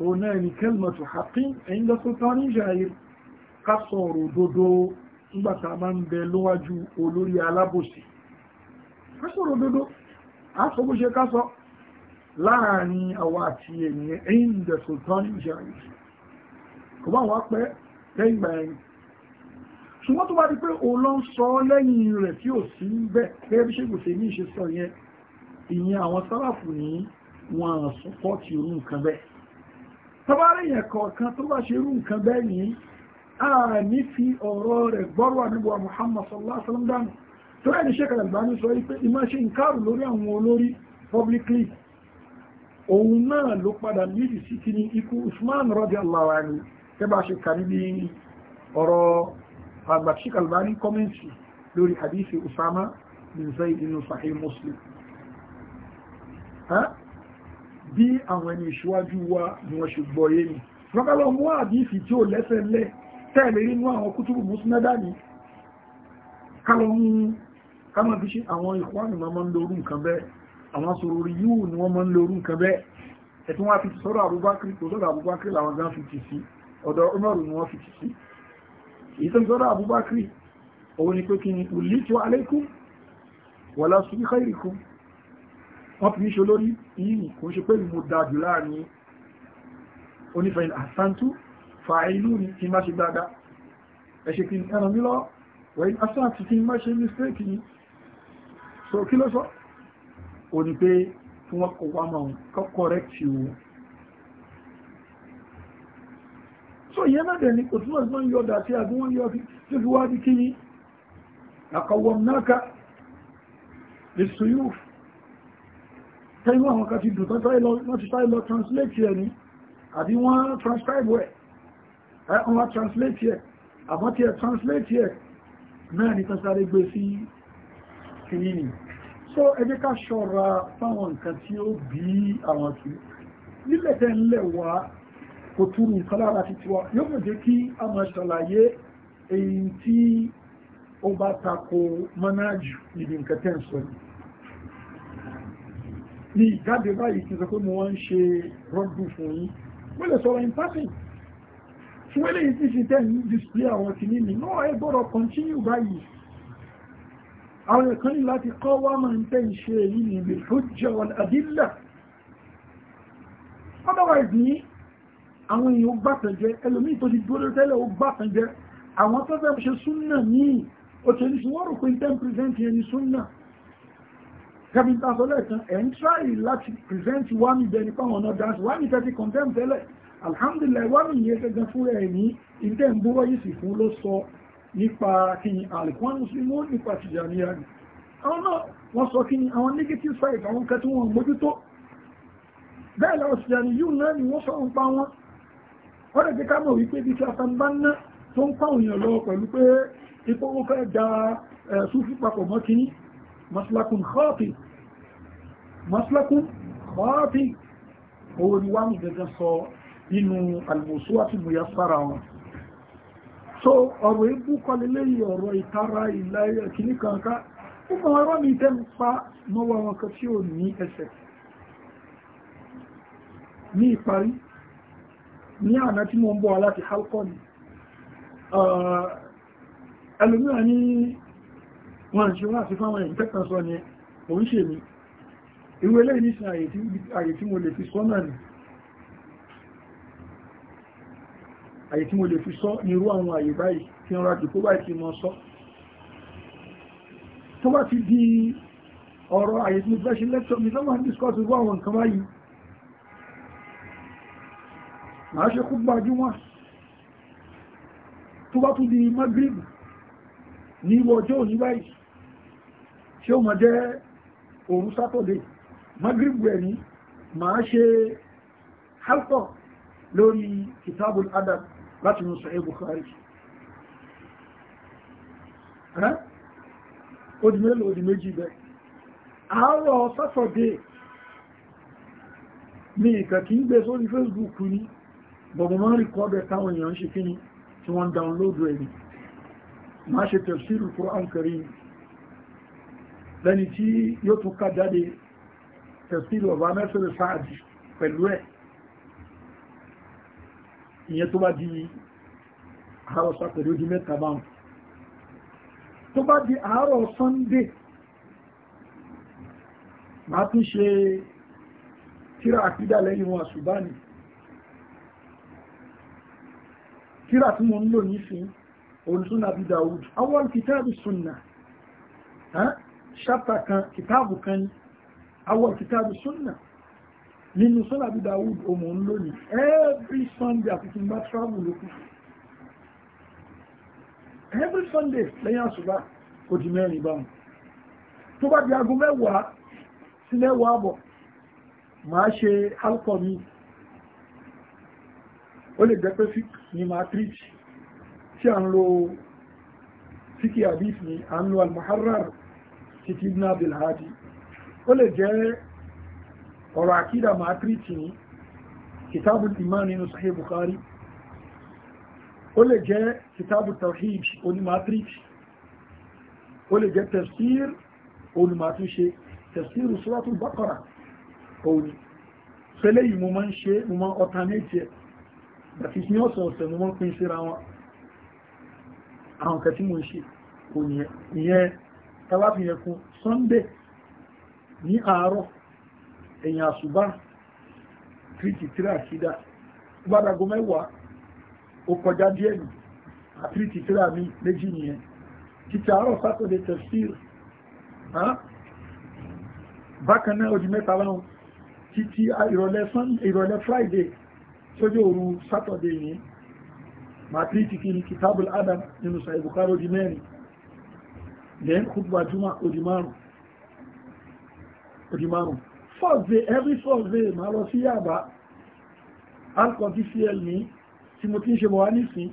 òun náà ni kalmatu haqqin inda sultani jahir ká sọ̀rọ̀ òdodo nígbà tá a máa ń bẹ lọ́wájú olórí alábòsí ká sọ̀rọ̀ òdodo a sọ bó ṣe ká sọ láàrin àwọn àti ènìyàn inda sultani jahir kò bá wọn pẹ́ lẹ́yìn ìgbà ẹ̀yìn ṣùgbọ́n tó bá di pé òun lọ ń sọ lẹ́yìn rẹ̀ tí ò sí bẹ́ẹ̀ bẹ́ẹ̀ bí ṣe kò sí ní ìṣesọ yẹn ìyẹn àwọn sáráfù ní wọn sọ́pọ̀ tí irú nǹkan bẹ́ẹ̀ tọ́bárẹ̀ yẹn kọ̀ọ̀kan tó bá ṣe irú nǹkan bẹ́ẹ̀ ní ààní fi ọ̀rọ̀ rẹ̀ gbọ́rọ̀ àníbọ̀ Muhammad sallallahu alaihi wasallam dànù tó ẹni ṣe kàlẹ̀ ìbáni sọ wípé ìmọ̀ ṣe ń kárù lórí àwọn olórí publicly òun náà ló padà níbi sí kí ni ikú Usman radiyallahu anhu tẹ́ bí àwọn ẹni ìṣíwájú wa ni wọ́n ṣe gbọ́ yé ni rọ́kálọ́ mú àdífì tí ó lẹ́sẹ̀ lẹ́ tẹ́ẹ̀lẹ̀ nínú àwọn kútùbù mùsùlùmẹ́dá ni kálọ́ mú kámọ́ fi ṣe àwọn ìkwánu ma máa ń lórú nǹkan bẹ́ẹ̀ àwọn sòròrí yíò ni wọ́n máa ń lórú nǹkan bẹ́ẹ̀ ẹ̀tún wá fi ti sọ́rọ̀ àbúbákiri tó sọ́rọ̀ àbúbákiri làwọn wọ́n fi ṣe lórí yìí kò ṣe pé mo dájú láàrin onífẹ̀yìn àsántú fàáìlú ni kí má ṣe dáadáa ẹ̀ṣẹ̀ kí ẹran mi lọ wẹ̀yìn asántú kí má ṣe mistake ni so kí ló sọ o ní pé fún wọn kò wá máa kọ́ correct you so ìyẹn náà dẹ̀ ni kò túnmọ̀ sí wọ́n yọ ọ̀dà tí àbí wọ́n yọ ọ̀fi fi wá bí kí ni àkọwọ́ náà ká lè sọ tẹ́lú àwọn kan ti dùn tán sáré lọ translate ẹ̀ ní àbí wọ́n transcribe ẹ̀ wọ́n translate ẹ̀ àbọ́n ti ẹ̀ translate ẹ̀ náà ní tán sáré gbé sí kìíní so ẹ jẹ́ ká ṣọ́ra fáwọn nǹkan tí ó bí àwọn kì nílẹ̀ tẹ́ ńlẹ̀ wá kò túrù nǹkan lára ti tiwa yóò mọ̀ jẹ́ kí a máa ṣàlàyé èyí tí ó bá tako mọ́nájù ìdí nǹkan tẹ́ ń sọ yìí ní ìjáde báyìí ti sọ pé mo wá ń ṣe rọ́gbù fún yín wọ́n lè sọ̀rọ̀ in passing fún eléyìí tí ṣe tẹ́ẹ̀ ní display àwọn kìíní mi náà ẹ gbọ́dọ̀ continue báyìí àwọn ẹ̀kan ní láti kọ́ wá máa ń tẹ́ ìṣe èyí ní ìlú hujja wal adilla otherwise ní àwọn èèyàn ó gbàtànjẹ ẹlòmíì tó ti dúró tẹ́lẹ̀ ó gbàtànjẹ àwọn tó fẹ́ ṣe súnnà míì ó ṣe wọ́n rò pé ten percent yẹn ni súnnà kẹfìntà sọlẹ̀ kan ẹ̀ ń tíráì láti present wá mi bẹ nípa ọ̀nà dance wá mi tẹ́tí tẹ́lẹ̀ alhamdulillah wá mi yẹ gẹ́gẹ́ fún ẹ̀ ní ìdẹ́ ń búrọ́ yìí sì fún ló sọ nípa kí ni alikwan muslimu nípa tìjànìyà ni àwọn náà wọ́n sọ kí ni àwọn negative side àwọn kẹtí wọn mójútó bẹ́ẹ̀ lọ tìjànì yìí náà ni wọ́n sọ ń pa wọn wọ́n lè jẹ́ ká mọ̀ wípé bí tíata ń maslakun khati maslakun khati هو ni wá ní gẹ́gẹ́ الميسرة، so ọ̀rọ̀ ibú kọlẹ̀lẹ́ ọ̀rọ̀ ìtara ìlàyẹ̀ kìní kankan ó mọ̀ ọ̀rọ̀ ní tẹ́ pa mọ́wọ́ wọn kan tí ó ní ẹsẹ̀ ní ìparí ní àná tí mo ń bọ́ aláti halkọ́ ni wọ́n ṣe wá sí fáwọn ìfẹ́kàn sọ ni ò ń ṣe mi ìwé lẹ́yìn nísìn àyè tí mo lè fi sọ náà ni àyè tí mo lè fi sọ ní irú àwọn àyè báyìí tí wọ́n rájì kó báyìí tí wọ́n sọ tó bá ti di ọ̀rọ̀ àyè tí mo fẹ́ ṣe lẹ́tọ̀ mi lọ́wọ́ ń discuss irú àwọn nǹkan ọjọ́ òní báyìí ṣé ó mọ̀ jẹ́ òru sátọ̀dé magribu ẹni máa ṣe halkọ̀ lórí kitabul adab láti mú sọ̀rọ̀ Bukhari odi mélòó odi méjì bẹ́ àárọ̀ sátọ̀dé ní ìkà kí ń gbé sórí Facebook ní bọ̀bọ̀ máa ń rí táwọn èèyàn ṣe kí ni tí wọ́n download rẹ̀ ni máa ṣe tafsirul Qur'an Karim lẹ́ni tí yóò tún ká jáde tẹ̀sílù ọba mẹ́sẹ̀lẹ̀ sáàdì pẹ̀lú ẹ̀ ìyẹn tó bá di àárọ̀ sátẹ̀lú ojú mẹ́ta báhùn tó bá di àárọ̀ sunday máa tún ṣe tíra àkídà lẹ́yìn wọn àṣùbáni tíra tí mo ń lò nífin olùsúnà bí Dawud àwọn kìtàbí sunna ṣáptà kan kìtáàbù kan ní àwọn kìtáàbù súnà nínú sọ́nà bí Dawud ọmọ ń lónìí every Sunday àti tí n bá travel lókù every Sunday lẹ́yìn àṣùbà kò jù mẹ́rin báwọn tó bá di aago mẹ́wàá sí mẹ́wàá bọ̀ máa ṣe alcohol mi ó lè jẹ́ pé fík ni máa treat tí à ń lo fíkì àdìs ni à ń lo almuharrar títí ibn abdul hadi ó lè jẹ́ ọ̀rọ̀ àkídà matriti ní kitabu iman nínú sahih bukhari ó lè jẹ́ kitabu tawhid oní matriti ó lè jẹ́ tafsir olùmọ̀túnṣe tafsir suratul baqara òní fẹ́lẹ́ yìí mo máa ń ṣe mo máa alternate ẹ̀ àti ní ọ̀sọ̀ọ̀sẹ̀ mo máa ń pín síra wọn àwọn kẹtí mo ń ṣe òní ìyẹn tàbá fi yẹ sunday ni àárọ̀ ẹ̀yìn àṣùbá tírìtì tírí àṣídá gbádago mẹ́wàá ó kọjá díẹ̀ nù àtírìtì tírí àmì méjì nìyẹn títí àárọ̀ sátọ̀dẹ̀ tafsir bákan náà ó di mẹ́ta láwọn títí ìrọ̀lẹ́ friday sójú òru sátọ̀dẹ̀ yìí màtírìtì kìíní kìtàbùl adam nínú sàìbùkárò di mẹ́rin then khutbah juma odi márùn odi márùn Thursday every Thursday ma lọ sí Yaba alcohol dcl ní tí mo ti ń ṣe bọ̀ wá nísìn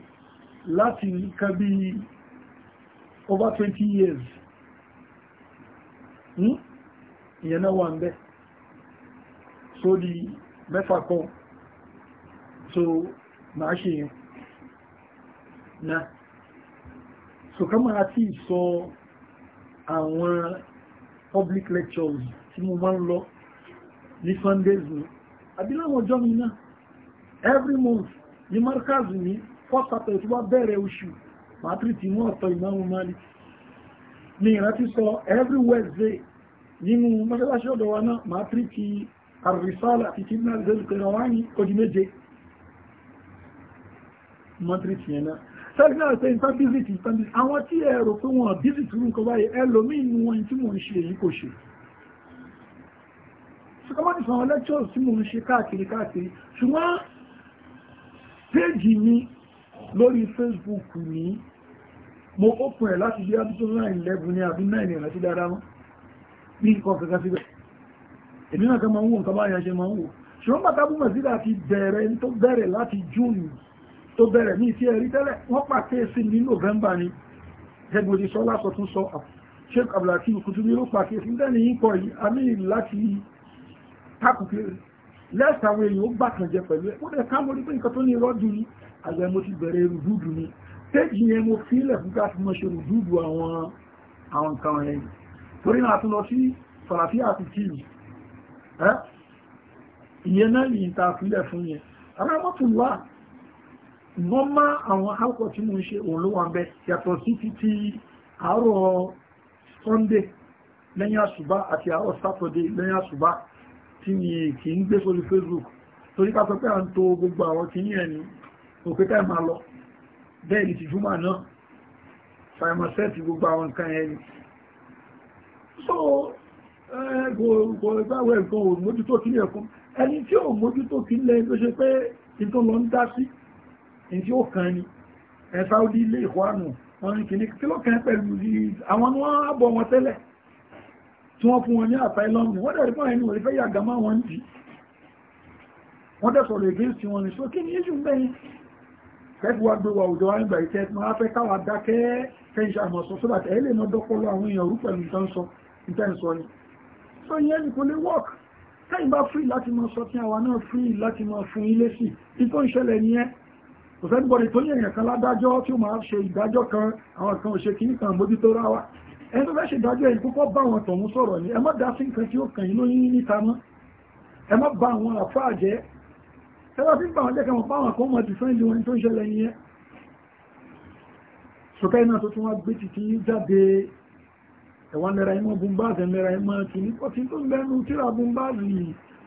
láti nǹkan bí over twenty years hmm? ìyẹn náà wà ń bẹ́ so di mẹ́fà kan so máa ṣe yẹn náà so kama àti sọ so, àwọn public lectures tí mo máa ń lọ ní sundays ni àbí ọjọ́ mi náà every month ní markaz ní first after tí wọ́n bẹ̀rẹ̀ oṣù matrix inú ọ̀tọ̀ ìmáàmù mali ní ìrántí sọ every wednesday nínú mọ́ṣáláṣí ọ̀dọ̀ wa náà matrix àrùsálà àti kìdínà zẹ́lùkẹ́rọ̀ wáyé kọjú méje matrix yẹn náà tẹ́lifíà ṣe ìta bíìsìtì ìta bíìsìtì àwọn tí ẹ rò pé wọn bíìsìtì rú nǹkan báyìí ẹlòmíì nu wọn tí mò ń ṣe èyí kò ṣe ṣùgbọ́n ìfọ̀n lectures tí mò ń ṣe káàkiri káàkiri ṣùgbọ́n péèjì mi lórí Facebook ni, mo open ẹ̀ láti bí abúlé nine eleven ní àbí nine ẹ̀rọ sí dáadáa wọn bí nǹkan kankan síbẹ̀ èmi náà kan máa ń wo nǹkan báyìí ṣe máa ń wò ṣùgbọ́n tó bẹ̀rẹ̀ ní ìfẹ́ ẹ̀rí tẹ́lẹ̀ wọ́n pàtẹ́ sí ní november ni ẹgbòdì sọ lásọ tún sọ sheik abdullahi kùtùbí ló pàtẹ́ sí lẹ́ni yínkọ̀ yìí a ní láti takùkiri lẹ́ẹ̀sì àwọn èèyàn ó gbàkan jẹ pẹ̀lú ẹ̀ wọ́n dẹ̀ ká mo rí pé nǹkan tó ní rọ́dù ni àgbẹ̀ mo ti bẹ̀rẹ̀ rùdúdù ni téèjì yẹn mo fi ilẹ̀ fún káfí mo ṣe rùdúdù àwọn àwọn nǹkan yẹn torí náà tún lọ sí fàlàfíà àti tíì ìyẹn náà yìí ta fílẹ̀ fún yẹn àwọn ọmọ tún wà nọ́mà àwọn alkọ̀ tí mo ń ṣe olówó abẹ yàtọ̀ sí títí àárọ̀ sunday lẹ́yìn àṣùbá àti àárọ̀ saturday lẹ́yìn àṣùbá tí mi kì ń gbé sórí facebook torí ká sọ pé à ń to gbogbo àwọn kìíní ẹni òpétà ẹ̀ máa lọ bẹ́ẹ̀ ni ti júmọ̀ náà fàìmọ̀sẹ́ẹ̀tì gbogbo àwọn nǹkan ẹni so gbogbo eh, ẹgbẹ́ ẹ̀kọ́ òmójútó kìíní ẹ̀kọ́ ẹni tí òmójútó kìíní ẹni tó ṣe pé ìtọ́ lọ ń dá sí in tí ó kàn ní ẹ Saudi ilé ìkọ́nù wọn ní kìíní kí ló kàn pẹ̀lú àwọn wọn á bọ̀ wọn tẹ́lẹ̀ tí wọ́n fún wọn ní asylum ni wọ́n dẹ̀ rí fún ẹni òrìfẹ́ yàgà máa wọn jì wọ́n dẹ̀ sọ̀rọ̀ wọn ní so kí ni issue ń bẹ́yìn wa òjò wá ń gbà ìtẹ́ tí wọ́n á fẹ́ káwà dákẹ́ kẹ́yìn àmọ̀sọ sódà ni so ìyẹn ni kò free láti mọ sọ free láti mọ fún ilé sí ìtàn kò sẹ́nìbọ̀dì tó yẹ̀ yẹ̀kan ládájọ́ tí ó máa ṣe ìdájọ́ kan àwọn kan òṣè kìíní kan mójútó ráwá ẹni tó fẹ́ ṣe ìdájọ́ ẹ̀yìn púpọ̀ bá wọn tọ̀hún sọ̀rọ̀ ní ẹ má dá sí nǹkan tí ó kàn yín lóyún níta mọ́ ẹ má bá àwọn àfáà jẹ́ ẹ bá fi ń bá wọn jẹ́kẹ́ wọn bá wọn kó mọ dìfẹ́ǹdì wọn tó ń ṣẹlẹ̀ yẹn sọkẹ́ iná tó tún wá gbé títí jáde ẹ̀wọ̀n nira ẹmọ bùnbáàzì nira ẹmọ kìíní pọ̀tí tó ń bẹnu tíra bùnbáàzì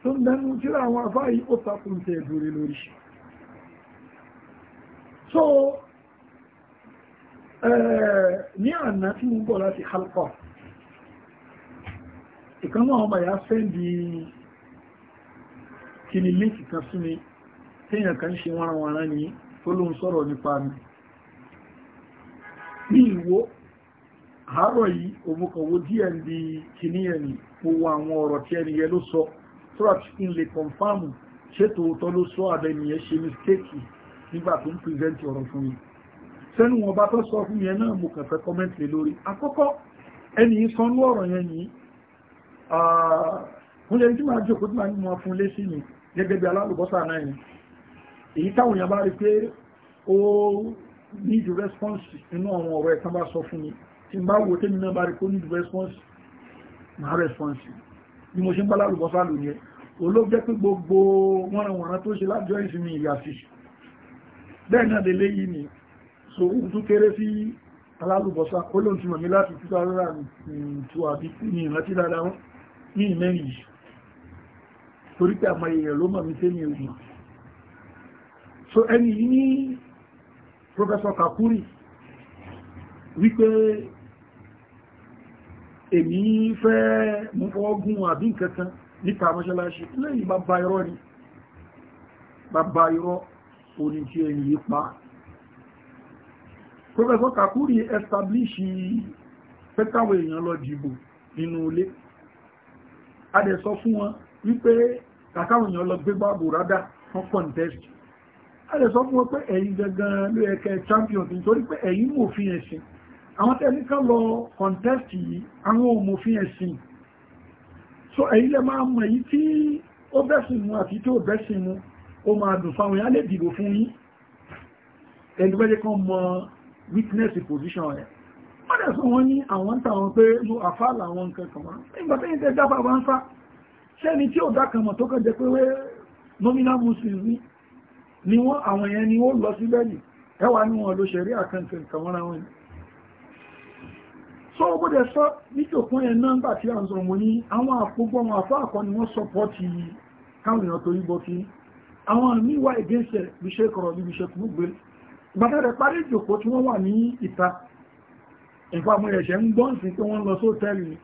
tó ń bẹnu tíra àwọn àfáà ó takùn tẹ̀ dòrè lórí ṣe so eh, ní àná tí mo ń bọ̀ láti halkọ́ ìkan náà ọmọ ìyá sẹ́ndì kí ni líǹkì kan sí mi téèyàn kan ṣe wọ́n àwọn ará ní tó ló ń sọ̀rọ̀ nípa mi ní ìwó àárọ̀ yìí òmùkànwó díẹ̀ ń di kìíní ẹni gbogbo àwọn ọ̀rọ̀ tí ẹni yẹ ló sọ tó rà kí n lè kọ̀nfàmù ṣètò òótọ́ ló sọ àbẹ̀nìyàn ṣe mistéèkì nígbà tó ń present ọ̀rọ̀ fún mi sẹ́nu wọn bá tó sọ fún yẹn náà mo kàn fẹ́ lórí àkọ́kọ́ ẹni sanú ọ̀rọ̀ yẹn yìí fún yẹn tí máa jókòó tí máa ní wọn fún lésì ni gẹ́gẹ́ bí alálùbọ́sà náà yẹn èyí táwọn èèyàn bá rí pé ó need response inú àwọn ọ̀rọ̀ ẹ̀kan bá sọ fún mi tí n bá wo tẹ́mi náà bá rí pé ó need response máa response bí mo ṣe ń bá alálùbọ́sà lò yẹn olóògbé pé gbogbo wọ́nranwọ̀nran tó ṣe lájọ́ ìsinmi ìyàsí bẹ́ẹ̀ náà lè léyìí ni so ohun tó kéré sí alálùbọ́sá olóhun ti mọ̀mí láti títà rárá tó àbí ní ìrántí dára wọn ní ìmẹ́rin yìí torí pé àmọ́ èèyàn ló mọ̀mí sí ní ìrùn so ẹni yìí ní Professor Kakuri wípé èmi fẹ́ mú fọ́gún àbí nǹkan kan níta mọ́ṣáláṣí lẹ́yìn bàbá irọ́ ni bàbá irọ́ oní tí ó yí pa Professor Kakuri establish pẹ́kàwé èèyàn lọ dìbò nínú ilé adẹ̀ sọ fún wọn wípé kàkàwé èèyàn lọ gbégbá bùrádà fún contest adẹ̀ sọ fún wọn pé ẹ̀yin gangan ló yẹ kẹ́ champion nítorí pé ẹ̀yin mòfin ẹ̀sìn àwọn tẹ́lẹ́kà lọ contest yìí àwọn òmòfin ẹ̀sìn so ẹ̀yin lẹ máa mọ̀ èyí tí ó bẹ́sìn mu àti tí ó bẹ́sìn mu ó máa dùn fáwọn èèyàn lè dìbò fún yín ẹni pẹ́jẹ́ kan mọ witness position rẹ̀ wọ́n dẹ̀ sọ wọ́n ní àwọn táwọn pé ló àfá làwọn nǹkan kan wá nígbà tẹ́yìn tẹ́ dáfà bá ń fá ṣẹ́ni tí ó dá kan mọ̀ tó kàn jẹ́ pé nominal muslims ní ni wọ́n àwọn èèyàn ni ó lọ síbẹ̀ nì ẹwà ní wọn ló ṣẹ̀rí àkànkàn kan wọ́n ra wọn so ó gbọ́dẹ̀ sọ nítòkún ẹ̀ náà nígbà tí à ń sọ wọn ní àwọn àpógbọ́n àfá àkọ́ ni wọ́n sọpọ́ọ̀tì káwọn èèyàn torí bọ́ kí àwọn àmì wà ìgbésẹ̀ ibiṣẹ́ kọ̀rọ̀ ibiṣẹ́ kúrú gbé gbàtẹ́rẹ̀ parí ìjòkó tí wọ́n wà ní ìta ìfàmù ẹ̀ṣẹ̀ ń gbọ́n sí pé wọ́n lọ sí òtẹ́lì ni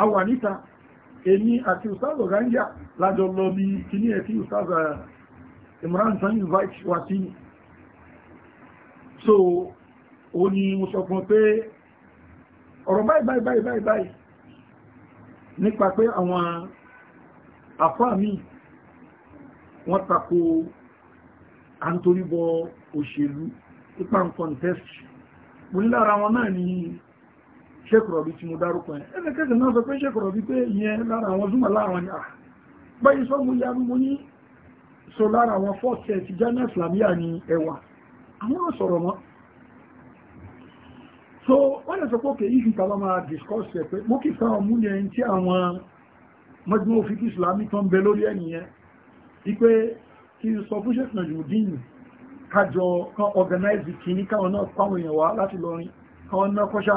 a wà níta èmi àti ustaz eh, so ó ní mo sọ fún pé ọ̀rọ̀ báyìí báyìí báyìí báyìí nípa pé àwọn àfáà míì wọ́n tako àntoríbọ òṣèlú ipa n contest mo ní lára wọn náà ni sheik rọ̀bí tí mo dárúkọ ẹ̀ ẹ̀ẹ́dẹ̀kẹ́sẹ̀ náà sọ pé sheik rọ̀bí pé ìyẹn lára àwọn zúmọ̀ láwọn ni à báyìí sọ mo yá mo ní sọ lára àwọn fọ́ọ̀tẹ̀ jẹ́ náà islamiyà ni ẹwà wípé kí sọ fún ṣẹ́kùnà jùdínì kájọ kan organize kìíní káwọn náà pàwọn èèyàn wá láti lọrin káwọn náà kọ́ṣà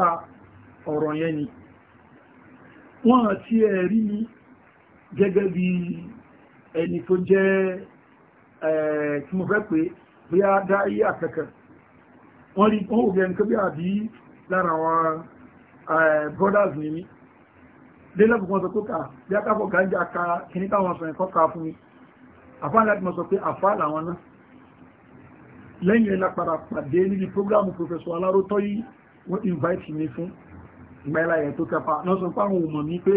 ọ̀rọ̀ yẹn ni wọ́n àti ẹ̀rí ni gẹ́gẹ́ bí ẹni tó jẹ́ tí mo fẹ́ pé bí a dá iye àkẹ́kẹ́ wọ́n rí wọ́n ò gẹ̀ẹ́nkẹ́ bí àbí lára àwọn brothers ni mí lélẹ́bùkún ọ̀sọ̀ tó kà bí a káfọ̀ gáńjà ka kìíní káwọn sọ̀rọ̀ ẹ̀kọ́ ka fún mi àfáà láti mọ́ sọ pé àfáà làwọn náà lẹ́yìn ẹ̀lá padà pàdé níbi prógrámù professor aláròtọ́ yìí wọ́n invite mi fún ìgbà ẹ̀lá ẹ̀ tó kẹfà náà sọ pé àwọn òmọ̀ mi pé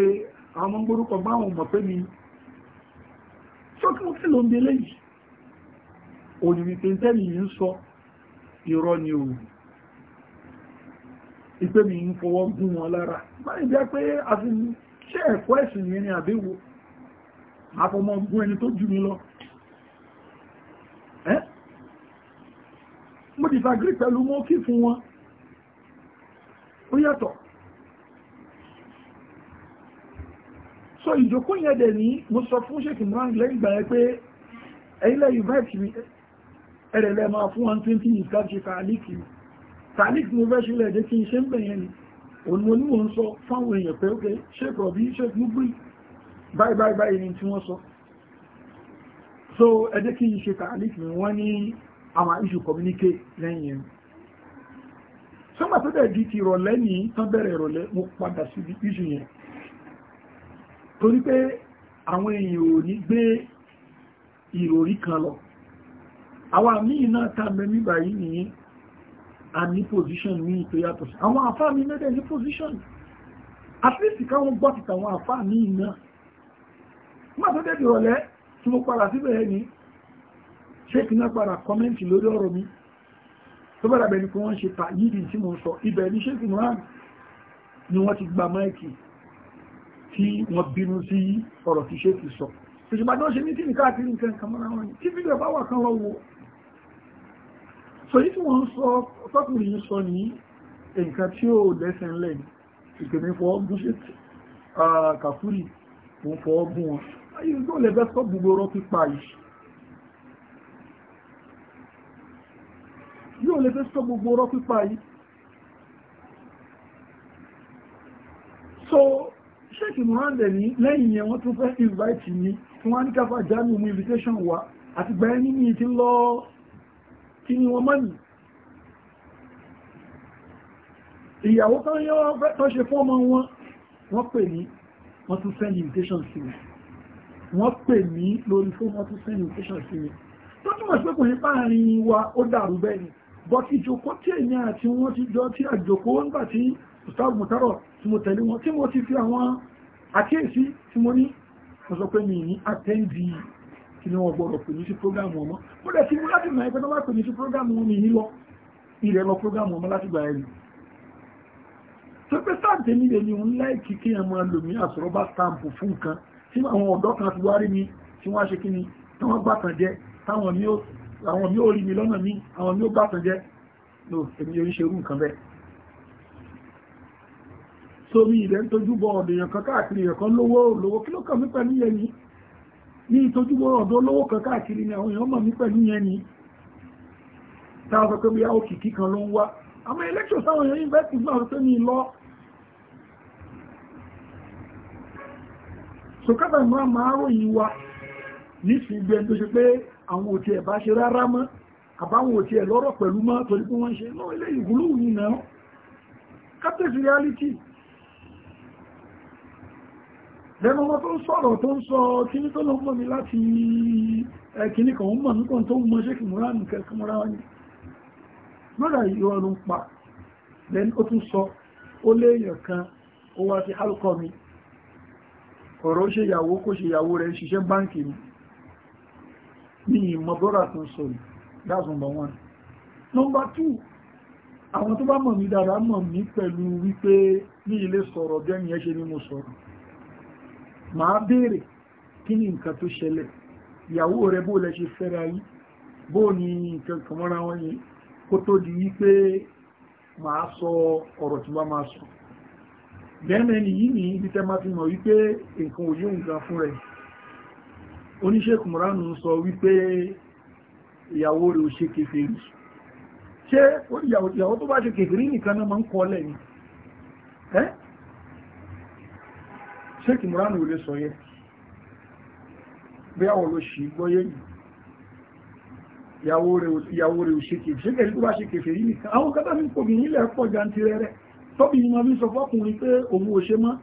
àwọn ọmọ gbórúkọ bá àwọn òmọ̀ pé mi tó kí wọ́n kìlọ̀ ń bí eléyìí òní wípé tẹ́lì ń sọ irọ́ ni o ìpé mi ń fọwọ́ ni àbẹ́wò àfọmọ́ mo disagree pẹ̀lú mo kí fún wọn ó yàtọ̀ so ìjókòó yẹn dẹ̀ ní mo sọ fún ṣèkì mìíràn lẹ́yìn ìgbà yẹn pé ẹ̀yìnlẹ̀ invite mi ẹ̀rẹ̀ lẹ́ máa fún 120 ìsáàbù ṣe tààlìkì tààlìkì mo fẹ́ ṣílẹ̀ èdè kí n ṣe ń bẹ̀yẹn ni òun mo ní sọ fáwọn èèyàn pé ókè ṣèkì ọ̀bí ṣèkì mú bí báyìí báyìí báyìí ni tí wọ́n sọ so ẹ̀dẹ́ kí n ṣe tààlìkì wọ́n ní àwọn issue communicate lẹ́yìn sọ́gbà tó dẹ̀ di ti ìrọ̀lẹ́ ní tán bẹ̀rẹ̀ ìrọ̀lẹ́ mo padà síbi issue yẹn torí pé àwọn èèyàn ò ní gbé ìròrí kan lọ àwọn àmì náà ta mẹ́mí báyìí ní àmì position ní ìtò yàtọ̀ sí àwọn àfá mi mẹ́dẹ̀ ní position at least káwọn gbọ́ ti tàwọn àfá mi náà má tó di ìrọ̀lẹ́ tí mo padà síbẹ̀ ní ṣéèkì náà padà kọ́mẹ́ǹtì lórí ọ̀rọ̀ mi tó bára bẹ̀rẹ̀ pé wọ́n ṣe ta yìí tí mo sọ ibẹ̀ ní ṣéèkì náà ni wọ́n ti gba máìkì tí wọ́n bínú sí ọ̀rọ̀ tí ṣéèkì sọ ìṣèbádọ́ ṣe ní tíì káàkiri nǹkan kan mọ́ra wọn tí fídíò bá wà kan lọ wo so yìí tí wọ́n ń sọ tọ́kùnrin sọ ní nǹkan tí ó lẹ́sẹ̀ ńlẹ̀ ìpèmí fọ́ gúúṣẹ́tì ah, kàfúrì òun fọ́ gún wọn ayé ìgbó lẹ́bẹ́ sọ gbogbo ọ̀rọ̀ pípa yìí lè fẹ́ sọ gbogbo ọ̀rọ̀ pípa yìí so ṣéèkì mohamed ní lẹ́yìn yẹn wọ́n tún fẹ́ invite mi tí wọ́n á ní káfà jáàmì mú invitation wa àti gbà ẹni ní ti lọ kí ni wọ́n mọ́nì ìyàwó kan yẹ́ wọ́n fẹ́ tọ́ ṣe fọ́ọ̀mọ́ wọn wọ́n pè ní wọ́n tún send invitation sí mi wọ́n pè ní lórí fóònù wọ́n tún send invitation sí mi tó túnmọ̀ sí pé kò ní páàrin wa ó dàrú bẹ́ẹ̀ ni bọ́kí ìjòkó tí èyàn àti wọ́n ti jọ tí àjòkó wọ́n gbà tí ustaz mutaro tí mo tẹ̀lé wọn tí mo ti fi àwọn àkíyèsí tí mo ní wọ́n sọ pé mi ní àtẹ́ǹdì kí ni wọ́n gbọ́dọ̀ pè ní sí prógámù ọmọ mo dẹ̀ ti mú láti mọ̀ ẹgbẹ́ tó bá pè ní sí prógámù ọmọ yìí lọ ilẹ̀ lọ prógámù ọmọ láti gbà ẹ̀rù tó pé sáǹtì mi lè ní òun láìkí kí ẹmọ ẹlòmí àsọ̀rọ̀ bá stamp fún nǹkan tí àwọn ọ̀dọ́ kan ti wá rí mi tí wọ́n ni tí wọ́n gbà kan jẹ táwọn ní àwọn mí ò rí mi lọ́nà mí àwọn mí ò bá tàn jẹ́ no èmi yóò ṣe irú nǹkan bẹ́ẹ̀ sómi ilẹ̀ ń tójúbọ ọ̀dọ̀ èèyàn kan káàkiri èèyàn kan lówó lówó kí ló kàn mí pẹ̀lú yẹn ni ní ìtójúbọ ọ̀dọ̀ lówó kan káàkiri ni àwọn èèyàn mọ̀ mí pẹ̀lú yẹn ni táwọn sọ pé bí àwọn kìkì kan ló ń wá àmọ́ election sáwọn èèyàn invest in náà tó ní lọ so kábàámọ́ máa ròyìn wa nísìnyí gbẹ́ tó ṣe pé àwọn òtí ẹ̀ bá ṣe rárá mọ́ àbáwọn òtí ẹ̀ lọ́rọ̀ pẹ̀lú mọ́ torí pé wọ́n ṣe lọ ilé ìwúlò ní náà captain's reality lẹ́nu ọmọ tó ń sọ̀rọ̀ tó ń sọ kíní tó lọ mọ́ mi láti kíní kan mọ̀ nípa tó ń mọ́ ṣe kì múra nìkẹ́ kí múra wá ní lọ́dà yìí ọ̀run pa lẹ́nu ó tún sọ ó léèyàn kan ó wá sí alcohol mi ọ̀rọ̀ ṣe ìyàwó kó ṣe ìyàwó rẹ̀ ṣiṣẹ́ báńkì ni ni ìmọ̀ bọ́rà tó sọ̀rọ̀ that's number two àwọn tó bá mọ̀ mí dára mọ̀ mí pẹ̀lú wípé ní ilé sọ̀rọ̀ bẹ́ẹ̀ni ẹ́ ṣe ni mo sọ̀rọ̀ màá béèrè kí ni nǹkan tó ṣẹlẹ̀ ìyàwó rẹ̀ bó lẹ ṣe fẹ́ra yìí bó ni nǹkan kan mọ́ra wọn yìí kó tó di wípé màá sọ ọ̀rọ̀ tí wọ́n máa sọ oníṣẹ́kù mọ̀ránù sọ wípé ìyàwó rẹ̀ ò ṣe kèfèrí ṣé ìyàwó tó bá ṣe kèfèrí nìkan náà máa ń kọ́lẹ̀ ni ẹ́ ṣẹ́kù mọ̀ránù ò lè sọ yẹ bí àwọn olóṣì gbọ́yé ìyàwó rẹ̀ ò ṣe kèfèrí tó bá ṣe kèfèrí nìkan àwọn kátà mi kò nílẹ̀ pọ̀ ni wọ́n fi sọ fọ́kùnrin pé òun ò ṣe mọ́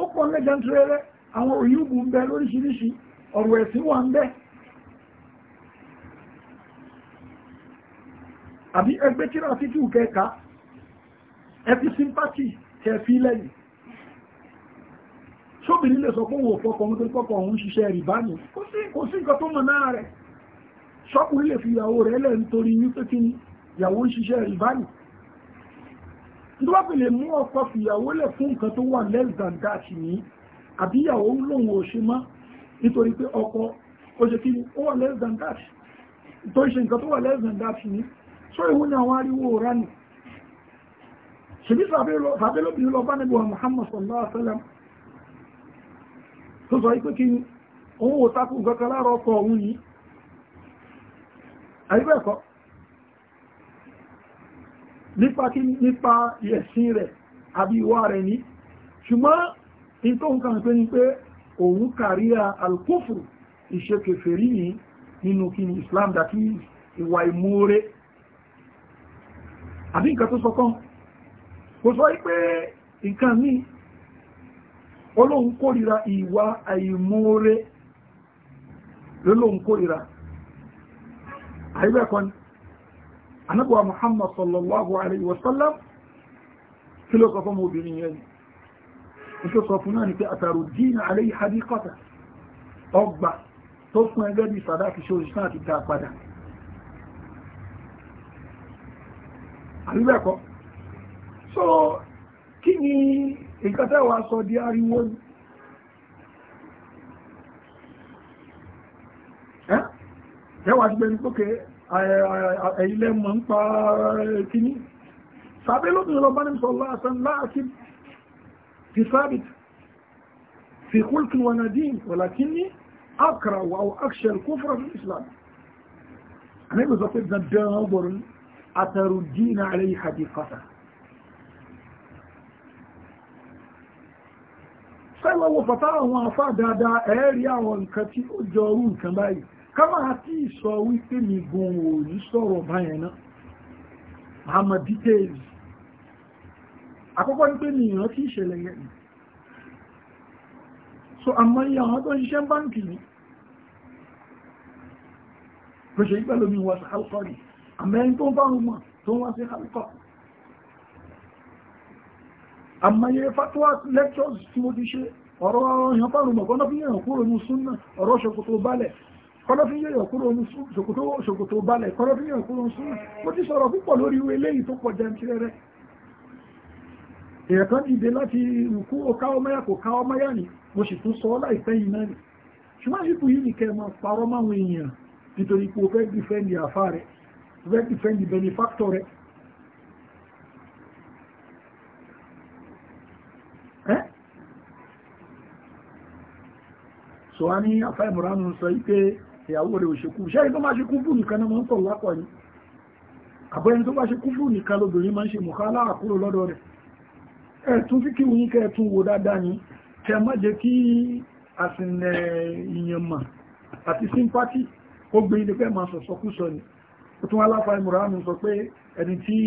ó pọ̀ lẹ́jantirẹrẹ àwọn ọ̀rọ̀ ẹ̀sìn wà ń bẹ́ àbí ẹgbẹ́ tíra títí kẹka ẹfi sympathy kẹfí lẹ́yìn ṣóbìnrin lè sọ pé òun ò fọkọ̀ òun tó kọ́kọ̀ òun ṣiṣẹ́ rìbá ní kò sí nǹkan tó mọ̀ náà rẹ̀ ṣọ́kùnrin lè fi ìyàwó rẹ̀ lẹ̀ nítorí wípé kí ìyàwó ń ṣiṣẹ́ rìbá ní tó bá fi lè mú ọkọ fìyàwó lẹ̀ fún nǹkan tó wà less than that ní àbíyàwó lòun ò ṣe mọ́ nítorí pé ọkọ ó ṣe kí ó wà less than that tó ṣe nǹkan tó wà less than that ni sọ ìwú ni àwọn ariwo ránì ṣèbí sàbẹ́ lóbìnrin lọ bá níbi Muhammad sallallahu alaihi wa sallam tó sọ ipé kí ni òun ò takú nǹkan kan láàárọ̀ ọkọ òun yìí àyíbẹ̀ẹ̀kọ́ nípa òun kàríà alkófù ìṣe kèfèrí ní nínú kí ni islam dàtí ìwà ìmúore àbí nǹkan tó sọkán kò sọ wípé nǹkan míì olóhun kórìíra ìwà àìmúore lólóhun kórìíra àìbẹ̀kọ́ ni anábọ̀wà muhammad sallallahu alaihi wasallam kí ló sọ fún obìnrin yẹn iṣẹ́ sọ fún náà ni pé àtàrò dínà alẹ́ ìhàdí kọ́tà ọgbà tó fún ẹgbẹ́ bí sàdá fi ṣe òṣìṣẹ́ àti dá padà àríbẹ̀kọ́ so kí ni ìkàtẹ́wà sọ di ariwo ni ẹwà ti gbẹni pókè ẹ̀yìnlẹ́mọ̀ ń pa kíní sàbẹ́ lóbìnrin lọ bá ní sọ láàṣán في بثابت في خلق وندين ولكني أكره أو أخشى الكفر في الإسلام أنا بزطيب يعني ندابر أتردين عليه حديقته sẹ́lọ́wọ́ fàtà àwọn afá dáadáa ẹ̀ẹ́rí àwọn nǹkan tí ó jọ orú nǹkan báyìí ká máa tí ì sọ wípé mi gan ò sọ̀rọ̀ báyẹn náà àmọ́ details àkọ́kọ́ ní pé mi ìrántí ìṣẹ̀lẹ̀ yẹn ni so àmọ́ iye àwọn tó ń ṣiṣẹ́ báńkì ni kò ṣe ìpẹ́lú mi wọ́n sí alkọ́rì àmọ́ ẹni tó ń bá wọn tó wá sí alkọ́ àmọ́ iye fatwa lectures tí mo ti ṣe ọ̀rọ̀ ọ̀yàn fárùn mọ̀ kọ́nà fi yẹ̀yàn kúrò ní súnà ọ̀rọ̀ ṣòkòtò balẹ̀ kọ́nà fi yẹ̀yàn kúrò ní ṣòkòtò balẹ̀ kọ́nà fi yẹ̀yàn kúrò ní súnà mo ti sọ̀rọ̀ púpọ̀ lórí eléyìí tó pọ̀ jẹ́ èèyàn kan dìde láti rùkú ọká ọmọyà kò ká ọmọyà ni mo sì tún sọ ọ́ láìpẹ́ yìí náà ni ṣùgbọ́n ìpò yìí ni kẹ́ẹ̀mọ́ parọ́ máwọn èèyàn nítorí pé o fẹ́ dìfẹ́ndì àfá rẹ̀ o fẹ́ dìfẹ́ndì benefactor rẹ̀ ẹ́ so a ní afá ìmọ̀ránù sọ ipé ìyàwó rẹ̀ òṣèkú ṣe ìgbọ́n máa ṣe kúfù nìkan náà mọ́ ń tọ̀ lápọ̀ ni àbọ̀ ẹni tó bá ṣe kúfù nìkan lóbìnrin máa ń ṣe mọ̀kálá àkúrò lọ́dọ̀ rẹ̀ ẹ̀tún fíkí wọ́n yíká ẹ̀tún wò dáadáa ní kẹ má jẹ́ kí àsìnlẹ̀ ìyànmà àti sympathy ó gbé ilé pẹ́ máa sọ̀sọ́ kú sọ ni ó tún aláfà ìmùránù sọ pé ẹni tí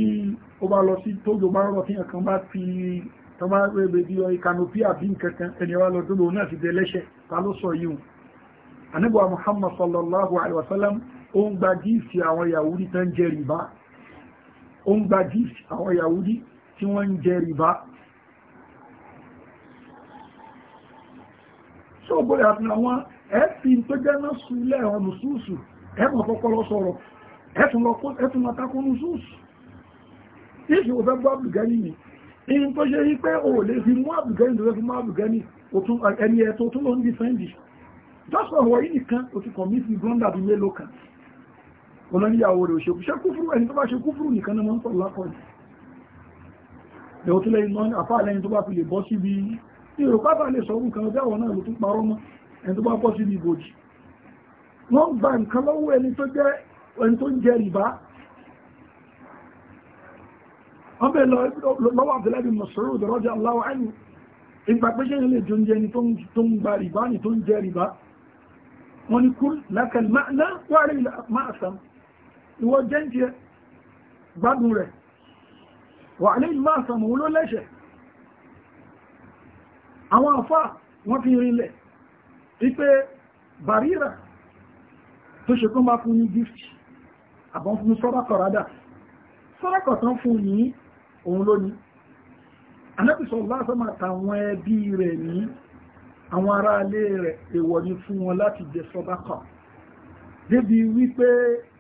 ó bá lọ sí tó lòun ti Muhammad sallallahu alaihi wasallam ó ń gba gíìsì àwọn Yahudi tán wọ́n ń jẹ rìbá ọgbọ́n àti àwọn ẹ̀fì tó jẹ́ náà sùn ilẹ̀ ọ̀nà sùúsù ẹ̀mọ̀ fọ́pọ́lọ́ sọ̀rọ̀ ẹ̀tùn lọ takúnú sùúsù ìṣe ò fẹ́ gbọ́ àbùgẹ́ni ni in tó ṣe wípé o lè fi mú àbùgẹ́ni lè fi mú àbùgẹ́ni ẹni ẹ̀ tó tún lọ ń di fẹ́ǹdì jọ́sọ̀ ọ̀wọ̀ yìí nìkan o ti kọ̀ mí ni lẹ́wọ́ tó lẹ́yìn náà àfáà lẹ́yìn tó bá fi lè bọ́ síbi ìrò pápá lè sọ̀rọ̀ nǹkan ọjọ́ àwọn náà ló tún parọ́ mọ́ ẹni tó bá pọ́ sí ibi ìbòjì wọ́n gba nǹkan lọ́wọ́ ẹni tó jẹ́ ẹni tó ń jẹ rìbá wọ́n bẹ̀ lọ́wọ́ Abdullahi Mas'ud rọ́jà aláwọ̀ ẹni ìgbà pé ṣe lè jọ ń jẹ ni tó ń gba rìbá àwọn àfá wọ́n fi rinlẹ̀ wípé Barira tó ṣe kó máa fún ní gift àbọ̀n fún sọ́rọ̀kọ̀ rádà sọ́rọ̀kọ̀ tán fún ní òun lónìí anábìsọ̀ lásánmà tàwọn ẹbí rẹ̀ ní àwọn ará alé rẹ̀ èwọ̀ ni fún wọn láti jẹ sọ́rọ̀kọ̀ débi wípé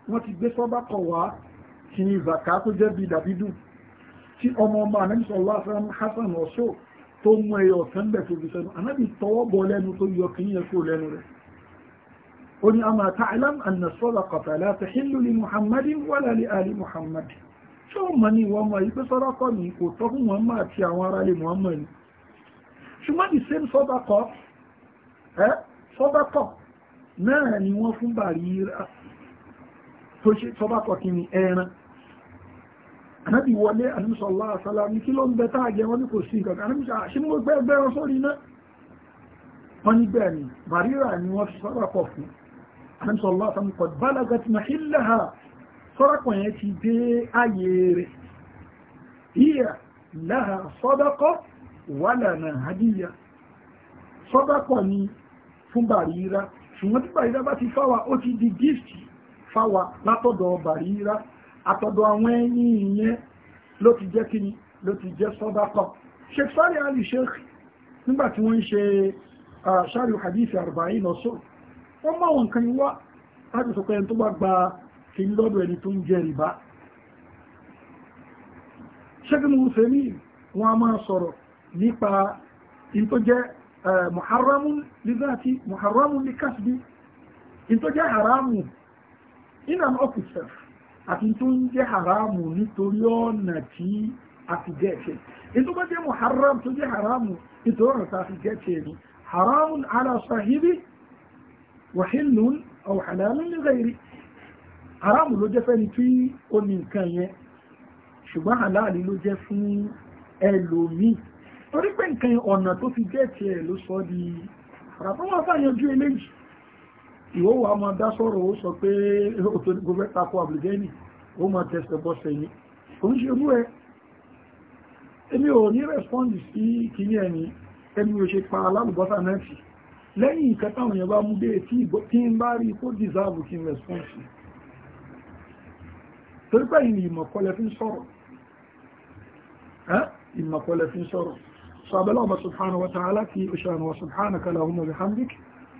wọ́n ti gbé sọ́rọ̀kọ̀ wá kí ni ìbàká tó jẹ́ bí dàbídù tí ọmọ ọmọ anábìsọ̀ lásánmà Hassan ọ̀ṣọ́ tó mú ẹyọ ọ̀kan bẹ̀ tó fi sẹ́nu anábì tọwọ́ bọ̀ lẹ́nu tó yọ kìí yẹ kúrò lẹ́nu rẹ̀ ó ní àmà ta'lam anna sadaqa la tahillu li muhammadin wala li ali muhammad tí ó mọ̀ ní wọ́n mọ̀ ìpé sadaqa ní kò tọ́ fún wọn máa ti àwọn ará lè muhammad ànábì wọlé àníṣọ́lá àṣálá ní kí ló ń bẹ táàgẹ wọn ní kò sí àníṣà ṣe mú gbẹ́ sórí iná wọ́n ní bẹ́ẹ̀ ni bàrírà ni wọ́n sọ́rọ̀ pọ̀ fún àníṣọ́lá àṣálá kọ̀ bálagat ti dé ayere. rẹ̀ hiya walana ni di látọ̀dọ̀ àtọ̀dọ̀ àwọn ẹni ìyẹn ló ti jẹ́ kíni ló ti jẹ́ sọ́dákọ̀ sheikh sari ali sheikh nígbà tí wọ́n ń ṣe ṣáàrù hadithi arba'in lọ́sọ̀ wọ́n mọ̀ wọn kan wá láti sọ pé ẹni tó bá gba kìí lọ́dọ̀ ẹni àti tó ń jẹ́ haramu nítorí ọ̀nà tí a fi gẹ̀ẹ́tẹ̀ ètò bá jẹ́ muharram tó jẹ́ haramu nítorí ọ̀nà tí a fi gẹ̀ẹ́tẹ̀ ni haramun ala sahibi wàhílùn aw halalun li ghairi haramu ló jẹ́ fẹ́ni tí ó ní nǹkan yẹn ṣùgbọ́n halali ló jẹ́ fún ẹlòmíì torí pé nǹkan ọ̀nà tó fi gẹ̀ẹ́tẹ̀ ló sọ di àràbọ̀wọ́ fàyànjú eléyìí ìwọ wà máa dá sọ̀rọ̀ ó sọ pé òtò ní gbogbo tako àbùlùgẹ́nì ó máa tẹ̀sẹ̀ bọ́sẹ̀ ni kò ń ṣe mú ẹ èmi ò ní rẹ́spọ́ndì sí kìíní ẹni ẹni ò ṣe pa alálùbọ́sà náà tì lẹ́yìn ìkẹ́ táwọn yẹn bá mú dé tí ń bá rí kó dìsáàbù kí n rẹ́spọ́ndì torí pé ìmọ̀kọlẹ̀ fi ń sọ̀rọ̀ ìmọ̀kọlẹ̀ fi ń sọ̀rọ̀ sọ abẹ́lẹ́ ọmọ